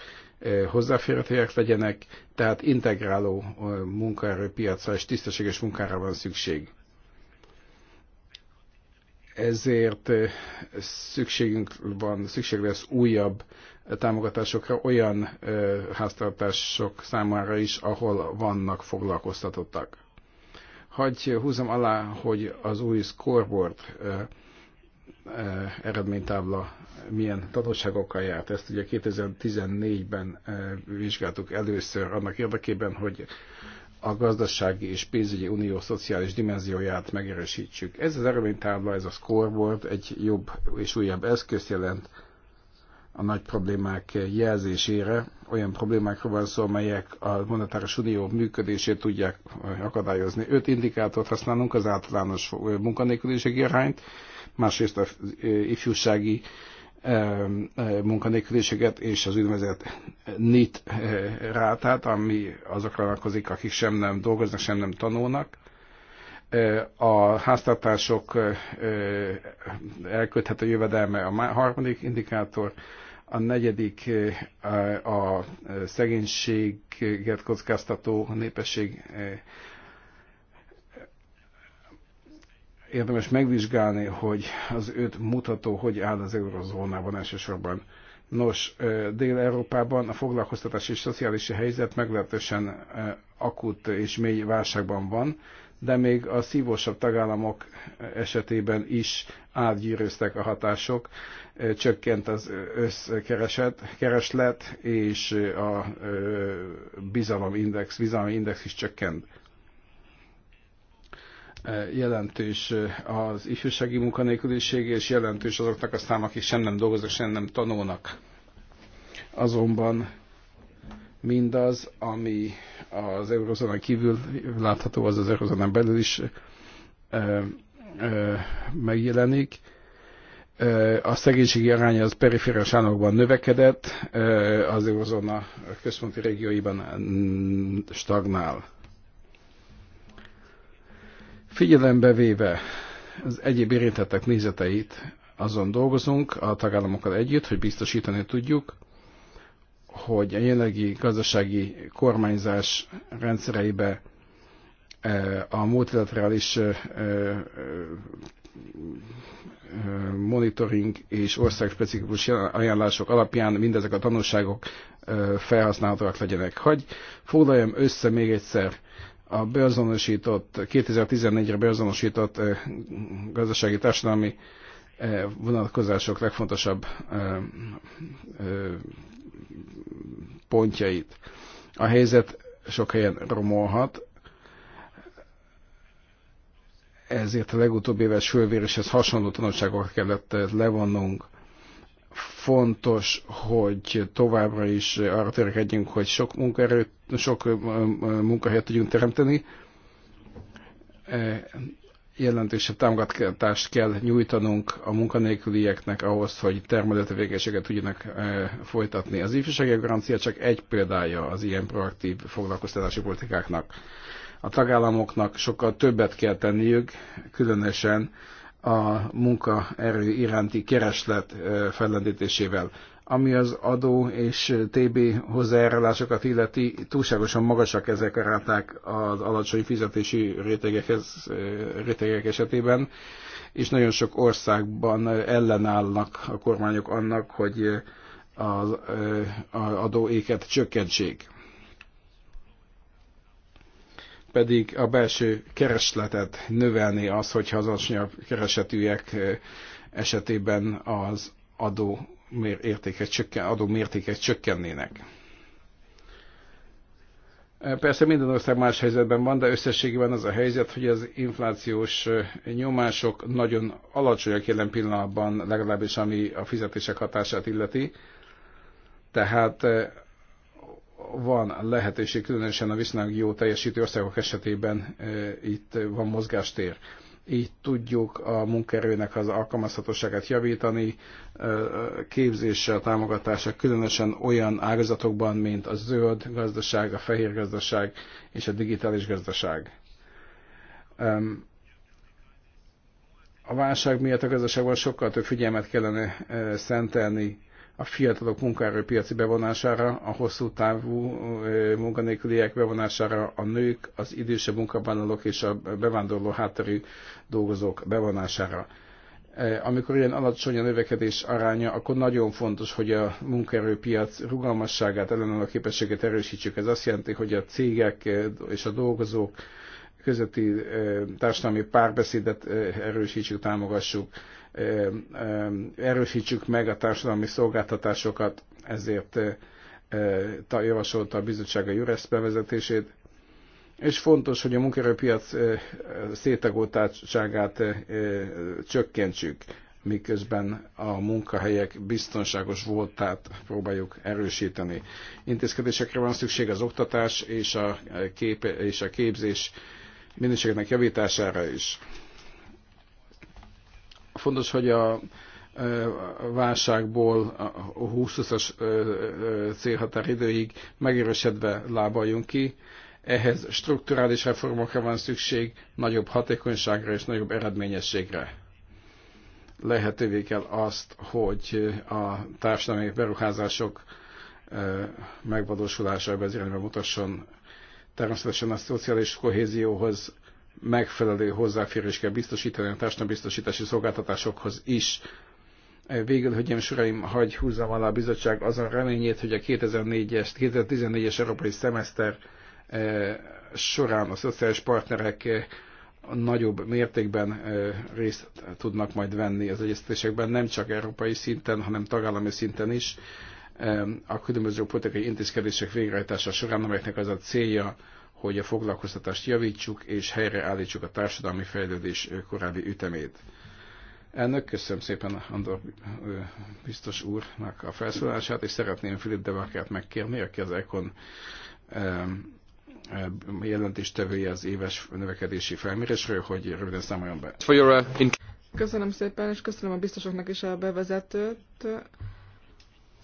hozzáférhetőek legyenek, tehát integráló munkaerőpiacra és tisztességes munkára van szükség. Ezért szükségünk van, szükség lesz újabb támogatásokra olyan háztartások számára is, ahol vannak foglalkoztatottak. Hagyj, húzom alá, hogy az új scoreboard eredménytábla milyen tanulságokkal járt. Ezt ugye 2014-ben vizsgáltuk először annak érdekében, hogy a gazdasági és pénzügyi unió szociális dimenzióját megerősítsük. Ez az eredménytábla, ez a scoreboard egy jobb és újabb eszköz jelent a nagy problémák jelzésére. Olyan problémákról van szó, amelyek a monetáris unió működését tudják akadályozni. Öt indikátort használunk, az általános munkanélküliségi arányt, másrészt az ifjúsági e, e, munkanélküliséget és az úgynevezett NIT rátát, ami azokra vonatkozik, akik sem nem dolgoznak, sem nem tanulnak a háztartások elköthető jövedelme a harmadik indikátor, a negyedik a szegénységet kockáztató népesség érdemes megvizsgálni, hogy az öt mutató hogy áll az eurozónában elsősorban. Nos, Dél-Európában a foglalkoztatás és szociális helyzet meglehetősen akut és mély válságban van de még a szívósabb tagállamok esetében is átgyűrőztek a hatások, csökkent az összkereset, kereslet, és a bizalomindex, bizalmi index is csökkent. Jelentős az ifjúsági munkanélküliség, és jelentős azoknak a szám, akik sem nem dolgoznak, sem nem tanulnak. Azonban Mindaz, ami az eurozónán kívül látható, az az eurozónán belül is ö, ö, megjelenik. A szegénységi aránya az perifériás államokban növekedett, az eurozóna központi régióiban stagnál. Figyelembe véve az egyéb érintettek nézeteit, azon dolgozunk a tagállamokkal együtt, hogy biztosítani tudjuk, hogy a jelenlegi gazdasági kormányzás rendszereibe e, a multilaterális e, e, monitoring és országspecifikus ajánlások alapján mindezek a tanulságok felhasználhatóak legyenek. Hogy foglaljam össze még egyszer a beazonosított, 2014-re beazonosított gazdasági társadalmi vonatkozások legfontosabb pontjait. A helyzet sok helyen romolhat, ezért a legutóbbi éves fölvéréshez hasonló tanulságokat kellett eh, levonnunk. Fontos, hogy továbbra is arra törekedjünk, hogy sok munkaerőt, sok eh, munkahelyet tudjunk teremteni. Eh, jelentősebb támogatást kell nyújtanunk a munkanélkülieknek ahhoz, hogy termelőtevékenységet tudjanak tudjanak e, folytatni. Az ifjúsági garancia csak egy példája az ilyen proaktív foglalkoztatási politikáknak. A tagállamoknak sokkal többet kell tenniük, különösen a munkaerő iránti kereslet e, fellendítésével. Ami az adó és TB hozzájárulásokat illeti, túlságosan magasak ezek a ráták az alacsony fizetési rétegekhez, rétegek esetében, és nagyon sok országban ellenállnak a kormányok annak, hogy az adóéket csökkentsék. Pedig a belső keresletet növelni az, hogyha az alacsonyabb keresetűek esetében az adó értékek csökken, adó mértékek csökkennének. E, persze minden ország más helyzetben van, de összességében az a helyzet, hogy az inflációs e, nyomások nagyon alacsonyak jelen pillanatban, legalábbis ami a fizetések hatását illeti. Tehát e, van lehetőség, különösen a viszonylag jó teljesítő országok esetében itt van mozgástér így tudjuk a munkaerőnek az alkalmazhatóságát javítani, képzéssel, támogatással, különösen olyan ágazatokban, mint a zöld gazdaság, a fehér gazdaság és a digitális gazdaság. A válság miatt a gazdaságban sokkal több figyelmet kellene szentelni a fiatalok munkaerőpiaci bevonására, a hosszú távú munkanélküliek bevonására, a nők, az idősebb munkavállalók és a bevándorló hátterű dolgozók bevonására. Amikor ilyen alacsony a növekedés aránya, akkor nagyon fontos, hogy a munkaerőpiac rugalmasságát, ellenálló képességet erősítsük. Ez azt jelenti, hogy a cégek és a dolgozók közötti társadalmi párbeszédet erősítsük, támogassuk erősítsük meg a társadalmi szolgáltatásokat, ezért javasolta a bizottság a Jureszt bevezetését, és fontos, hogy a munkerőpiac szétagoltátságát csökkentsük, miközben a munkahelyek biztonságos voltát próbáljuk erősíteni. Intézkedésekre van szükség az oktatás és a, kép és a képzés minőségének javítására is. Fontos, hogy a válságból a 20-as célhatáridőig megerősödve lábaljunk ki. Ehhez strukturális reformokra van szükség, nagyobb hatékonyságra és nagyobb eredményességre. Lehetővé kell azt, hogy a társadalmi beruházások megvalósulása ebben az irányba mutasson természetesen a szociális kohézióhoz megfelelő hozzáférés kell biztosítani a társadalombiztosítási szolgáltatásokhoz is. Végül, hölgyeim és uraim, hagy húzzam alá a bizottság azon reményét, hogy a 2014-es, 2014-es európai szemeszter eh, során a szociális partnerek eh, nagyobb mértékben eh, részt tudnak majd venni az egyeztetésekben, nem csak európai szinten, hanem tagállami szinten is a különböző politikai intézkedések végrehajtása során, amelyeknek az a célja, hogy a foglalkoztatást javítsuk és helyreállítsuk a társadalmi fejlődés korábbi ütemét. Elnök, köszönöm szépen Andor biztos úrnak a felszólását, és szeretném Filip Devakert megkérni, aki az ECON jelentéstevője az éves növekedési felmérésről, hogy röviden számoljon be. Uh, köszönöm szépen, és köszönöm a biztosoknak is a bevezetőt.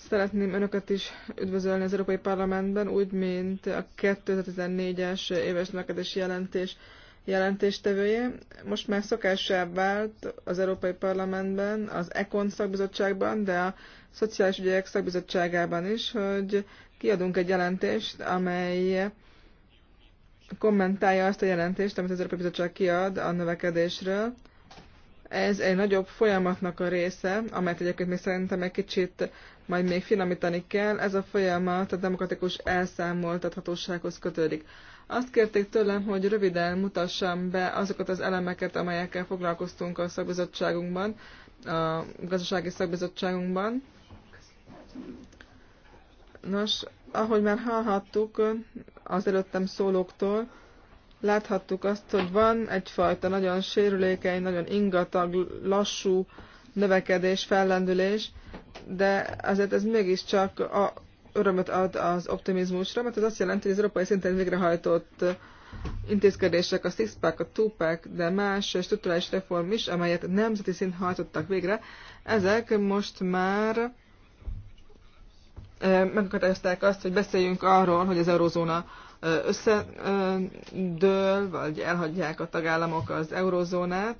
Szeretném Önöket is üdvözölni az Európai Parlamentben, úgy, mint a 2014-es éves növekedési jelentés jelentéstevője. Most már szokássá vált az Európai Parlamentben, az ECON szakbizottságban, de a Szociális Ügyek szakbizottságában is, hogy kiadunk egy jelentést, amely kommentálja azt a jelentést, amit az Európai Bizottság kiad a növekedésről. Ez egy nagyobb folyamatnak a része, amelyet egyébként még szerintem egy kicsit majd még finomítani kell. Ez a folyamat a demokratikus elszámoltathatósághoz kötődik. Azt kérték tőlem, hogy röviden mutassam be azokat az elemeket, amelyekkel foglalkoztunk a szakbizottságunkban, a gazdasági szakbizottságunkban. Nos, ahogy már hallhattuk az előttem szólóktól, láthattuk azt, hogy van egyfajta nagyon sérülékeny, nagyon ingatag, lassú növekedés, fellendülés, de azért ez mégiscsak a örömet ad az optimizmusra, mert ez azt jelenti, hogy az európai szinten végrehajtott intézkedések, a six-pack, a two-pack, de más struktúrális reform is, amelyet nemzeti szint hajtottak végre, ezek most már eh, megakadályozták azt, hogy beszéljünk arról, hogy az eurozóna összedől, vagy elhagyják a tagállamok az eurozónát,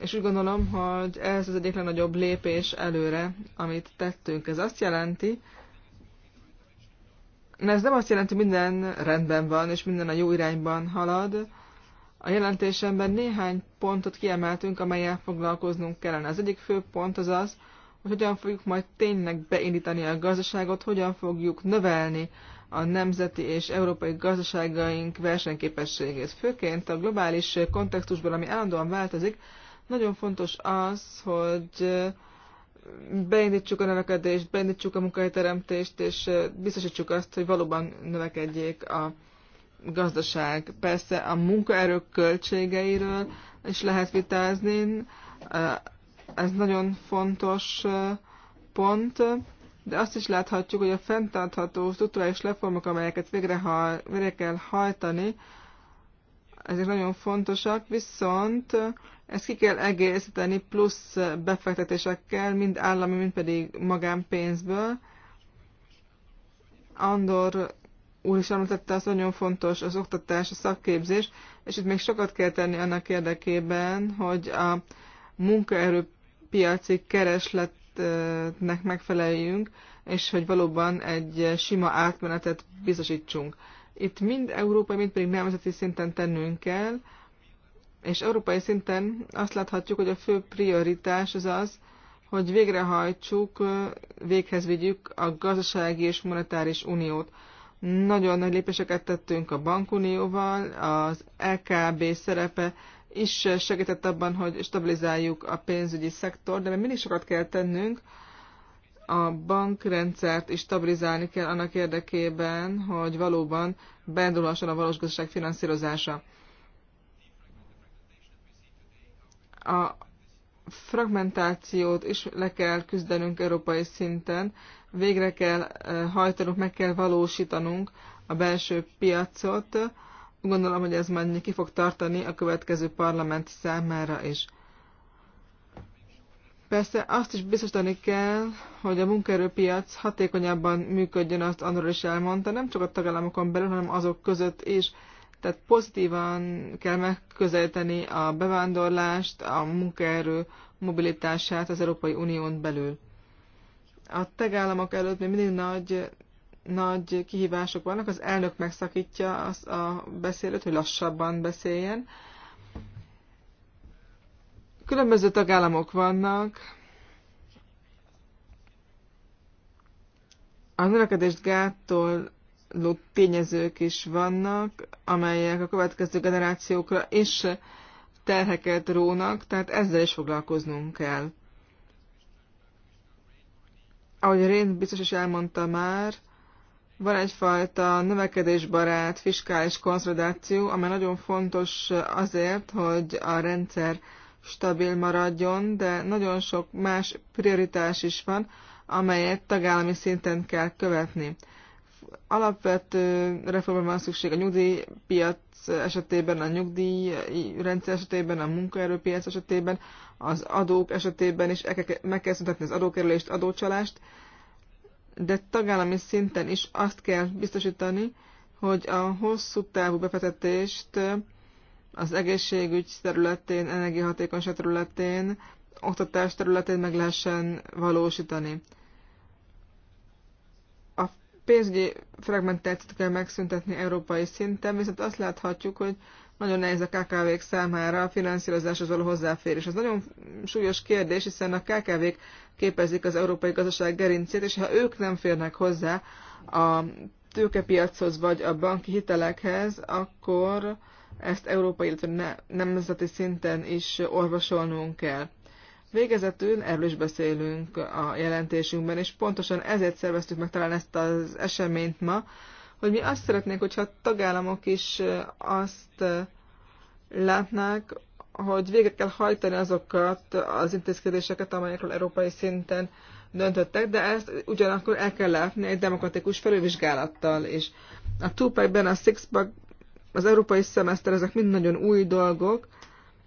és úgy gondolom, hogy ez az egyik legnagyobb lépés előre, amit tettünk. Ez azt jelenti, ez nem azt jelenti, hogy minden rendben van, és minden a jó irányban halad. A jelentésemben néhány pontot kiemeltünk, amelyel foglalkoznunk kellene. Az egyik fő pont az az, hogy hogyan fogjuk majd tényleg beindítani a gazdaságot, hogyan fogjuk növelni a nemzeti és európai gazdaságaink versenyképességét. Főként a globális kontextusban, ami állandóan változik, nagyon fontos az, hogy beindítsuk a növekedést, beindítsuk a munkahelyteremtést, és biztosítsuk azt, hogy valóban növekedjék a gazdaság. Persze a munkaerők költségeiről is lehet vitázni, ez nagyon fontos pont de azt is láthatjuk, hogy a fenntartható struktúrális reformok, amelyeket végre, ha, végre kell hajtani, ezek nagyon fontosak, viszont ezt ki kell egészíteni plusz befektetésekkel, mind állami, mind pedig magánpénzből. Andor úr is említette, az nagyon fontos az oktatás, a szakképzés, és itt még sokat kell tenni annak érdekében, hogy a munkaerőpiaci kereslet nek megfeleljünk, és hogy valóban egy sima átmenetet biztosítsunk. Itt mind európai, mind pedig nemzeti szinten tennünk kell, és európai szinten azt láthatjuk, hogy a fő prioritás az az, hogy végrehajtsuk, véghez vigyük a gazdasági és monetáris uniót. Nagyon nagy lépéseket tettünk a bankunióval, az LKB szerepe is segített abban, hogy stabilizáljuk a pénzügyi szektor, de még mindig sokat kell tennünk. A bankrendszert is stabilizálni kell annak érdekében, hogy valóban beindulhasson a valós gazdaság finanszírozása. A fragmentációt is le kell küzdenünk európai szinten, végre kell eh, hajtanunk, meg kell valósítanunk a belső piacot, Gondolom, hogy ez majd ki fog tartani a következő parlament számára is. Persze azt is biztosítani kell, hogy a munkaerőpiac hatékonyabban működjön, azt Andor is elmondta, nem csak a tagállamokon belül, hanem azok között is. Tehát pozitívan kell megközelíteni a bevándorlást, a munkaerő mobilitását az Európai Unión belül. A tagállamok előtt még mindig nagy nagy kihívások vannak. Az elnök megszakítja az a beszélőt, hogy lassabban beszéljen. Különböző tagállamok vannak. A növekedést gátoló tényezők is vannak, amelyek a következő generációkra is terheket rónak, tehát ezzel is foglalkoznunk kell. Ahogy Rén biztos is elmondta már, van egyfajta növekedésbarát fiskális konszolidáció, amely nagyon fontos azért, hogy a rendszer stabil maradjon, de nagyon sok más prioritás is van, amelyet tagállami szinten kell követni. Alapvető reformra van szükség a nyugdíjpiac esetében, a nyugdíjrendszer esetében, a munkaerőpiac esetében, az adók esetében is meg kell szüntetni az adókerülést, adócsalást, de tagállami szinten is azt kell biztosítani, hogy a hosszú távú befektetést az egészségügy területén, energiahatékonyság területén, oktatás területén meg lehessen valósítani. A pénzügyi fragmentációt kell megszüntetni európai szinten, viszont azt láthatjuk, hogy nagyon nehéz a KKV-k számára a finanszírozáshoz való hozzáférés. Ez nagyon súlyos kérdés, hiszen a KKV-k képezik az európai gazdaság gerincét, és ha ők nem férnek hozzá a tőkepiachoz vagy a banki hitelekhez, akkor ezt európai, illetve nemzeti szinten is orvosolnunk kell. Végezetül erről is beszélünk a jelentésünkben, és pontosan ezért szerveztük meg talán ezt az eseményt ma, hogy mi azt szeretnénk, hogyha tagállamok is azt látnák, hogy végre kell hajtani azokat az intézkedéseket, amelyekről európai szinten döntöttek, de ezt ugyanakkor el kell látni egy demokratikus felülvizsgálattal is. A Tupacben, a Sixpack, az európai szemeszter, ezek mind nagyon új dolgok,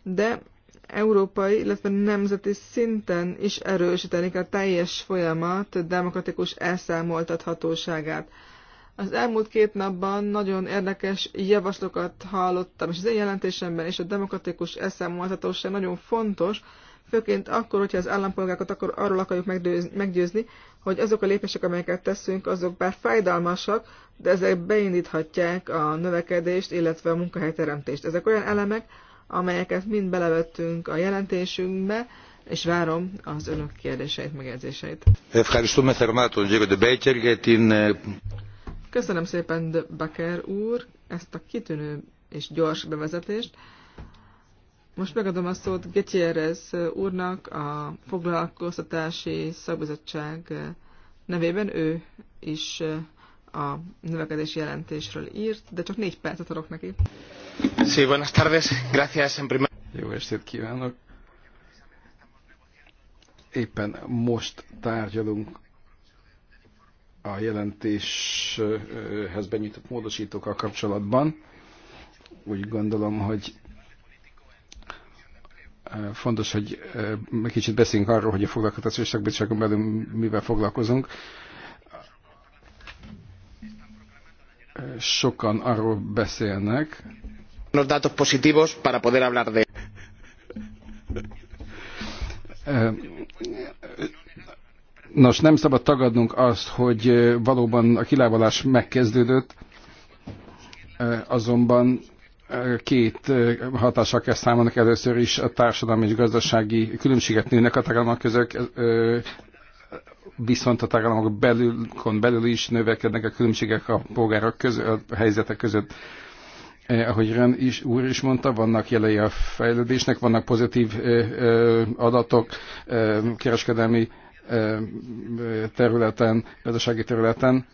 de európai, illetve nemzeti szinten is erősíteni a teljes folyamat demokratikus elszámoltathatóságát. Az elmúlt két napban nagyon érdekes javaslatokat hallottam, és az én jelentésemben és a demokratikus elszámoltatosság nagyon fontos, főként akkor, hogyha az állampolgárokat akkor arról akarjuk meggyőzni, hogy azok a lépések, amelyeket teszünk, azok bár fájdalmasak, de ezek beindíthatják a növekedést, illetve a munkahelyteremtést. Ezek olyan elemek, amelyeket mind belevettünk a jelentésünkbe, és várom az önök kérdéseit, megjegyzéseit. Köszönöm szépen, De Becker úr, ezt a kitűnő és gyors bevezetést. Most megadom a szót Getyérez úrnak, a foglalkoztatási szakbizottság nevében. Ő is a növekedési jelentésről írt, de csak négy percet adok neki. Sí, buenas tardes. Gracias en primer... Jó estét kívánok. Éppen most tárgyalunk a jelentéshez benyújtott módosítókkal kapcsolatban. Úgy gondolom, hogy fontos, hogy egy kicsit beszéljünk arról, hogy a foglalkoztatási szakbizottságon belül mivel foglalkozunk. Sokan arról beszélnek. Nos datos positivos para poder hablar de Nos, nem szabad tagadnunk azt, hogy valóban a kilábalás megkezdődött, azonban két hatással kell számolnak először is a társadalmi és gazdasági különbséget nőnek a tagállamok között, viszont a tagállamok belülkon belül is növekednek a különbségek a polgárok között, a helyzetek között. Eh, ahogy Ren is, úr is mondta, vannak jelei a fejlődésnek, vannak pozitív eh, adatok, eh, kereskedelmi területen, gazdasági területen,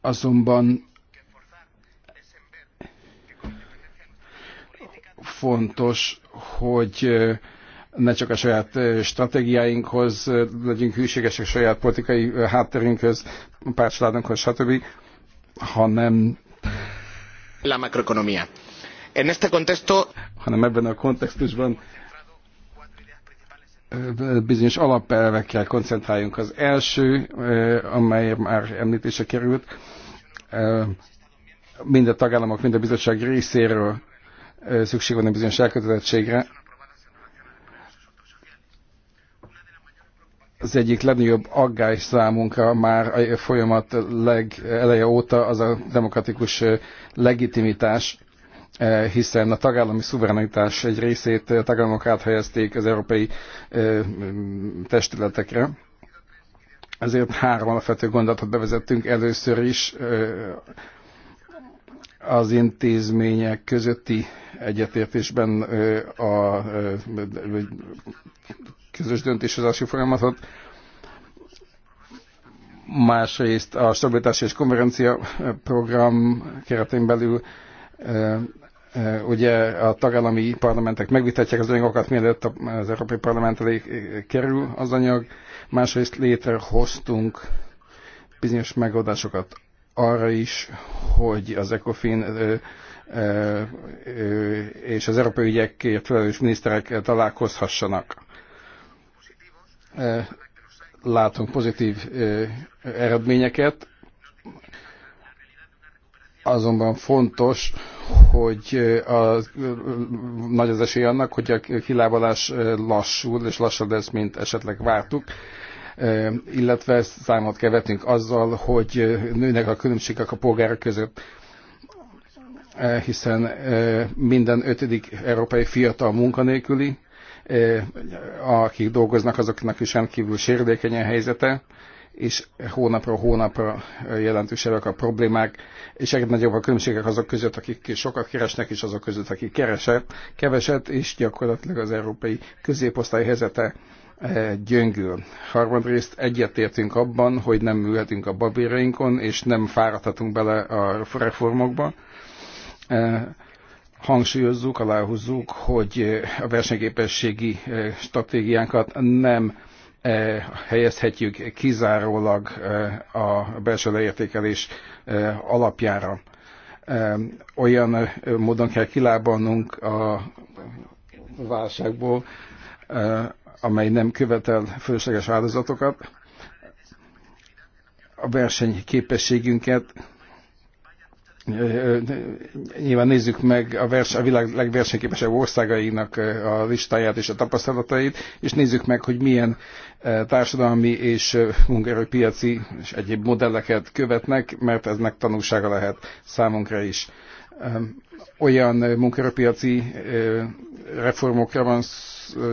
azonban fontos, hogy ne csak a saját stratégiáinkhoz legyünk hűségesek, saját politikai hátterünkhöz, pártcsaládunkhoz, stb., hanem la macroeconomía. En este contexto, hanem ebben a kontextusban bizonyos alapelvekkel koncentráljunk. Az első, amely már említése került, mind a tagállamok, mind a bizottság részéről szükség van a bizonyos elkötelezettségre. Az egyik legnagyobb aggály számunkra már a folyamat legeleje óta az a demokratikus legitimitás, E, hiszen a tagállami szuverenitás egy részét a tagállamok áthelyezték az európai e, testületekre. Ezért három alapvető gondolatot bevezettünk először is e, az intézmények közötti egyetértésben a közös döntéshozási folyamatot, másrészt a stabilitás és konferencia program keretén belül Ugye a tagállami parlamentek megvitatják az anyagokat, mielőtt az Európai Parlament elé kerül az anyag, másrészt létrehoztunk bizonyos megoldásokat arra is, hogy az ECOFIN és az európai ügyekért felelős miniszterek találkozhassanak. Látunk pozitív eredményeket, azonban fontos, hogy a, nagy az esély annak, hogy a kilábalás lassul, és lassabb lesz, mint esetleg vártuk illetve számot kell vetnünk azzal, hogy nőnek a különbségek a polgárok között, hiszen minden ötödik európai fiatal munkanélküli, akik dolgoznak, azoknak is rendkívül sérülékeny a helyzete, és hónapról hónapra jelentősebbek a problémák, és egyre nagyobb a különbségek azok között, akik sokat keresnek, és azok között, akik keresett, keveset, és gyakorlatilag az európai középosztály helyzete gyöngül. Harmadrészt egyetértünk abban, hogy nem ülhetünk a babérainkon, és nem fáradhatunk bele a reformokba. Hangsúlyozzuk, aláhúzzuk, hogy a versenyképességi stratégiánkat nem E, helyezhetjük kizárólag e, a belső leértékelés e, alapjára. Olyan módon kell kilábalnunk a válságból, amely nem követel fölösleges áldozatokat, a versenyképességünket Nyilván nézzük meg a, vers, a világ legversenyképesebb országainak a listáját és a tapasztalatait, és nézzük meg, hogy milyen társadalmi és munkaerőpiaci és egyéb modelleket követnek, mert eznek tanulsága lehet számunkra is olyan munkaerőpiaci reformokra van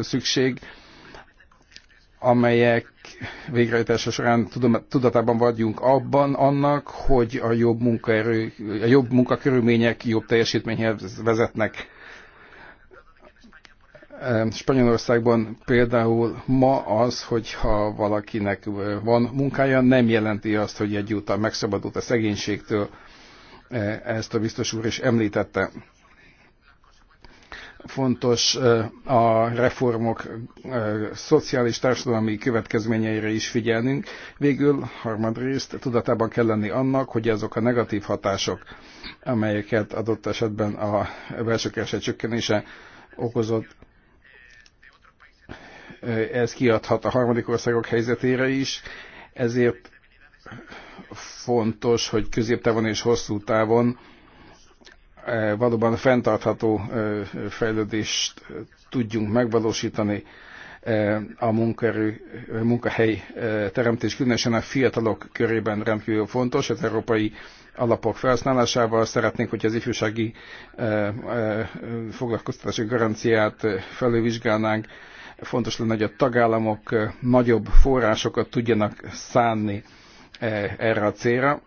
szükség, amelyek végrehajtása során tudatában vagyunk abban annak, hogy a jobb munkaerő, a jobb munkakörülmények jobb teljesítményhez vezetnek. Spanyolországban például ma az, hogyha valakinek van munkája, nem jelenti azt, hogy egyúttal megszabadult a szegénységtől. E, ezt a biztos úr is említette fontos a reformok szociális társadalmi következményeire is figyelnünk. Végül harmadrészt tudatában kell lenni annak, hogy azok a negatív hatások, amelyeket adott esetben a belső kereset csökkenése okozott, ez kiadhat a harmadik országok helyzetére is, ezért fontos, hogy középtávon és hosszú távon valóban fenntartható fejlődést tudjunk megvalósítani a munkaerő, munkahely teremtés, különösen a fiatalok körében rendkívül fontos, az európai alapok felhasználásával szeretnénk, hogy az ifjúsági foglalkoztatási garanciát felővizsgálnánk. fontos lenne, hogy a tagállamok nagyobb forrásokat tudjanak szánni erre a célra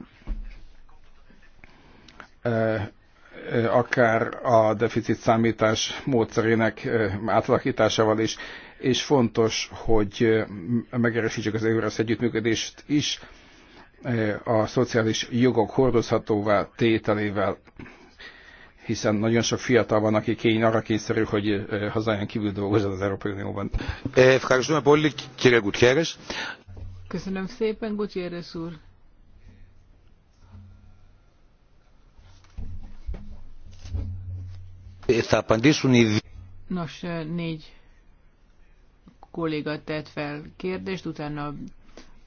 akár a deficit számítás módszerének átalakításával is, és fontos, hogy megerősítsük az eurasz együttműködést is a szociális jogok hordozhatóvá tételével, hiszen nagyon sok fiatal van, aki kény arra kényszerül, hogy hazáján kívül dolgozzon az Európai Unióban. Köszönöm szépen, Gutierrez úr. Nos, négy kolléga tett fel kérdést, utána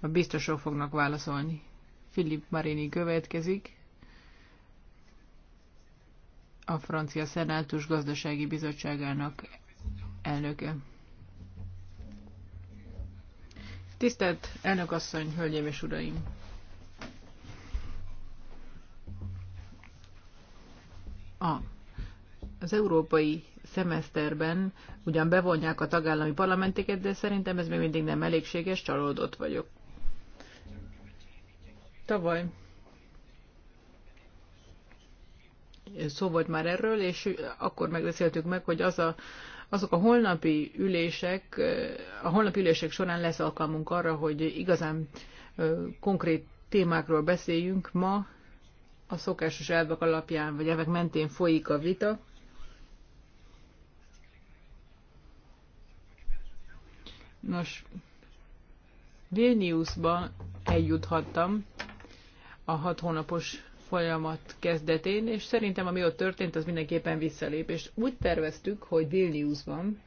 a biztosok fognak válaszolni. Filip Marini következik, a francia szenátus gazdasági bizottságának elnöke. Tisztelt elnökasszony, hölgyeim és uraim! A az európai szemeszterben ugyan bevonják a tagállami parlamenteket, de szerintem ez még mindig nem elégséges, csalódott vagyok. Tavaly szó volt már erről, és akkor megbeszéltük meg, hogy az a, azok a holnapi ülések, a holnapi ülések során lesz alkalmunk arra, hogy igazán konkrét témákról beszéljünk. Ma a szokásos elvek alapján, vagy elvek mentén folyik a vita. Nos, Vilniusban eljuthattam a hat hónapos folyamat kezdetén, és szerintem ami ott történt, az mindenképpen visszalépés. Úgy terveztük, hogy Vilniusban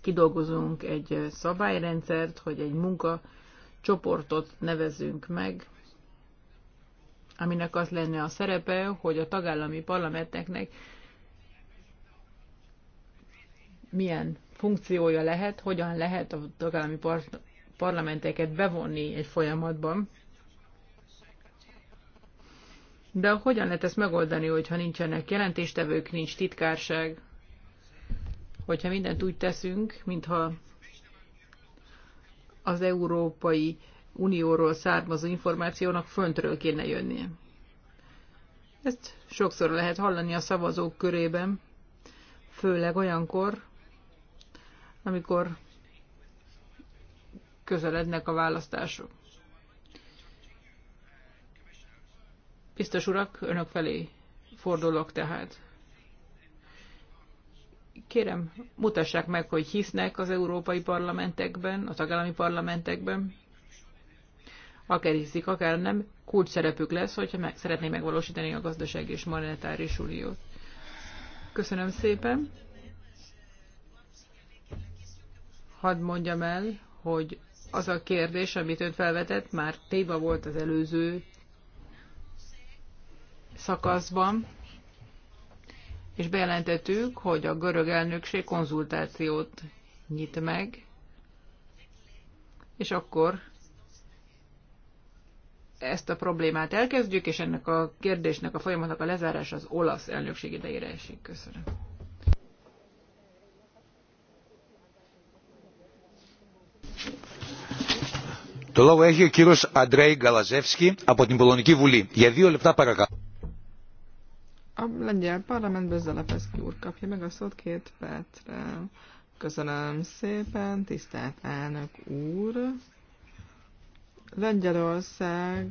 kidolgozunk egy szabályrendszert, hogy egy munka csoportot nevezünk meg, aminek az lenne a szerepe, hogy a tagállami parlamenteknek milyen funkciója lehet, hogyan lehet a tagállami par parlamenteket bevonni egy folyamatban. De hogyan lehet ezt megoldani, hogyha nincsenek jelentéstevők, nincs titkárság, hogyha mindent úgy teszünk, mintha az Európai Unióról származó információnak föntről kéne jönnie. Ezt sokszor lehet hallani a szavazók körében, főleg olyankor, amikor közelednek a választások. Biztos urak, önök felé fordulok tehát. Kérem, mutassák meg, hogy hisznek az európai parlamentekben, a tagállami parlamentekben. Akár hiszik, akár nem, kulcs szerepük lesz, hogyha meg, szeretné megvalósítani a gazdasági és monetáris uniót. Köszönöm szépen! hadd mondjam el, hogy az a kérdés, amit ön felvetett, már téva volt az előző szakaszban, és bejelentettük, hogy a görög elnökség konzultációt nyit meg, és akkor ezt a problémát elkezdjük, és ennek a kérdésnek, a folyamatnak a lezárása az olasz elnökség idejére esik. Köszönöm. Το λόγο έχει ο κύριος Αντρέι Γκαλαζεύσκη από την Πολωνική Βουλή. Για δύο λεπτά παρακαλώ. A lengyel parlamentben úr kapja meg a szót két percre. Köszönöm szépen, tisztelt elnök úr. Lengyelország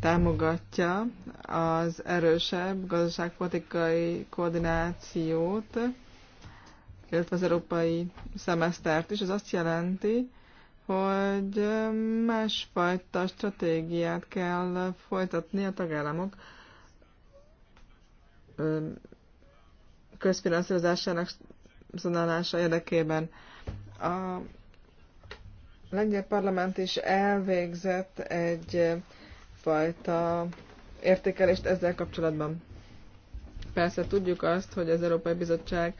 támogatja az erősebb gazdaságpolitikai koordinációt, illetve az európai szemesztert is. Ez azt jelenti, hogy másfajta stratégiát kell folytatni a tagállamok közfinanszírozásának zonálása érdekében. A lengyel parlament is elvégzett egy fajta értékelést ezzel kapcsolatban. Persze tudjuk azt, hogy az Európai Bizottság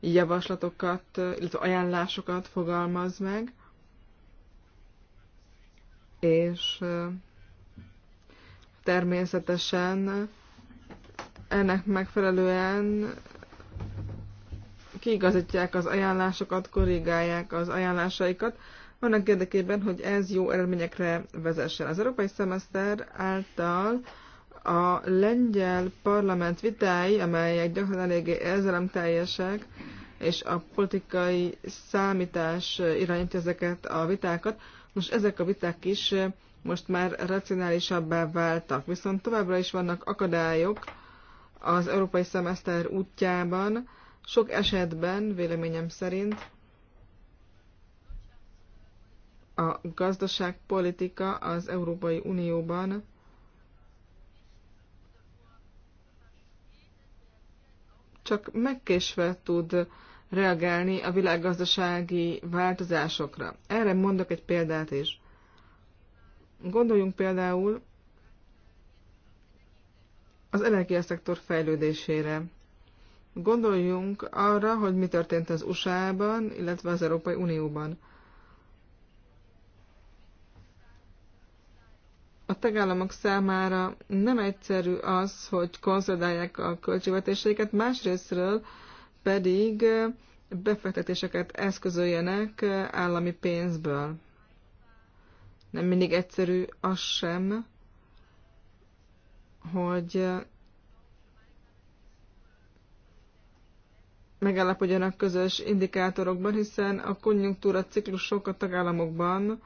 javaslatokat, illetve ajánlásokat fogalmaz meg, és természetesen ennek megfelelően kiigazítják az ajánlásokat, korrigálják az ajánlásaikat, annak érdekében, hogy ez jó eredményekre vezessen. Az európai szemeszter által a lengyel parlament vitái, amelyek gyakran eléggé érzelemteljesek, és a politikai számítás irányítja ezeket a vitákat, most ezek a viták is most már racionálisabbá váltak, viszont továbbra is vannak akadályok az európai szemeszter útjában, sok esetben, véleményem szerint, a gazdaságpolitika az Európai Unióban csak megkésve tud reagálni a világgazdasági változásokra. Erre mondok egy példát is. Gondoljunk például az energiaszektor fejlődésére. Gondoljunk arra, hogy mi történt az USA-ban, illetve az Európai Unióban. A tagállamok számára nem egyszerű az, hogy konszolidálják a költségvetéseiket, másrésztről pedig befektetéseket eszközöljenek állami pénzből. Nem mindig egyszerű az sem, hogy megállapodjanak közös indikátorokban, hiszen a konjunktúra ciklusok a tagállamokban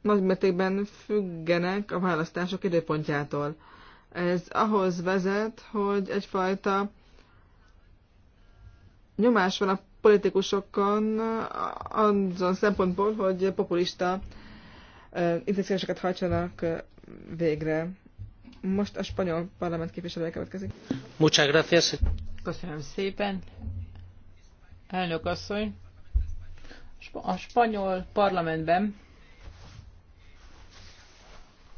nagymértékben függenek a választások időpontjától. Ez ahhoz vezet, hogy egyfajta nyomás van a politikusokon azon szempontból, hogy populista intézkedéseket hajtsanak végre. Most a spanyol parlament képviselője következik. Muchas gracias. Köszönöm szépen. Elnök asszony, a spanyol parlamentben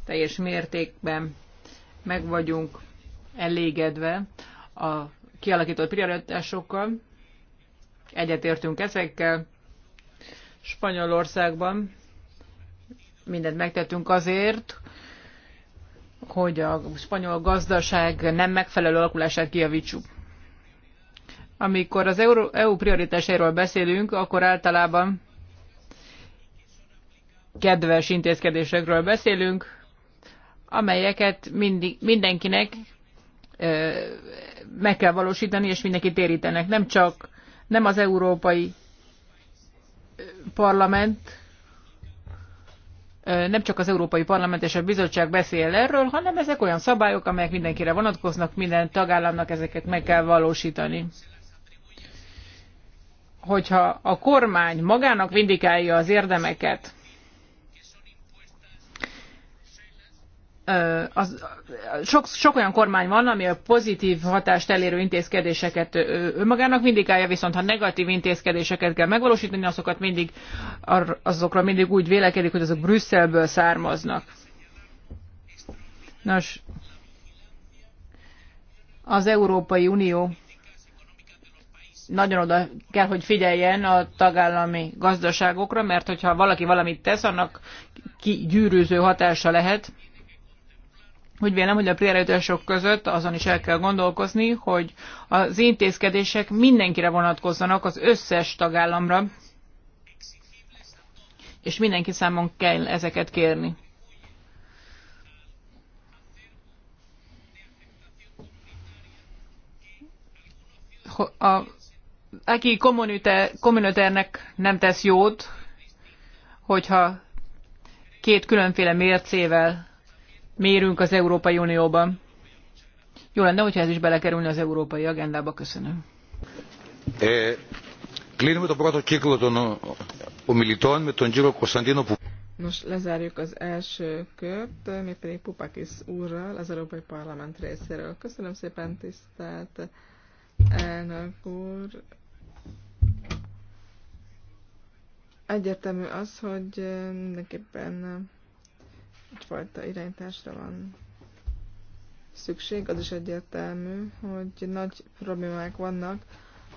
teljes mértékben meg vagyunk elégedve a kialakított prioritásokkal, egyetértünk ezekkel. Spanyolországban mindent megtettünk azért, hogy a spanyol gazdaság nem megfelelő alakulását kiavítsuk. Amikor az EU e prioritásairól beszélünk, akkor általában kedves intézkedésekről beszélünk, amelyeket mindig, mindenkinek ö, meg kell valósítani, és mindenki térítenek. Nem csak, nem az Európai Parlament, ö, nem csak az Európai Parlament és a Bizottság beszél erről, hanem ezek olyan szabályok, amelyek mindenkire vonatkoznak, minden tagállamnak ezeket meg kell valósítani hogyha a kormány magának vindikálja az érdemeket, az, sok, sok olyan kormány van, ami a pozitív hatást elérő intézkedéseket önmagának vindikálja, viszont ha negatív intézkedéseket kell megvalósítani, azokat mindig, azokra mindig úgy vélekedik, hogy azok Brüsszelből származnak. Nos, az Európai Unió nagyon oda kell, hogy figyeljen a tagállami gazdaságokra, mert hogyha valaki valamit tesz, annak kigyűrűző hatása lehet. Úgy vélem, hogy a prioritások között azon is el kell gondolkozni, hogy az intézkedések mindenkire vonatkozzanak, az összes tagállamra, és mindenki számon kell ezeket kérni. A, aki kommunitárnek nem tesz jót, hogyha két különféle mércével mérünk az Európai Unióban. Jó lenne, hogyha ez is belekerülne az európai agendába. Köszönöm. Nos, lezárjuk az első kört, mégpedig Pupakis úrral, az Európai Parlament részéről. Köszönöm szépen, tisztelt elnök úr. Egyértelmű az, hogy mindenképpen egyfajta irányításra van szükség. Az is egyértelmű, hogy nagy problémák vannak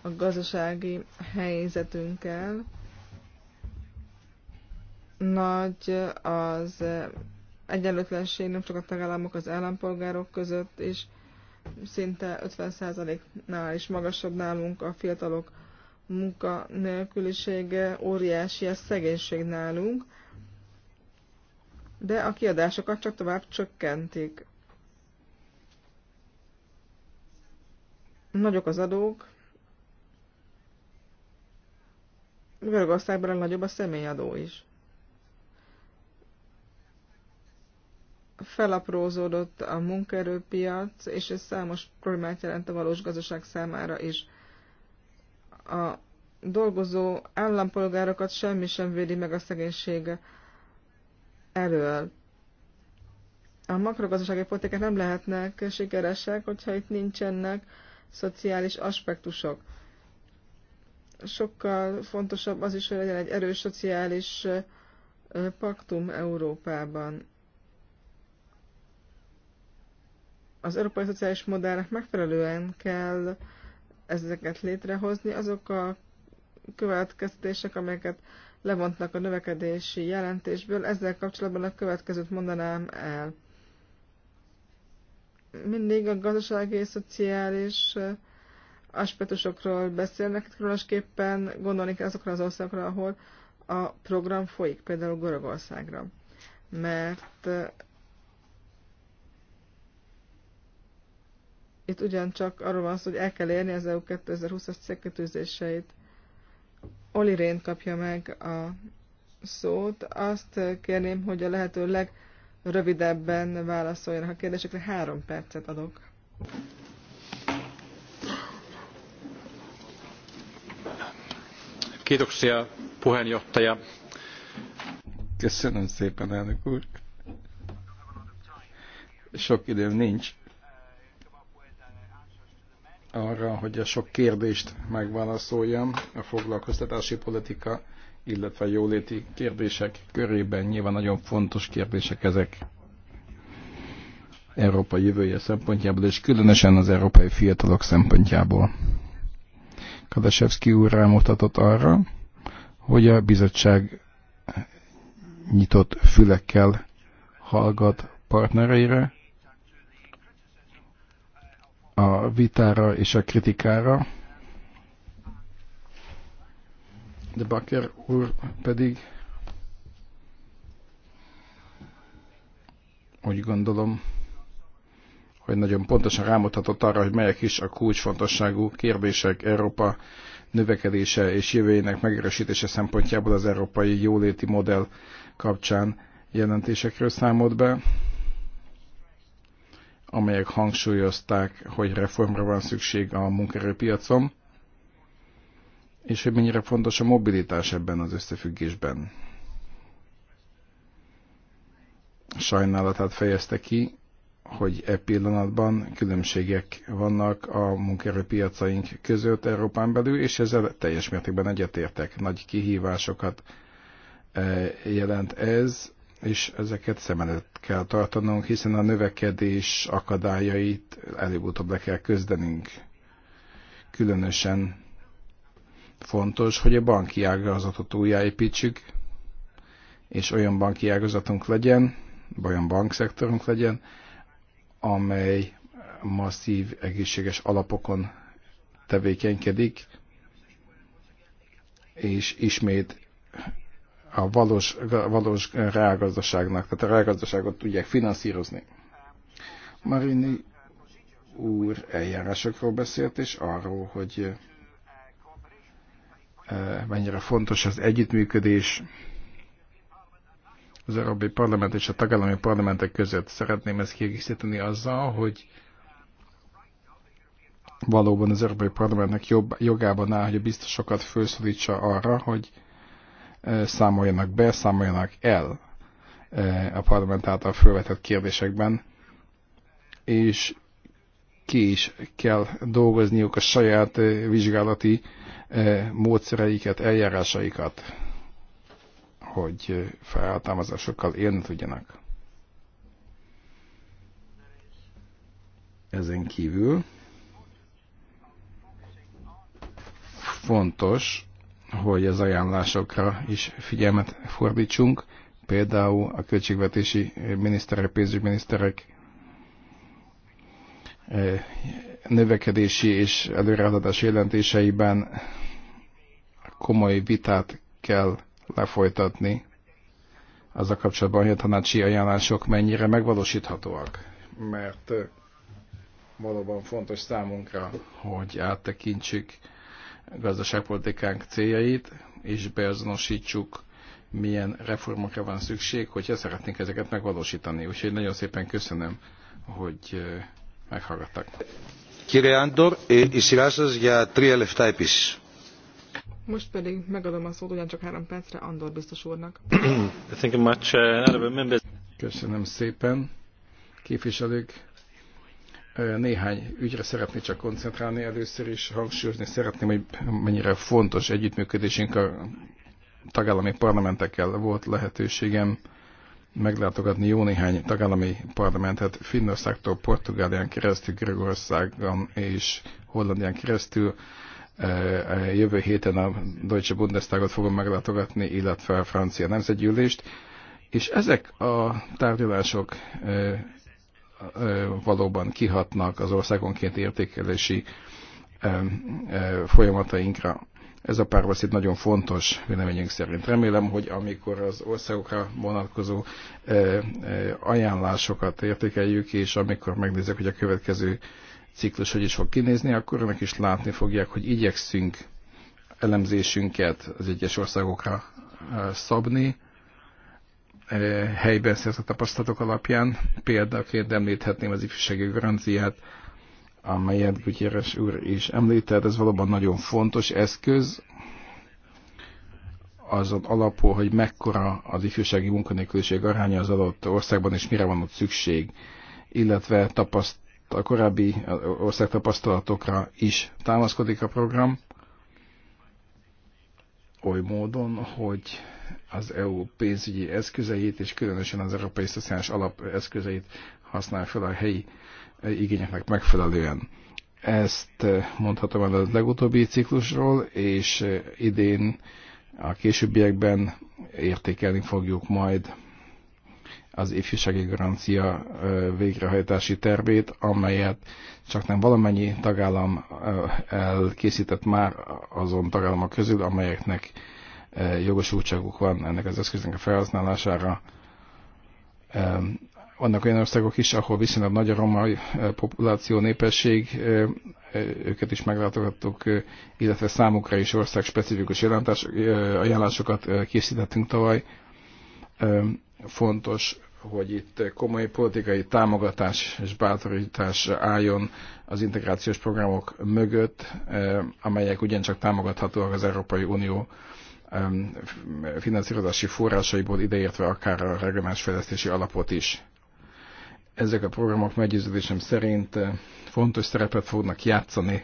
a gazdasági helyzetünkkel. Nagy az egyenlőtlenség nem csak a tagállamok, az állampolgárok között is, szinte 50%-nál is magasabb nálunk a fiatalok munkanélkülisége, óriási a szegénység nálunk de a kiadásokat csak tovább csökkentik. Nagyok az adók, Görögországban a nagyobb a személyadó is. Felaprózódott a munkaerőpiac, és ez számos problémát jelent a valós gazdaság számára is. A dolgozó állampolgárokat semmi sem védi meg a szegénysége elől. A makrogazdasági politikák nem lehetnek sikeresek, hogyha itt nincsenek szociális aspektusok. Sokkal fontosabb az is, hogy legyen egy erős szociális paktum Európában. Az európai szociális modellnek megfelelően kell ezeket létrehozni, azok a következtetések, amelyeket levontnak a növekedési jelentésből. Ezzel kapcsolatban a következőt mondanám el. Mindig a gazdasági és szociális eh, aspektusokról beszélnek, különösképpen gondolni kell azokra az országokra, ahol a program folyik, például Görögországra. Mert eh, itt ugyancsak arról van szó, hogy el kell érni az EU 2020-as célkötőzéseit. Oli Rén kapja meg a szót. Azt kérném, hogy a lehető legrövidebben válaszoljanak a kérdésekre. Három percet adok. Kiitoksia, puheenjohtaja. Köszönöm szépen, elnök úr. Sok időm nincs arra, hogy a sok kérdést megválaszoljam a foglalkoztatási politika, illetve a jóléti kérdések körében. Nyilván nagyon fontos kérdések ezek Európa jövője szempontjából, és különösen az európai fiatalok szempontjából. Kadasevski úr rámutatott arra, hogy a bizottság nyitott fülekkel hallgat partnereire, a vitára és a kritikára. De Bakker úr pedig úgy gondolom, hogy nagyon pontosan rámutatott arra, hogy melyek is a kulcsfontosságú kérdések Európa növekedése és jövőjének megerősítése szempontjából az európai jóléti modell kapcsán jelentésekről számolt be amelyek hangsúlyozták, hogy reformra van szükség a munkerőpiacon, és hogy mennyire fontos a mobilitás ebben az összefüggésben. Sajnálatát fejezte ki, hogy e pillanatban különbségek vannak a munkerőpiacaink között Európán belül, és ezzel teljes mértékben egyetértek. Nagy kihívásokat eh, jelent ez és ezeket szem előtt kell tartanunk, hiszen a növekedés akadályait előbb-utóbb le kell közdenünk. Különösen fontos, hogy a banki ágazatot újjáépítsük, és olyan banki ágazatunk legyen, vagy olyan bankszektorunk legyen, amely masszív, egészséges alapokon tevékenykedik, és ismét a valós, valós reálgazdaságnak, tehát a reálgazdaságot tudják finanszírozni. Marini úr eljárásokról beszélt, és arról, hogy mennyire fontos az együttműködés az Európai Parlament és a tagállami parlamentek között. Szeretném ezt kiegészíteni azzal, hogy valóban az Európai Parlamentnek jobb, jogában áll, hogy a biztosokat felszólítsa arra, hogy számoljanak be, számoljanak el a parlament által felvetett kérdésekben, és ki is kell dolgozniuk a saját vizsgálati módszereiket, eljárásaikat, hogy feltámazásokkal élni tudjanak. Ezen kívül fontos hogy az ajánlásokra is figyelmet fordítsunk, például a költségvetési miniszterek, pénzügyminiszterek eh, növekedési és előrehaladási jelentéseiben komoly vitát kell lefolytatni az a kapcsolatban, hogy a tanácsi ajánlások mennyire megvalósíthatóak. Mert eh, valóban fontos számunkra, hogy áttekintsük gazdaságpolitikánk céljait, és beazonosítsuk, milyen reformokra van szükség, hogyha szeretnénk ezeket megvalósítani. Úgyhogy nagyon szépen köszönöm, hogy meghallgattak. Kire Andor, és για τρία Trielef επίσης. Most pedig megadom a szót ugyancsak három percre Andor biztos úrnak. Uh, köszönöm szépen. Képviselők, néhány ügyre szeretnék csak koncentrálni először is, hangsúlyozni szeretném, hogy mennyire fontos együttműködésünk a tagállami parlamentekkel volt lehetőségem meglátogatni jó néhány tagállami parlamentet Finnországtól Portugálián keresztül, Görögországon és Hollandián keresztül. Jövő héten a Deutsche Bundestagot fogom meglátogatni, illetve a francia nemzetgyűlést. És ezek a tárgyalások valóban kihatnak az országonként értékelési folyamatainkra. Ez a párbeszéd nagyon fontos véleményünk szerint. Remélem, hogy amikor az országokra vonatkozó ajánlásokat értékeljük, és amikor megnézzük, hogy a következő ciklus hogy is fog kinézni, akkor önök is látni fogják, hogy igyekszünk elemzésünket az egyes országokra szabni, E, helyben szerzett tapasztalatok alapján. Példaként említhetném az ifjúsági garanciát, amelyet Gutyeres úr is említett. Ez valóban nagyon fontos eszköz, azon alapul, hogy mekkora az ifjúsági munkanélküliség aránya az adott országban, és mire van ott szükség, illetve tapaszt, a korábbi ország tapasztalatokra is támaszkodik a program, oly módon, hogy az EU pénzügyi eszközeit, és különösen az Európai Szociális Alap eszközeit használ fel a helyi e, igényeknek megfelelően. Ezt e, mondhatom el a legutóbbi ciklusról, és e, idén a későbbiekben értékelni fogjuk majd az ifjúsági garancia végrehajtási tervét, amelyet csak nem valamennyi tagállam elkészített már azon tagállamok közül, amelyeknek jogosultságuk van ennek az eszköznek a felhasználására. Vannak olyan országok is, ahol viszonylag nagy a romai populáció, népesség, őket is meglátogattuk, illetve számukra is ország specifikus ajánlásokat készítettünk tavaly. Fontos, hogy itt komoly politikai támogatás és bátorítás álljon az integrációs programok mögött, amelyek ugyancsak támogathatóak az Európai Unió finanszírozási forrásaiból ideértve akár a regionális fejlesztési alapot is. Ezek a programok meggyőződésem szerint eh, fontos szerepet fognak játszani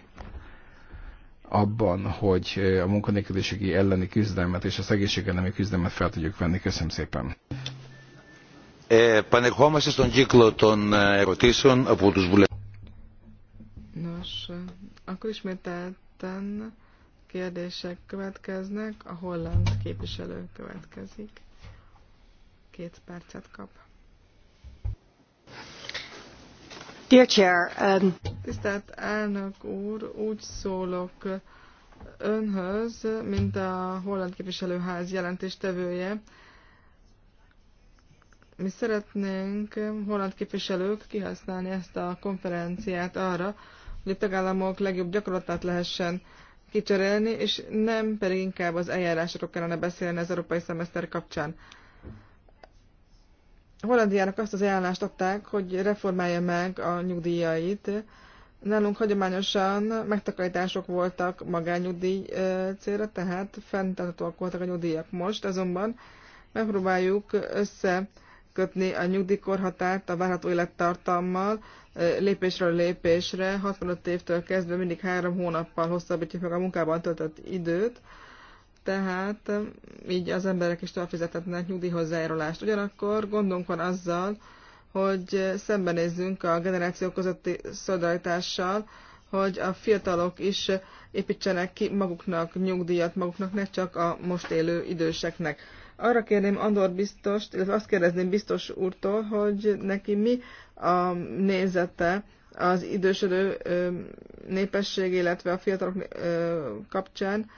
abban, hogy eh, a munkanélküliségi elleni küzdelmet és a szegénység elleni küzdelmet fel tudjuk venni. Köszönöm szépen. Nos, akkor ismételten kérdések következnek. A holland képviselő következik. Két percet kap. Dear Chair, um... Tisztelt elnök úr, úgy szólok önhöz, mint a holland képviselőház jelentéstevője. Mi szeretnénk, holland képviselők, kihasználni ezt a konferenciát arra, hogy a tagállamok legjobb gyakorlatát lehessen kicserélni, és nem pedig inkább az eljárásokról kellene beszélni az európai szemeszter kapcsán. Hollandiának azt az ajánlást adták, hogy reformálja meg a nyugdíjait. Nálunk hagyományosan megtakarítások voltak magányugdíj célra, tehát fenntartatóak voltak a nyugdíjak most, azonban megpróbáljuk összekötni a nyugdíjkorhatárt a várható élettartammal, lépésről lépésre, 65 évtől kezdve mindig három hónappal hosszabbítjuk meg a munkában töltött időt, tehát így az emberek is továbbfizetetnek nyugdíjhozzájárulást. Ugyanakkor gondunk van azzal, hogy szembenézzünk a generációk közötti szolidaritással, hogy a fiatalok is építsenek ki maguknak nyugdíjat, maguknak ne csak a most élő időseknek. Arra kérném Andor biztos, illetve azt kérdezném biztos úrtól, hogy neki mi a nézete az idősödő népesség, illetve a fiatalok kapcsán.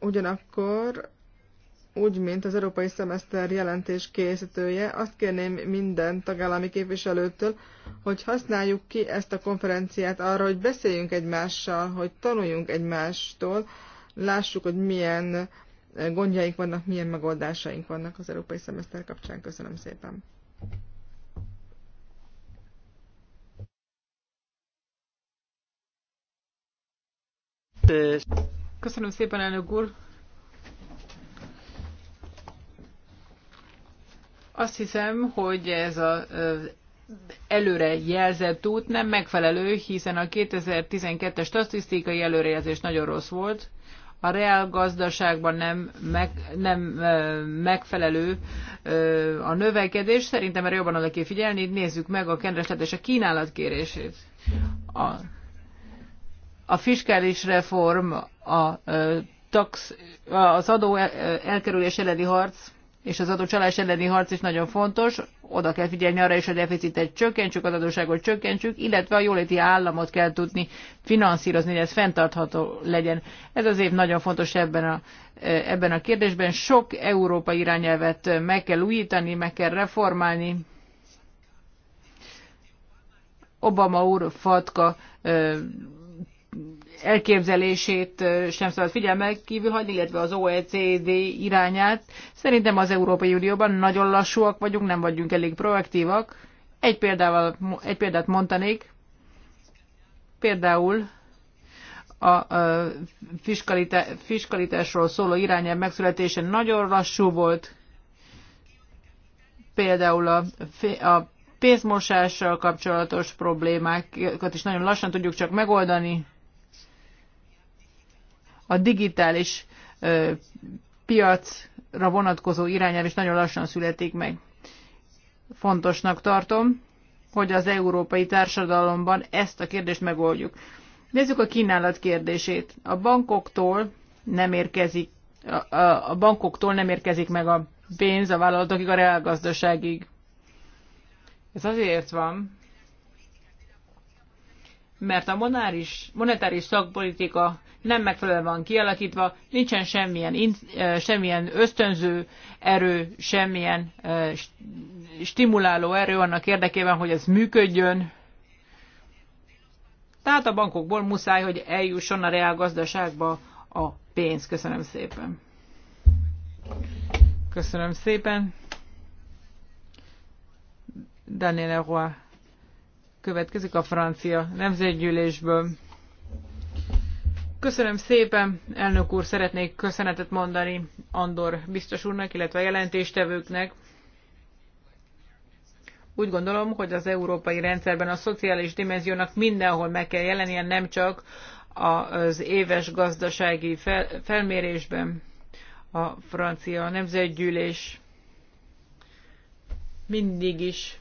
Ugyanakkor, úgy, mint az Európai Szemeszter jelentés készítője, azt kérném minden tagállami képviselőtől, hogy használjuk ki ezt a konferenciát arra, hogy beszéljünk egymással, hogy tanuljunk egymástól, lássuk, hogy milyen gondjaink vannak, milyen megoldásaink vannak az Európai Szemeszter kapcsán. Köszönöm szépen! Köszönöm szépen, elnök úr. Azt hiszem, hogy ez a előre jelzett út nem megfelelő, hiszen a 2012-es statisztikai előrejelzés nagyon rossz volt. A reál gazdaságban nem, meg, nem megfelelő a növekedés. Szerintem erre jobban oda kell figyelni. Nézzük meg a kereslet a kínálat kérését. A a fiskális reform, a tax, az adó elkerülés elleni harc és az adócsalás elleni harc is nagyon fontos. Oda kell figyelni arra is, hogy a deficitet csökkentsük, az adóságot csökkentsük, illetve a jóléti államot kell tudni finanszírozni, hogy ez fenntartható legyen. Ez az év nagyon fontos ebben a, ebben a kérdésben. Sok európai irányelvet meg kell újítani, meg kell reformálni. Obama úr fatka elképzelését sem szabad figyelmen kívül hagyni, illetve az OECD irányát. Szerintem az Európai Unióban nagyon lassúak vagyunk, nem vagyunk elég proaktívak. Egy, példával, egy példát mondanék, például a fiskalitásról szóló irányelv megszületése nagyon lassú volt, például a, a pénzmosással kapcsolatos problémákat is nagyon lassan tudjuk csak megoldani, a digitális piacra vonatkozó irányelv is nagyon lassan születik meg. Fontosnak tartom, hogy az európai társadalomban ezt a kérdést megoldjuk. Nézzük a kínálat kérdését. A bankoktól nem érkezik, a, a, a bankoktól nem érkezik meg a pénz a vállalatokig, a reálgazdaságig. Ez azért van, mert a monáris, monetáris szakpolitika nem megfelelően van kialakítva, nincsen semmilyen, semmilyen ösztönző erő, semmilyen stimuláló erő annak érdekében, hogy ez működjön. Tehát a bankokból muszáj, hogy eljusson a reálgazdaságba a pénz. Köszönöm szépen. Köszönöm szépen. Daniel Roy következik a francia nemzetgyűlésből. Köszönöm szépen, elnök úr, szeretnék köszönetet mondani Andor biztos úrnak, illetve a jelentéstevőknek. Úgy gondolom, hogy az európai rendszerben a szociális dimenziónak mindenhol meg kell jelenie, nem csak az éves gazdasági felmérésben a francia nemzetgyűlés mindig is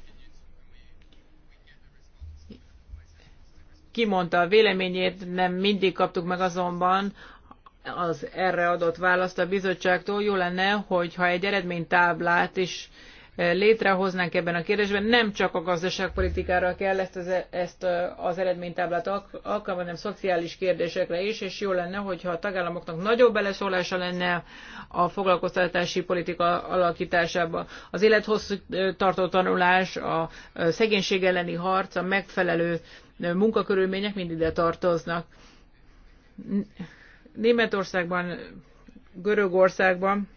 kimondta a véleményét, nem mindig kaptuk meg azonban az erre adott választ a bizottságtól. Jó lenne, hogyha egy eredménytáblát is létrehoznánk ebben a kérdésben. Nem csak a gazdaságpolitikára kell ezt az, e- ezt az eredménytáblát alkalmazni, hanem szociális kérdésekre is, és jó lenne, hogyha a tagállamoknak nagyobb beleszólása lenne a foglalkoztatási politika alakításába. Az élethosszú tartó tanulás, a szegénység elleni harc, a megfelelő munkakörülmények mind ide tartoznak. Németországban, Görögországban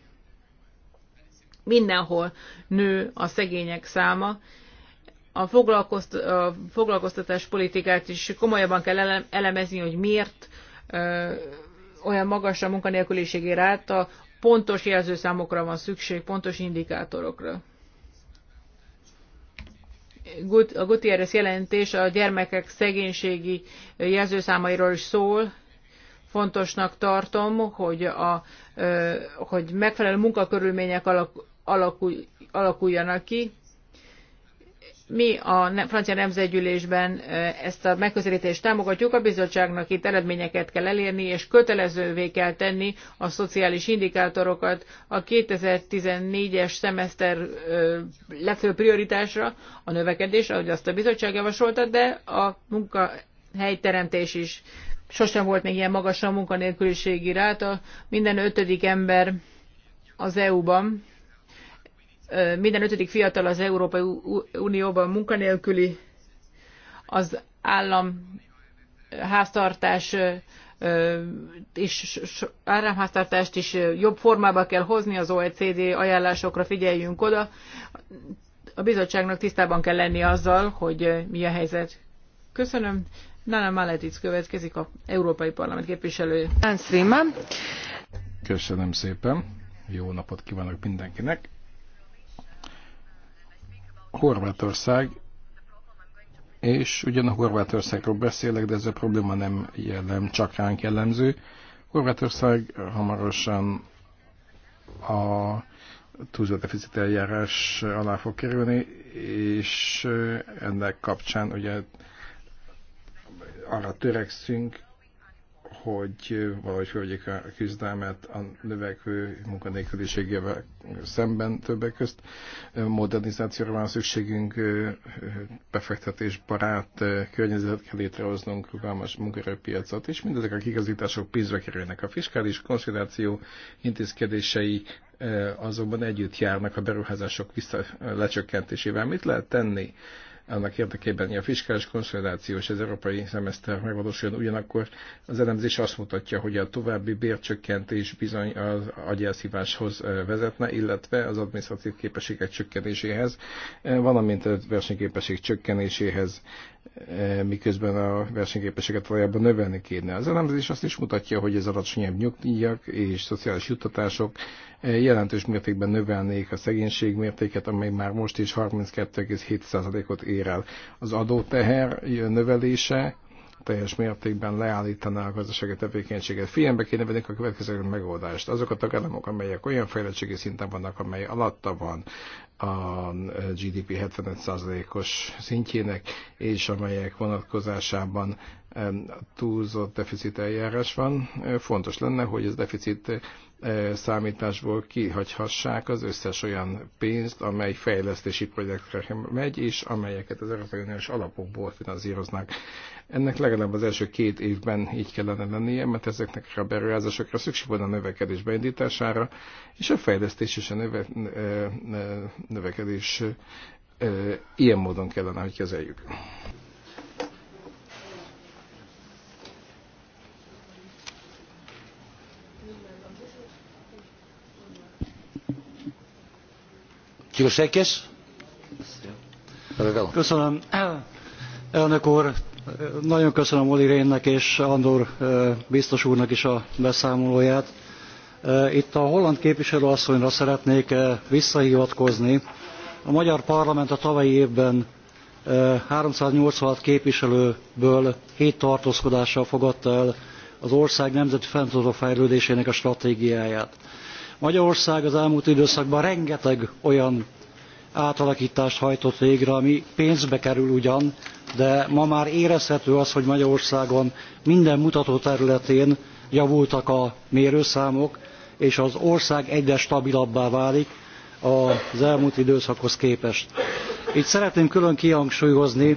mindenhol nő a szegények száma. A, foglalkoztatás politikát is komolyabban kell elemezni, hogy miért olyan magas a munkanélküliség ráta, pontos jelzőszámokra van szükség, pontos indikátorokra. A Gutierrez jelentés a gyermekek szegénységi jelzőszámairól is szól. Fontosnak tartom, hogy, a, hogy megfelelő munkakörülmények alakul, alakuljanak ki. Mi a francia nemzetgyűlésben ezt a megközelítést támogatjuk, a bizottságnak itt eredményeket kell elérni, és kötelezővé kell tenni a szociális indikátorokat a 2014-es szemeszter legfőbb prioritásra, a növekedés, ahogy azt a bizottság javasolta, de a munkahelyteremtés is. Sosem volt még ilyen magas a munkanélküliségi ráta, minden ötödik ember az EU-ban minden ötödik fiatal az Európai Unióban munkanélküli, az állam háztartás és áramháztartást is jobb formába kell hozni, az OECD ajánlásokra figyeljünk oda. A bizottságnak tisztában kell lenni azzal, hogy mi a helyzet. Köszönöm. Nana Maletic következik a Európai Parlament képviselője. Köszönöm szépen. Jó napot kívánok mindenkinek. Horvátország, és ugyan a Horvátországról beszélek, de ez a probléma nem jellem, csak ránk jellemző. Horvátország hamarosan a túlzott deficit eljárás alá fog kerülni, és ennek kapcsán ugye arra törekszünk, hogy valahogy fölvegyék a küzdelmet a növekvő munkanélküliségével szemben többek közt. Modernizációra van szükségünk, barát környezetet kell létrehoznunk, rugalmas munkaerőpiacot, és mindezek a kigazítások pénzbe kerülnek. A fiskális konszolidáció intézkedései azonban együtt járnak a beruházások vissza lecsökkentésével. Mit lehet tenni? annak érdekében, hogy a fiskális konszolidáció és az európai szemeszter megvalósuljon, ugyanakkor az elemzés azt mutatja, hogy a további bércsökkentés bizony az agyelszíváshoz vezetne, illetve az adminisztratív képességek csökkenéséhez, valamint a versenyképesség csökkenéséhez, miközben a versenyképességet valójában növelni kéne. Az elemzés azt is mutatja, hogy az alacsonyabb nyugdíjak és szociális juttatások jelentős mértékben növelnék a szegénység mértéket, amely már most is 32,7%-ot ér ér el. Az adóteher növelése teljes mértékben leállítaná a gazdasági tevékenységet. Figyelembe kéne venni a következő megoldást. Azok a tagállamok, amelyek olyan fejlettségi szinten vannak, amely alatta van a GDP 75%-os szintjének, és amelyek vonatkozásában túlzott deficit eljárás van. Fontos lenne, hogy ez deficit E, számításból kihagyhassák az összes olyan pénzt, amely fejlesztési projektre megy, és amelyeket az Európai Uniós alapokból finanszíroznak. Ennek legalább az első két évben így kellene lennie, mert ezeknek a beruházásokra szükség van a növekedés beindítására, és a fejlesztés és a növe, e, e, növekedés ilyen módon kellene, hogy kezeljük. Köszönöm. Elnök úr, nagyon köszönöm olli rehnnek és Andor biztos úrnak is a beszámolóját. Itt a holland képviselő asszonyra szeretnék visszahivatkozni. A magyar parlament a tavalyi évben 386 képviselőből 7 tartózkodással fogadta el az ország nemzeti fenntartó fejlődésének a stratégiáját. Magyarország az elmúlt időszakban rengeteg olyan átalakítást hajtott végre, ami pénzbe kerül ugyan, de ma már érezhető az, hogy Magyarországon minden mutató területén javultak a mérőszámok, és az ország egyre stabilabbá válik az elmúlt időszakhoz képest. Itt szeretném külön kihangsúlyozni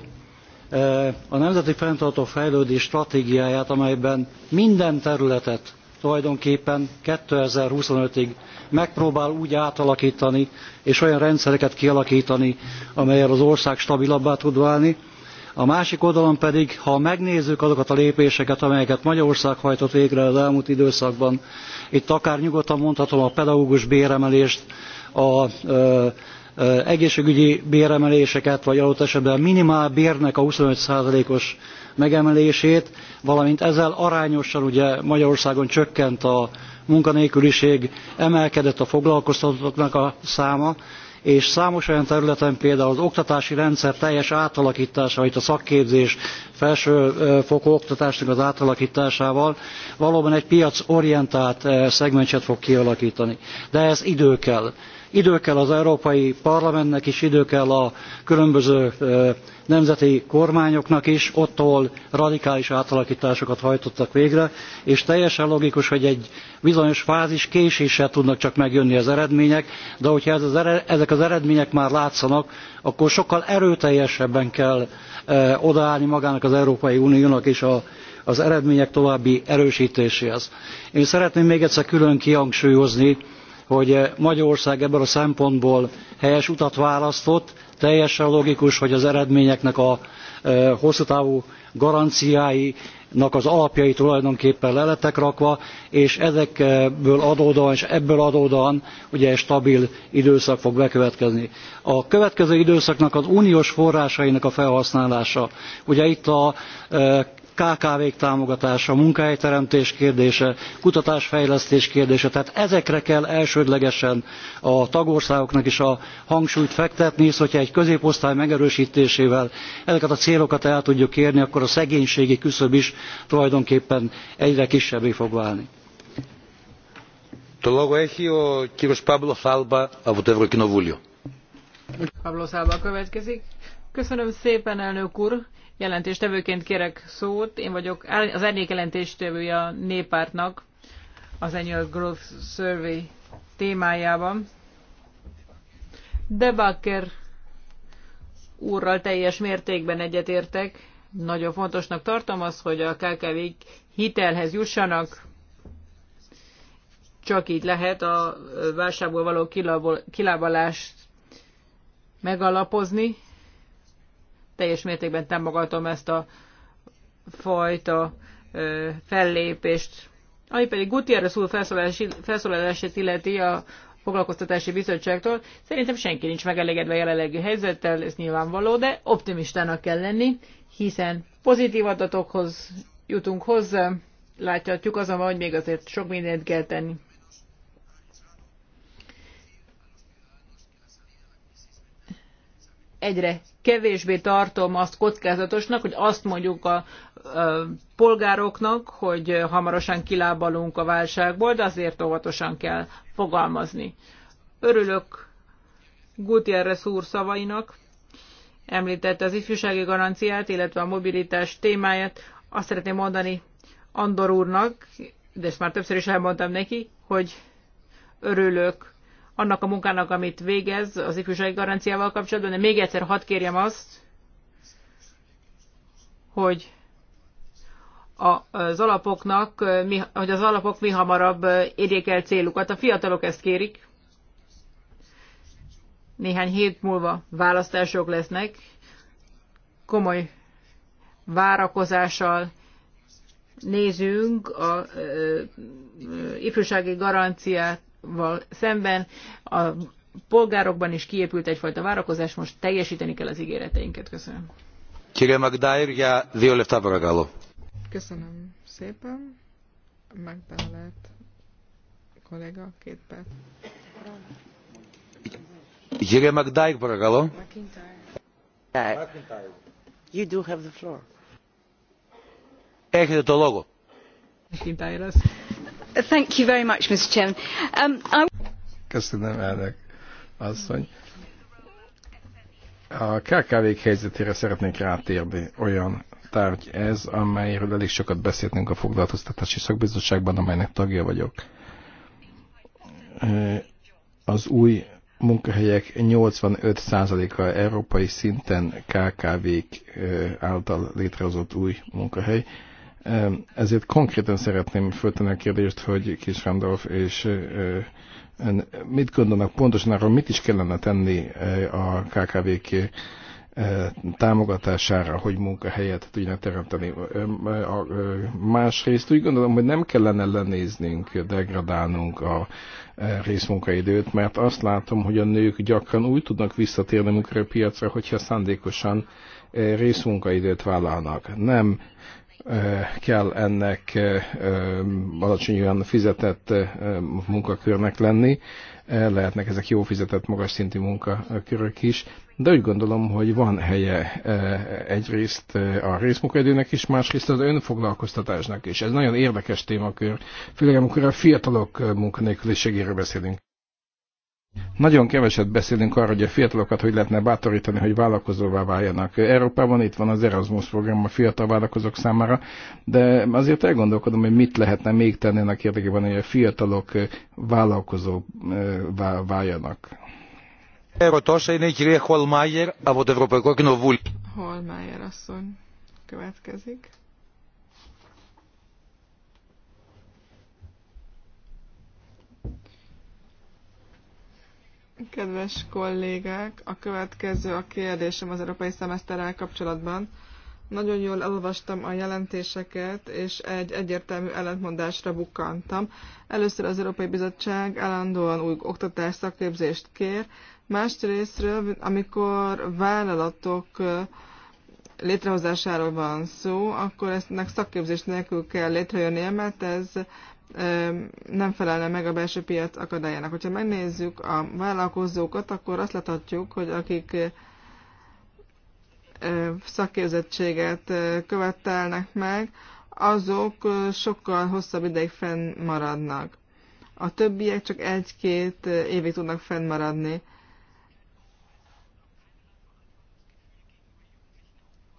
eh, a Nemzeti Fentartó Fejlődés stratégiáját, amelyben minden területet tulajdonképpen 2025-ig megpróbál úgy átalakítani és olyan rendszereket kialakítani, amelyel az ország stabilabbá tud válni. A másik oldalon pedig, ha megnézzük azokat a lépéseket, amelyeket Magyarország hajtott végre az elmúlt időszakban, itt akár nyugodtan mondhatom a pedagógus béremelést, a ö, egészségügyi béremeléseket, vagy adott esetben a minimál bérnek a 25%-os megemelését, valamint ezzel arányosan ugye Magyarországon csökkent a munkanélküliség, emelkedett a foglalkoztatottaknak a száma, és számos olyan területen például az oktatási rendszer teljes átalakítása, itt a szakképzés felsőfokú oktatásnak az átalakításával valóban egy piacorientált szegmenset fog kialakítani. De ez idő kell. Idő kell az Európai Parlamentnek is, idő kell a különböző nemzeti kormányoknak is, ott, ahol radikális átalakításokat hajtottak végre, és teljesen logikus, hogy egy bizonyos fázis késéssel tudnak csak megjönni az eredmények, de hogyha ez az ered, ezek az eredmények már látszanak, akkor sokkal erőteljesebben kell e, odaállni magának az Európai Uniónak és a az eredmények további erősítéséhez. Én szeretném még egyszer külön kihangsúlyozni, hogy e, Magyarország ebből a szempontból helyes utat választott, teljesen logikus, hogy az eredményeknek a e, hosszú távú garanciáinak az alapjai tulajdonképpen leletek rakva, és ezekből adódóan, és ebből adódóan ugye egy stabil időszak fog bekövetkezni. A következő időszaknak az uniós forrásainak a felhasználása. Ugye itt a e, kkv k támogatása munkahelyteremtés kérdése kutatásfejlesztés kérdése tehát ezekre kell elsődlegesen a tagországoknak is a hangsúlyt fektetni hisz hogyha egy középosztály megerőstésével ezeket a célokat el tudjuk érni akkor a szegénységi küszöb is tulajdonképpen egyre kisebbé fog válni. Pablo Szálba következik. Köszönöm szépen, elnök úr! jelentéstevőként kérek szót. Én vagyok az ennék jelentéstevője a Népártnak az Annual Growth Survey témájában. Debaker úrral teljes mértékben egyetértek. Nagyon fontosnak tartom az, hogy a kkv hitelhez jussanak, csak így lehet a válságból való kilábalást megalapozni teljes mértékben támogatom ezt a fajta fellépést. Ami pedig Gutierrez úr felszólalását illeti a foglalkoztatási bizottságtól, szerintem senki nincs megelégedve a jelenlegi helyzettel, ez nyilvánvaló, de optimistának kell lenni, hiszen pozitív adatokhoz jutunk hozzá, láthatjuk azonban, hogy még azért sok mindent kell tenni. Egyre kevésbé tartom azt kockázatosnak, hogy azt mondjuk a, polgároknak, hogy hamarosan kilábalunk a válságból, de azért óvatosan kell fogalmazni. Örülök Gutierrez úr szavainak, említette az ifjúsági garanciát, illetve a mobilitás témáját. Azt szeretném mondani Andor úrnak, de ezt már többször is elmondtam neki, hogy örülök annak a munkának, amit végez az ifjúsági garanciával kapcsolatban, de még egyszer hadd kérjem azt, hogy az alapoknak, hogy az alapok mi hamarabb érjék el célukat. A fiatalok ezt kérik. Néhány hét múlva választások lesznek. Komoly várakozással nézünk a ifjúsági garanciát szemben a polgárokban is kiépült egyfajta várakozás, most teljesíteni kell az ígéreteinket. Köszönöm. Kérem Magdáir, já Violeta Varagalo. Köszönöm szépen. Megtalált kollega, két perc. Kérje Magdáir Varagalo. You do have the floor. Έχετε το λόγο. McIntyre. Um, Köszönöm, elnök asszony. A KKV-k helyzetére szeretnék rátérni olyan tárgy ez, amelyről elég sokat beszéltünk a foglalkoztatási szakbizottságban, amelynek tagja vagyok. Az új munkahelyek 85%-a európai szinten KKV-k által létrehozott új munkahely. Ezért konkrétan szeretném föltenni a kérdést, hogy Kis Randolph és ön mit gondolnak pontosan arról, mit is kellene tenni a KKV-k támogatására, hogy munkahelyet tudjanak teremteni. Másrészt úgy gondolom, hogy nem kellene lenéznünk, degradálnunk a részmunkaidőt, mert azt látom, hogy a nők gyakran úgy tudnak visszatérni a munkaerőpiacra, hogyha szándékosan részmunkaidőt vállalnak. Nem kell ennek alacsonyan fizetett munkakörnek lenni. Lehetnek ezek jó fizetett, magas szintű munkakörök is, de úgy gondolom, hogy van helye egyrészt a részmunkaidőnek is, másrészt az önfoglalkoztatásnak is. Ez nagyon érdekes témakör, főleg amikor a fiatalok munkanélküliségéről beszélünk. Nagyon keveset beszélünk arra, hogy a fiatalokat hogy lehetne bátorítani, hogy vállalkozóvá váljanak. Európában itt van az Erasmus program a fiatal vállalkozók számára, de azért elgondolkodom, hogy mit lehetne még tenni ennek érdekében, hogy a fiatalok eh, vállalkozóvá eh, váljanak. Holmeier asszony következik. Kedves kollégák, a következő a kérdésem az európai szemeszterrel kapcsolatban. Nagyon jól elolvastam a jelentéseket, és egy egyértelmű ellentmondásra bukkantam. Először az Európai Bizottság állandóan új oktatás szakképzést kér, másrésztről, amikor vállalatok létrehozásáról van szó, akkor ezt szakképzés nélkül kell létrejönnie, mert ez nem felelne meg a belső piac akadályának. Hogyha megnézzük a vállalkozókat, akkor azt láthatjuk, hogy akik szakképzettséget követelnek meg, azok sokkal hosszabb ideig fennmaradnak. A többiek csak egy-két évig tudnak fennmaradni.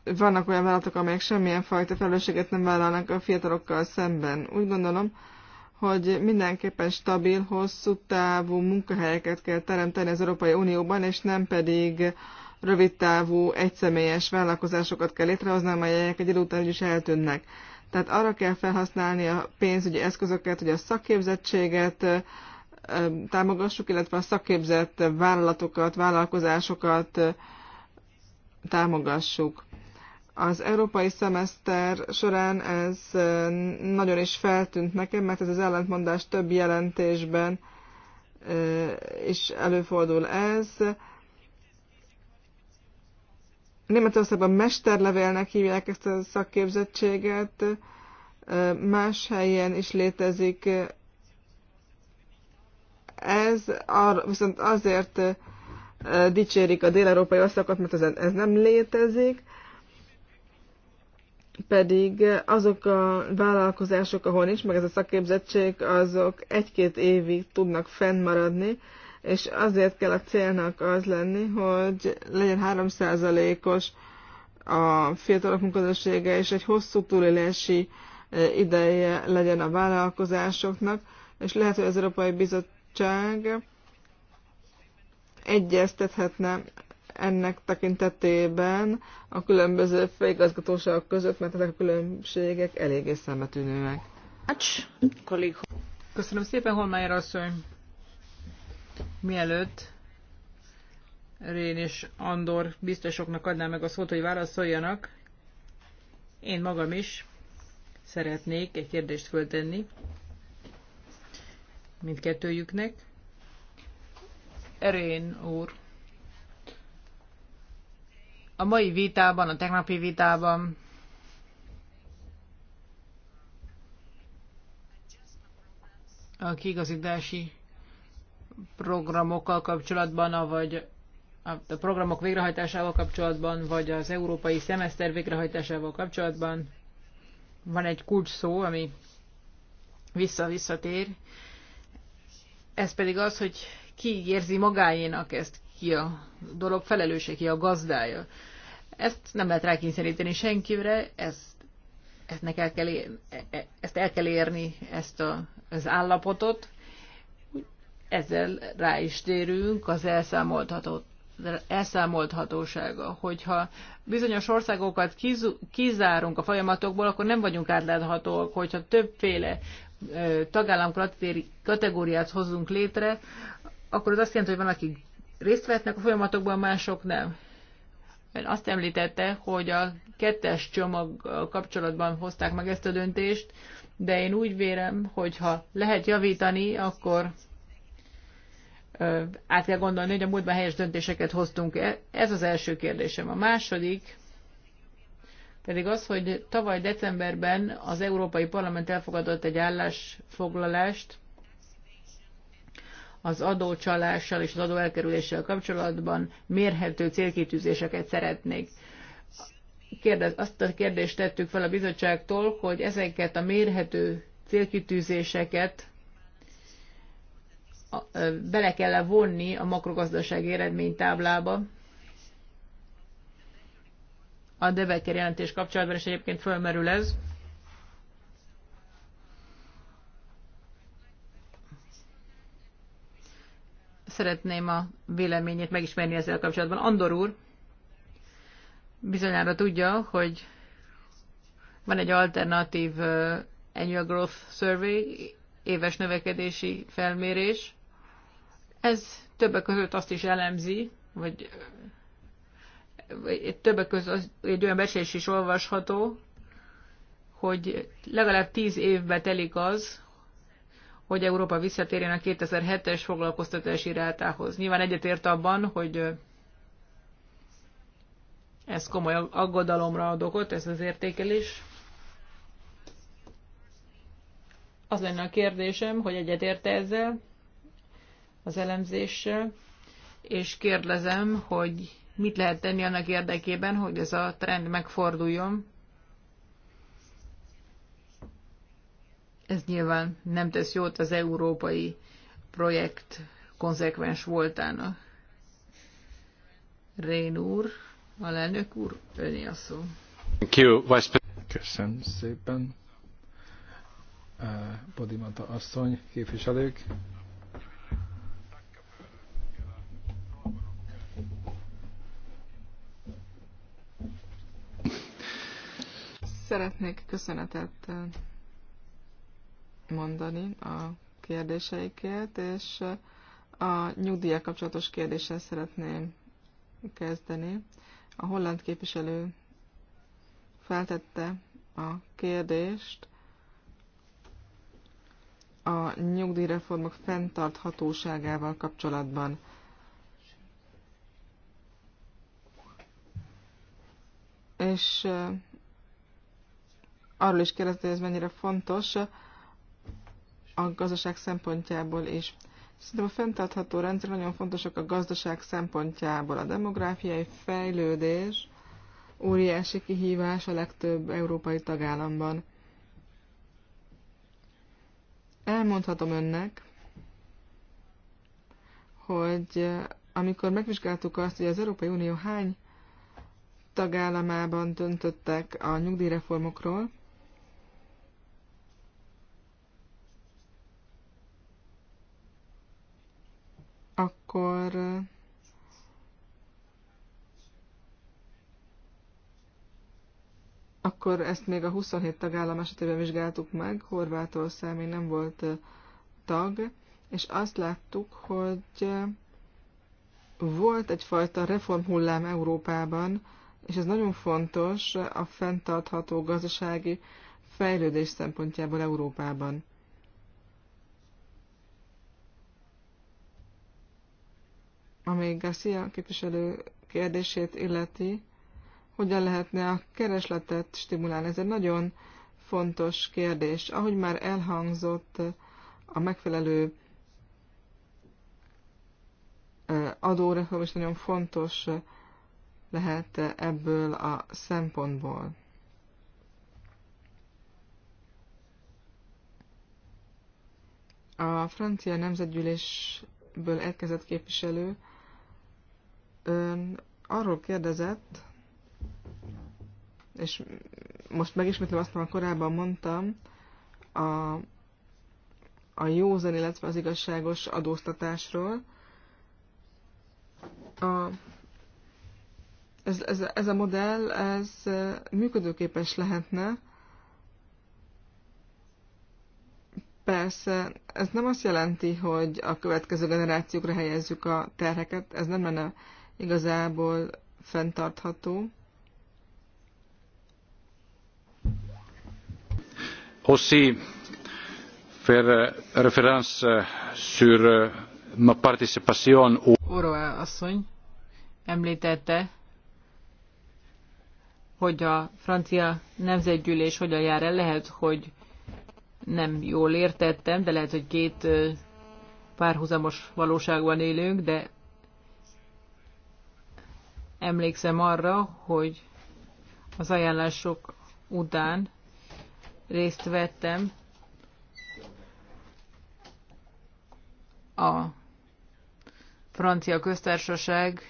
Vannak olyan vállalatok, amelyek semmilyen fajta felelősséget nem vállalnak a fiatalokkal szemben. Úgy gondolom, hogy mindenképpen stabil, hosszú távú munkahelyeket kell teremteni az Európai Unióban, és nem pedig rövidtávú, egyszemélyes vállalkozásokat kell létrehozni, amelyek egy idő után is eltűnnek. Tehát arra kell felhasználni a pénzügyi eszközöket, hogy a szakképzettséget támogassuk, illetve a szakképzett vállalatokat, vállalkozásokat támogassuk. Az európai szemeszter során ez nagyon is feltűnt nekem, mert ez az ellentmondás több jelentésben is előfordul ez. Németországban mesterlevélnek hívják ezt a szakképzettséget, más helyen is létezik. Ez ar- viszont azért dicsérik a dél-európai országokat, mert ez nem létezik pedig azok a vállalkozások, ahol nincs meg ez a szakképzettség, azok egy-két évig tudnak fennmaradni, és azért kell a célnak az lenni, hogy legyen 3%-os a fiatalok munkadósége, és egy hosszú túlélési e, ideje legyen a vállalkozásoknak, és lehet, hogy az Európai Bizottság egyeztethetne ennek tekintetében a különböző főigazgatóságok között, mert ezek a különbségek eléggé szemetűnőek. Köszönöm szépen, Holmeyer asszony! Mielőtt Rén és Andor biztosoknak adnám meg a szót, hogy válaszoljanak, én magam is szeretnék egy kérdést föltenni mindkettőjüknek. Erén úr a mai vitában, a tegnapi vitában a kiigazítási programokkal kapcsolatban, vagy a programok végrehajtásával kapcsolatban, vagy az európai szemeszter végrehajtásával kapcsolatban van egy kulcs szó, ami vissza-visszatér. Ez pedig az, hogy ki érzi magáénak ezt, ki a dolog felelőse, ki a gazdája. Ezt nem lehet rákényszeríteni senkire, ezt, ezt el, kell, érni, e, e, ezt el kell érni, ezt a, az állapotot. Ezzel rá is térünk az elszámoltatott elszámolthatósága. Hogyha bizonyos országokat kizárunk a folyamatokból, akkor nem vagyunk átláthatóak. Hogyha többféle tagállam kategóriát hozunk létre, akkor az azt jelenti, hogy van, aki részt vetnek a folyamatokban, mások nem. Ön azt említette, hogy a kettes csomag kapcsolatban hozták meg ezt a döntést, de én úgy vérem, hogy ha lehet javítani, akkor át kell gondolni, hogy a múltban helyes döntéseket hoztunk. -e. Ez az első kérdésem. A második pedig az, hogy tavaly decemberben az Európai Parlament elfogadott egy állásfoglalást az adócsalással és az adóelkerüléssel kapcsolatban mérhető célkitűzéseket szeretnék. Kérdez, azt a kérdést tettük fel a bizottságtól, hogy ezeket a mérhető célkitűzéseket bele kell -e vonni a makrogazdasági eredménytáblába. A devekerjelentés kapcsolatban is egyébként fölmerül ez. Szeretném a véleményét megismerni ezzel kapcsolatban. Andor úr bizonyára tudja, hogy van egy alternatív Annual Growth Survey, éves növekedési felmérés. Ez többek között azt is elemzi, vagy többek között egy olyan becslés is olvasható, hogy legalább tíz évbe telik az, hogy Európa visszatérjen a 2007-es foglalkoztatási rátához. Nyilván egyetért abban, hogy ez komoly aggodalomra ad okot, ez az értékelés. Az lenne a kérdésem, hogy egyetérte ezzel az elemzéssel, és kérdezem, hogy mit lehet tenni annak érdekében, hogy ez a trend megforduljon, Ez nyilván nem tesz jót az európai projekt konzekvens voltának. Rén úr, a lelnök úr, öné a szó. Köszönöm szépen. Bodimata eh, asszony, képviselők. Szeretnék köszönetet eh, mondani a kérdéseikért, és a nyugdíjjal kapcsolatos kérdéssel szeretném kezdeni. A holland képviselő feltette a kérdést a nyugdíjreformok fenntarthatóságával kapcsolatban. És eh, arról is kérdezte, hogy ez mennyire fontos, a gazdaság szempontjából is. Szerintem a fenntartható rendszer nagyon fontosak a gazdaság szempontjából. A demográfiai fejlődés óriási kihívás a legtöbb európai tagállamban. Elmondhatom önnek, hogy amikor megvizsgáltuk azt, hogy az Európai Unió hány tagállamában döntöttek a nyugdíjreformokról, akkor akkor ezt még a 27 tagállam esetében vizsgáltuk meg, Horvátország még nem volt tag, és azt láttuk, hogy volt egyfajta reformhullám Európában, és ez nagyon fontos a fenntartható gazdasági fejlődés szempontjából Európában. ami Garcia képviselő kérdését illeti, hogyan lehetne a keresletet stimulálni. Ez egy nagyon fontos kérdés. Ahogy már elhangzott, a megfelelő adóreform is nagyon fontos lehet ebből a szempontból. A francia nemzetgyűlésből érkezett képviselő Ön arról kérdezett, és most megismétlem azt, amit korábban mondtam, a, a józan, illetve az igazságos adóztatásról. A, ez, ez, ez a modell, ez működőképes lehetne. Persze, ez nem azt jelenti, hogy a következő generációkra helyezzük a terheket, ez nem lenne igazából fenntartható. Aussi, faire référence euh, sur euh, ma participation au... Oroa asszony említette, hogy a francia nemzetgyűlés hogyan jár el. Lehet, hogy nem jól értettem, de lehet, hogy két párhuzamos valóságban élünk, de Emlékszem arra, hogy az ajánlások után részt vettem a francia köztársaság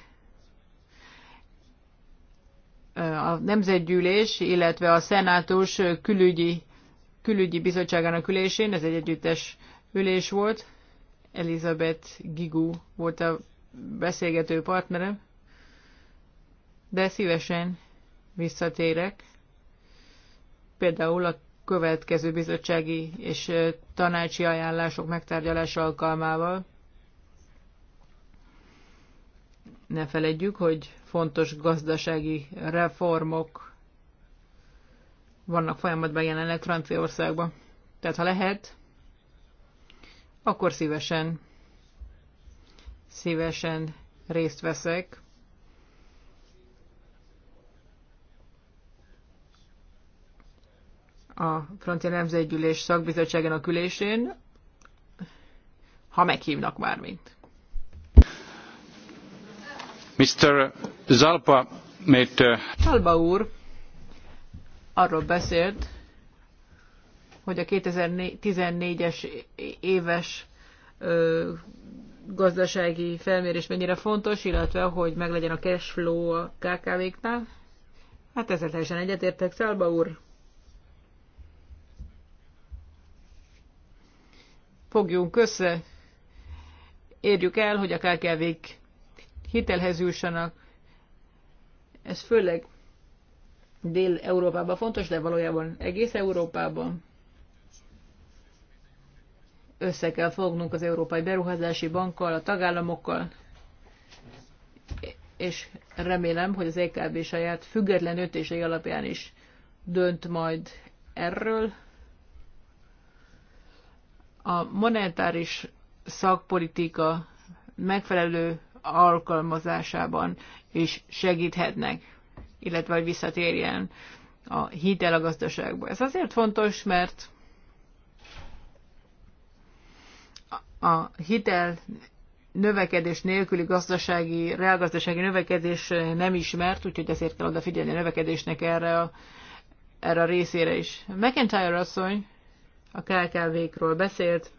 a nemzetgyűlés, illetve a szenátus külügyi, külügyi bizottságának ülésén, ez egy együttes ülés volt, Elizabeth Gigu volt a beszélgető partnerem, de szívesen visszatérek. Például a következő bizottsági és tanácsi ajánlások megtárgyalása alkalmával. Ne feledjük, hogy fontos gazdasági reformok vannak folyamatban jelenleg Franciaországban. Tehát ha lehet, akkor szívesen, szívesen részt veszek a Francia Nemzetgyűlés szakbizottságának ülésén, ha meghívnak már Mr. Zalpa mit uh, Zalpa úr arról beszélt, hogy a 2014-es éves ö, gazdasági felmérés mennyire fontos, illetve hogy meglegyen a cash flow a KKV-knál. Hát ezzel teljesen egyetértek, Szalba úr. fogjunk össze, érjük el, hogy a KKV-k hitelhez jussanak. Ez főleg Dél-Európában fontos, de valójában egész Európában össze kell fognunk az Európai Beruházási Bankkal, a tagállamokkal, és remélem, hogy az EKB saját független ötései alapján is dönt majd erről a monetáris szakpolitika megfelelő alkalmazásában is segíthetnek, illetve hogy visszatérjen a hitel a gazdaságba. Ez azért fontos, mert a hitel növekedés nélküli gazdasági, reálgazdasági növekedés nem ismert, úgyhogy ezért kell odafigyelni a növekedésnek erre a, erre a részére is. McIntyre asszony a KKV-król beszélt,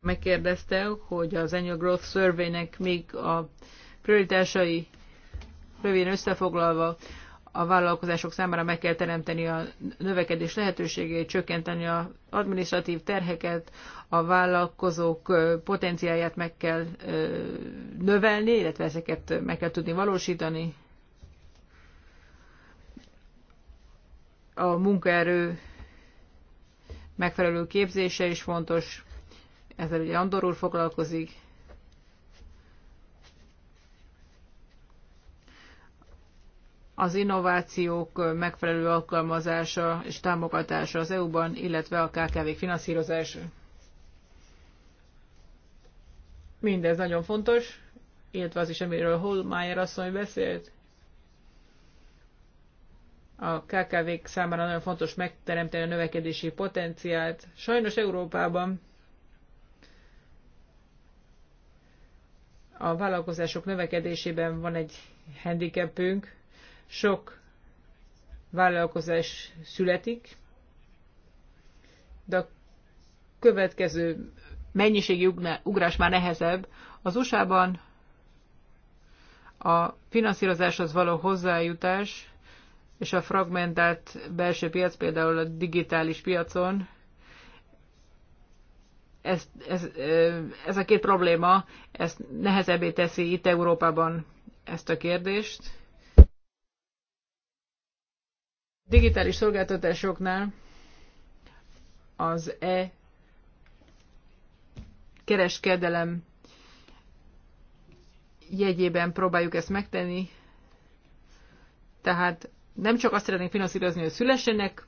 megkérdezte, hogy az Annual Growth Survey-nek még a prioritásai rövén összefoglalva a vállalkozások számára meg kell teremteni a növekedés lehetőségét, csökkenteni a administratív terheket, a vállalkozók potenciáját meg kell növelni, illetve ezeket meg kell tudni valósítani, a munkaerő megfelelő képzése is fontos, ezzel ugye Andor úr foglalkozik. Az innovációk megfelelő alkalmazása és támogatása az EU-ban, illetve a KKV finanszírozás. Mindez nagyon fontos, illetve az is, amiről Holmeyer asszony beszélt a KKV-k számára nagyon fontos megteremteni a növekedési potenciált. Sajnos Európában a vállalkozások növekedésében van egy handicapünk. Sok vállalkozás születik, de a következő mennyiségi ugrás már nehezebb. Az USA-ban a finanszírozáshoz való hozzájutás és a fragmentált belső piac, például a digitális piacon, ez, ez, ez a két probléma, ez nehezebbé teszi itt Európában ezt a kérdést. Digitális szolgáltatásoknál az e kereskedelem jegyében próbáljuk ezt megtenni, tehát nem csak azt szeretnénk finanszírozni, hogy szülessenek,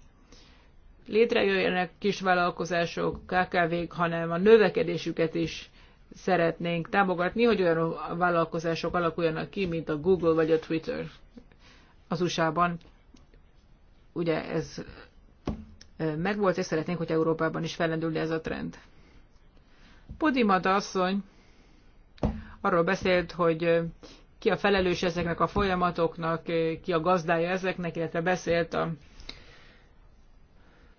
létrejöjjenek kisvállalkozások, KKV-k, hanem a növekedésüket is szeretnénk támogatni, hogy olyan vállalkozások alakuljanak ki, mint a Google vagy a Twitter az USA-ban. Ugye ez megvolt, és szeretnénk, hogy Európában is fellendülne ez a trend. Podimata asszony arról beszélt, hogy ki a felelős ezeknek a folyamatoknak, eh, ki a gazdája ezeknek, illetve beszélt a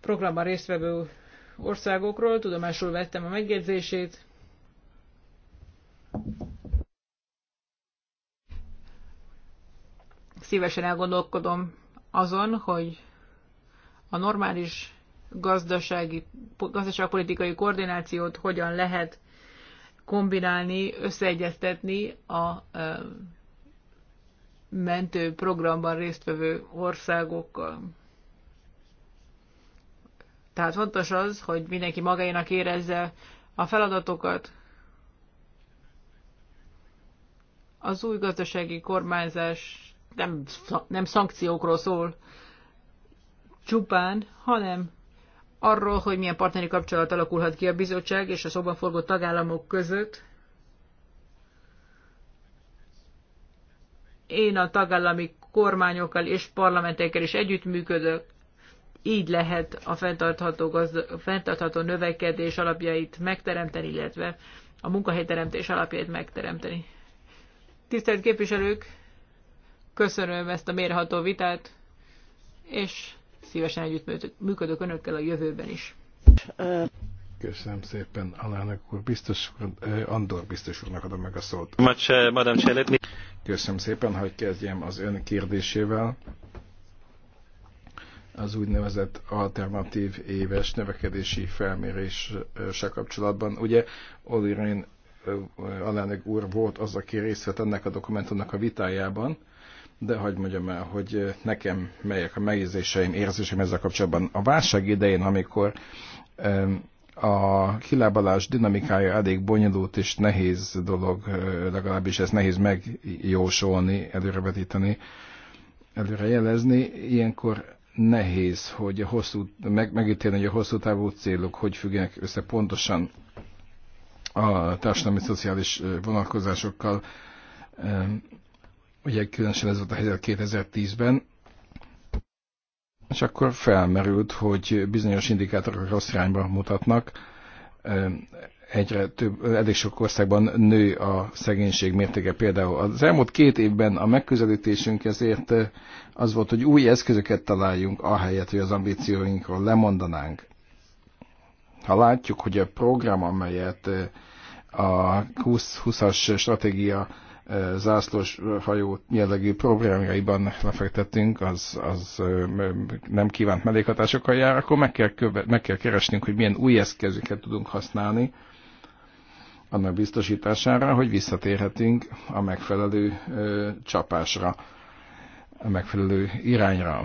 programban résztvevő országokról, tudomásul vettem a megjegyzését. Szívesen elgondolkodom azon, hogy a normális gazdasági, gazdaságpolitikai koordinációt hogyan lehet kombinálni, összeegyeztetni a mentő programban résztvevő országokkal. Tehát fontos az, hogy mindenki magáénak érezze a feladatokat. Az új gazdasági kormányzás nem, nem szankciókról szól csupán, hanem arról, hogy milyen partneri kapcsolat alakulhat ki a bizottság és a szóban forgó tagállamok között. Én a tagállami kormányokkal és parlamentekkel is együttműködök, így lehet a fenntartható, gazda, fenntartható növekedés alapjait megteremteni, illetve a munkahelyteremtés alapjait megteremteni. Tisztelt képviselők, köszönöm ezt a mérható vitát, és szívesen együtt működök önökkel a jövőben is. Köszönöm szépen, Alának úr. Biztos, Andor biztos úrnak adom meg a szót. Uh, Köszönöm szépen, hogy kezdjem az ön kérdésével. Az úgynevezett alternatív éves növekedési felmérés kapcsolatban. Ugye Olirén alelnök úr volt az, aki részt vett ennek a dokumentumnak a vitájában, de hagyd mondjam el, hogy eh, nekem melyek a megjegyzéseim, érzéseim ezzel kapcsolatban. A válság idején, amikor a kilábalás dinamikája elég bonyolult és nehéz dolog, eh, legalábbis ezt nehéz megjósolni, előrevetíteni, előrejelezni, ilyenkor nehéz, hogy a hosszú, meg, megítélni, hogy a hosszú távú célok hogy függenek össze pontosan a társadalmi-szociális eh, vonatkozásokkal, ugye különösen ez volt a helyzet 2010-ben, és akkor felmerült, hogy bizonyos indikátorok rossz irányba mutatnak. Egyre több, elég sok országban nő a szegénység mértéke például. Az elmúlt két évben a megközelítésünk ezért eh, az volt, hogy új eszközöket találjunk, ahelyett, hogy az ambícióinkról lemondanánk. Ha látjuk, hogy a program, amelyet eh, a 20 20-as stratégia zászlós hajó jellegű programjaiban lefektettünk, az, az nem kívánt mellékhatásokkal jár, akkor meg kell, követ, meg kell keresnünk, hogy milyen új eszközöket tudunk használni annak biztosítására, hogy visszatérhetünk a megfelelő csapásra, a megfelelő irányra.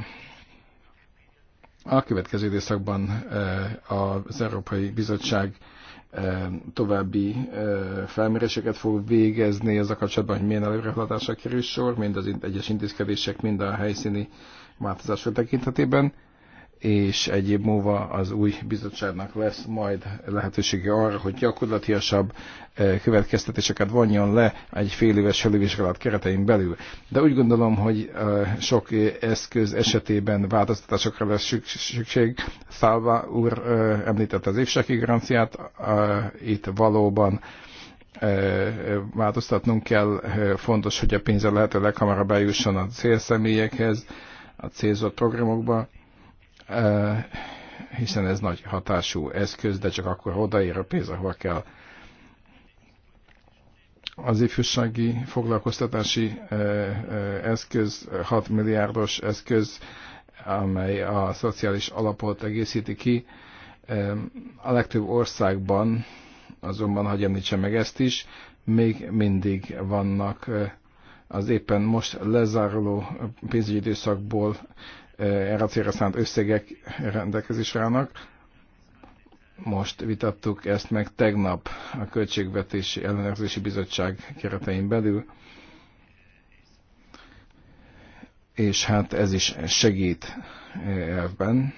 A következő időszakban az Európai Bizottság további felméréseket fog végezni ez a kapcsolatban, hogy milyen előrehaladásra kerül sor, mind az egyes intézkedések, mind a helyszíni változások tekintetében és egy év múlva az új bizottságnak lesz majd lehetősége arra, hogy gyakorlatiasabb eh, következtetéseket vonjon le egy fél éves felülvizsgálat keretein belül. De úgy gondolom, hogy eh, sok eh, eszköz esetében változtatásokra lesz szükség. Szálva úr említette az évseki garanciát, itt valóban változtatnunk kell. Fontos, hogy a pénze lehető leghamarabb bejusson a célszemélyekhez, a célzott programokba hiszen ez nagy hatású eszköz, de csak akkor odaér a pénz, ahova kell. Az ifjúsági foglalkoztatási eszköz, 6 milliárdos eszköz, amely a szociális alapot egészíti ki. A legtöbb országban, azonban hagyj említsem meg ezt is, még mindig vannak az éppen most lezáruló pénzügyi időszakból Eh, erre a célra szánt összegek rendelkezésre állnak. Most vitattuk ezt meg tegnap a Költségvetési Ellenőrzési Bizottság keretein belül, és hát ez is segít elvben.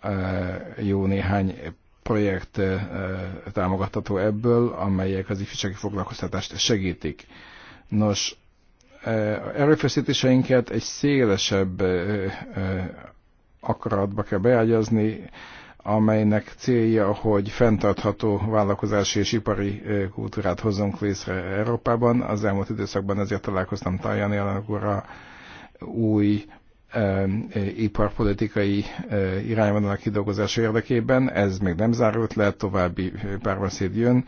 Eh, eh, jó néhány projekt támogatható ebből, amelyek az ifjúsági foglalkoztatást segítik. Nos, erőfeszítéseinket egy szélesebb akaratba kell beágyazni, amelynek célja, hogy fenntartható vállalkozási és ipari kultúrát hozzunk létre Európában. Az elmúlt időszakban ezért találkoztam Tajani Alagura új iparpolitikai irányvonalak kidolgozása érdekében. Ez még nem zárult le, további párbeszéd jön.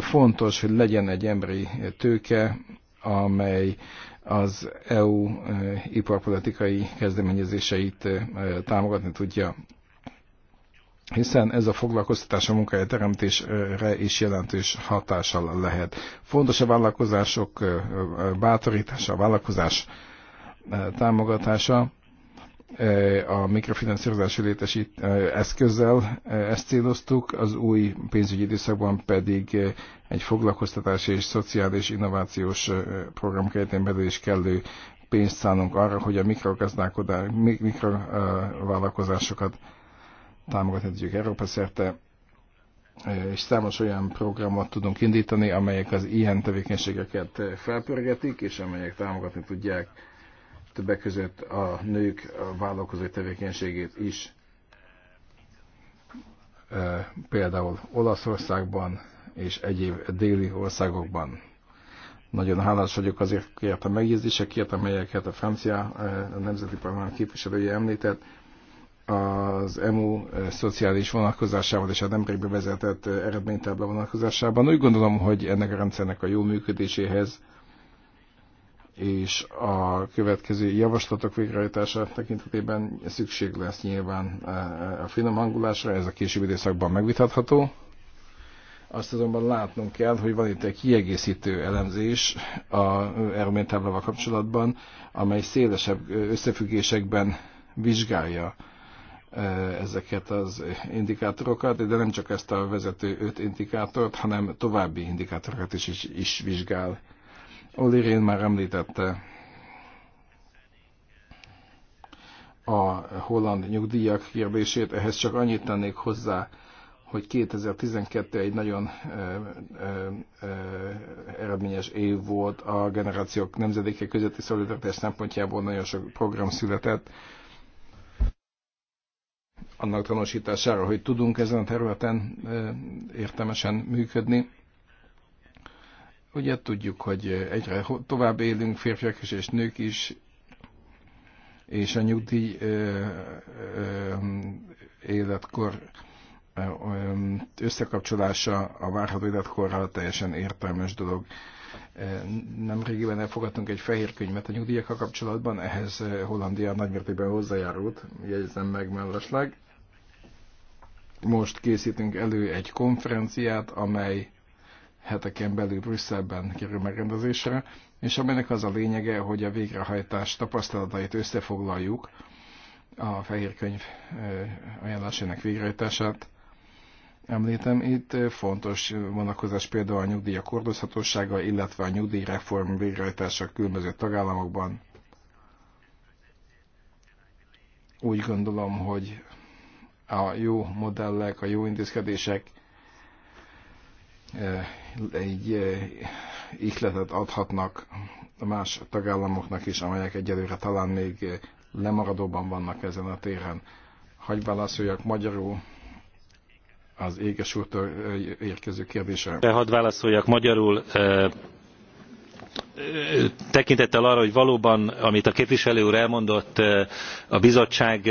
Fontos, hogy legyen egy emberi tőke, amely az EU eh, iparpolitikai kezdeményezéseit eh, támogatni tudja hiszen ez a foglalkoztatás a munkahelyteremtésre is jelentős hatással lehet. Fontos a vállalkozások eh, bátorítása, a vállalkozás támogatása, a mikrofinanszírozási létesít eszközzel ezt céloztuk, az új pénzügyi időszakban pedig egy foglalkoztatási és szociális innovációs program keretén belül is kellő pénzt szánunk arra, hogy a mikrovállalkozásokat támogatni tudjuk Európa szerte, és számos olyan programot tudunk indítani, amelyek az ilyen tevékenységeket felpörgetik, és amelyek támogatni tudják többek között a nők a vállalkozói tevékenységét is. Például Olaszországban és egyéb déli országokban. Nagyon hálás vagyok azért a megjegyzésekért, amelyeket a francia a nemzeti parlament képviselője említett. Az EMU szociális vonatkozásával és a nemrég bevezetett eredménytábla vonatkozásában úgy gondolom, hogy ennek a rendszernek a jó működéséhez és a következő javaslatok végrehajtása tekintetében szükség lesz nyilván e, e, a finom hangulásra, ez a később időszakban megvitatható. Azt azonban látnunk kell, hogy van itt egy kiegészítő elemzés a erőménytáblával kapcsolatban, amely szélesebb e, összefüggésekben vizsgálja ezeket az indikátorokat, de nem csak ezt a vezető öt indikátort, hanem további indikátorokat is, is, is vizsgál Olirén már említette a holland nyugdíjak kérdését, ehhez csak annyit tennék hozzá, hogy 2012 egy nagyon ö, ö, ö, eredményes év volt a generációk nemzedéke közötti szolidaritás szempontjából, nagyon sok program született annak tanúsítására, hogy tudunk ezen a területen ö, értelmesen működni Ugye tudjuk, hogy egyre tovább élünk, férfiak is és nők is, és a nyugdíj ö, ö, életkor összekapcsolása a várható életkorral teljesen értelmes dolog. Nem régiben elfogadtunk egy fehér könyvet a nyugdíjakkal kapcsolatban, ehhez Hollandia nagymértékben hozzájárult, jegyzem meg mellesleg. Most készítünk elő egy konferenciát, amely heteken belül Brüsszelben kerül megrendezésre, és aminek az a lényege, hogy a végrehajtás tapasztalatait összefoglaljuk, a fehér könyv ajánlásének végrehajtását említem. Itt fontos vonatkozás például a nyugdíjak kordozhatósága, illetve a nyugdíjreform végrehajtása különböző tagállamokban. Úgy gondolom, hogy a jó modellek, a jó intézkedések egy ihletet adhatnak más tagállamoknak is, amelyek egyelőre talán még lemaradóban vannak ezen a téren. Hagy válaszoljak magyarul az éges úrtól érkező kérdésre. Hadd válaszoljak magyarul tekintettel arra hogy valóban amit a képviselő úr elmondott a bizottság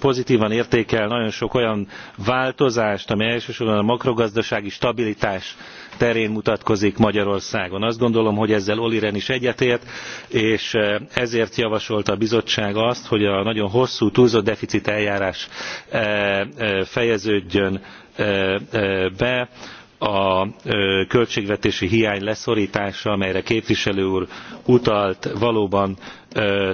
pozitvan értékel nagyon sok olyan változást ami elsősorban a makrogazdasági stabilitás terén mutatkozik magyarországon. azt gondolom hogy ezzel olli rehn is egyetért és ezért javasolta a bizottság azt hogy a nagyon hosszú túlzott deficit eljárás fejeződjön be a költségvetési hiány leszorítása, amelyre képviselő úr utalt, valóban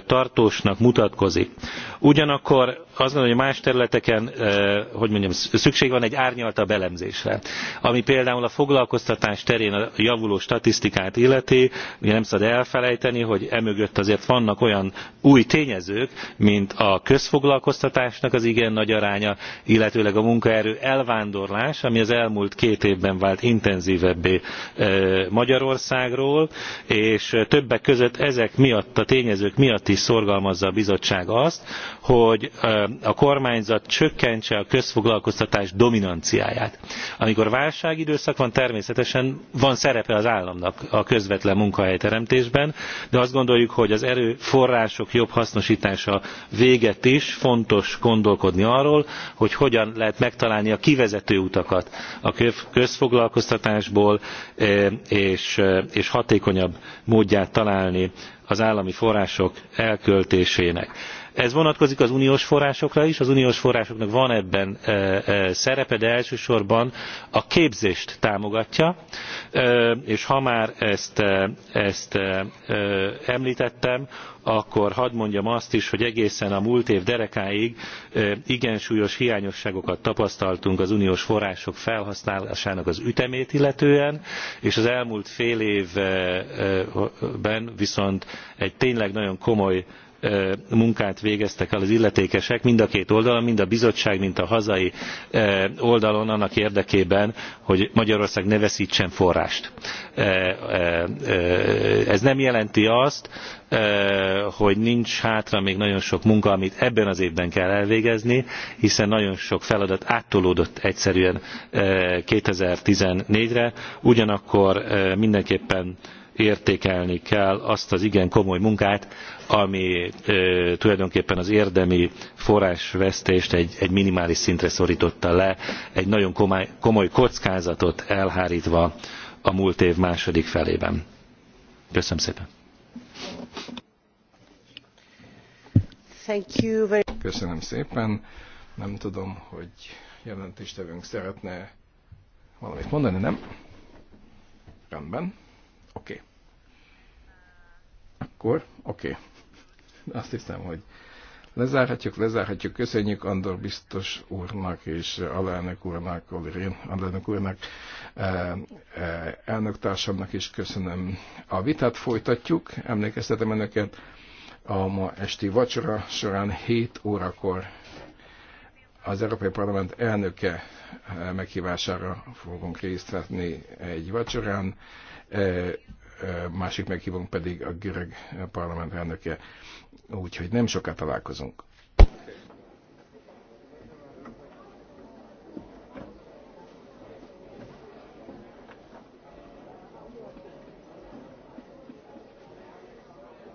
tartósnak mutatkozik. Ugyanakkor az gondolom, hogy más területeken, eh, hogy mondjam, szükség van egy árnyaltabb elemzésre. Ami például a foglalkoztatás terén a javuló statisztikát illeti, ugye nem szabad elfelejteni, hogy emögött azért vannak olyan új tényezők, mint a közfoglalkoztatásnak az igen nagy aránya, illetőleg a munkaerő elvándorlás, ami az elmúlt két évben vált intenzívebbé eh, Magyarországról, és többek között ezek miatt, a tényezők miatt is szorgalmazza a bizottság azt, hogy eh, a kormányzat csökkentse a közfoglalkoztatás dominanciáját. Amikor válságidőszak van, természetesen van szerepe az államnak a közvetlen munkahelyteremtésben, de azt gondoljuk, hogy az erőforrások jobb hasznosítása véget is fontos gondolkodni arról, hogy hogyan lehet megtalálni a kivezető utakat a közfoglalkoztatásból, és, és hatékonyabb módját találni az állami források elköltésének ez vonatkozik az uniós forrásokra is az uniós forrásoknak van ebben e, e, szerepe de elsősorban a képzést támogatja e, és ha már ezt, emltettem akkor hadd mondjam azt is hogy egészen a múlt év derekáig igen súlyos hiányosságokat tapasztaltunk az uniós források felhasználásának az ütemét illetően és az elmúlt fél évben viszont egy tényleg nagyon komoly munkát végeztek el az illetékesek mind a két oldalon mind a bizottság mind a hazai oldalon annak érdekében hogy magyarország ne vesztsen forrást. ez nem jelenti azt hogy nincs hátra még nagyon sok munka amit ebben az évben kell elvégezni hiszen nagyon sok feladat áttolódott egyszerűen two thousand and fourteen re ugyanakkor mindenképpen értékelni kell azt az igen komoly munkát ami ö, tulajdonképpen az érdemi forrásvesztést egy, egy minimális szintre szorította le, egy nagyon komoly, komoly kockázatot elhárítva a múlt év második felében. Köszönöm szépen! Köszönöm szépen. Nem tudom, hogy jelentéstevőnk szeretne valamit mondani, nem? Rendben. Oké. Okay. Akkor, oké. Okay. Azt hiszem, hogy lezárhatjuk, lezárhatjuk. Köszönjük Andor biztos úrnak és alelnök úrnak, Olirén alelnök úrnak, eh, eh, elnöktársamnak is köszönöm. A vitát folytatjuk, emlékeztetem önöket, a ma esti vacsora során 7 órakor az Európai Parlament elnöke eh, meghívására fogunk részt venni egy vacsorán, másik meghívunk pedig a görög parlament elnöke úgyhogy nem soká találkozunk.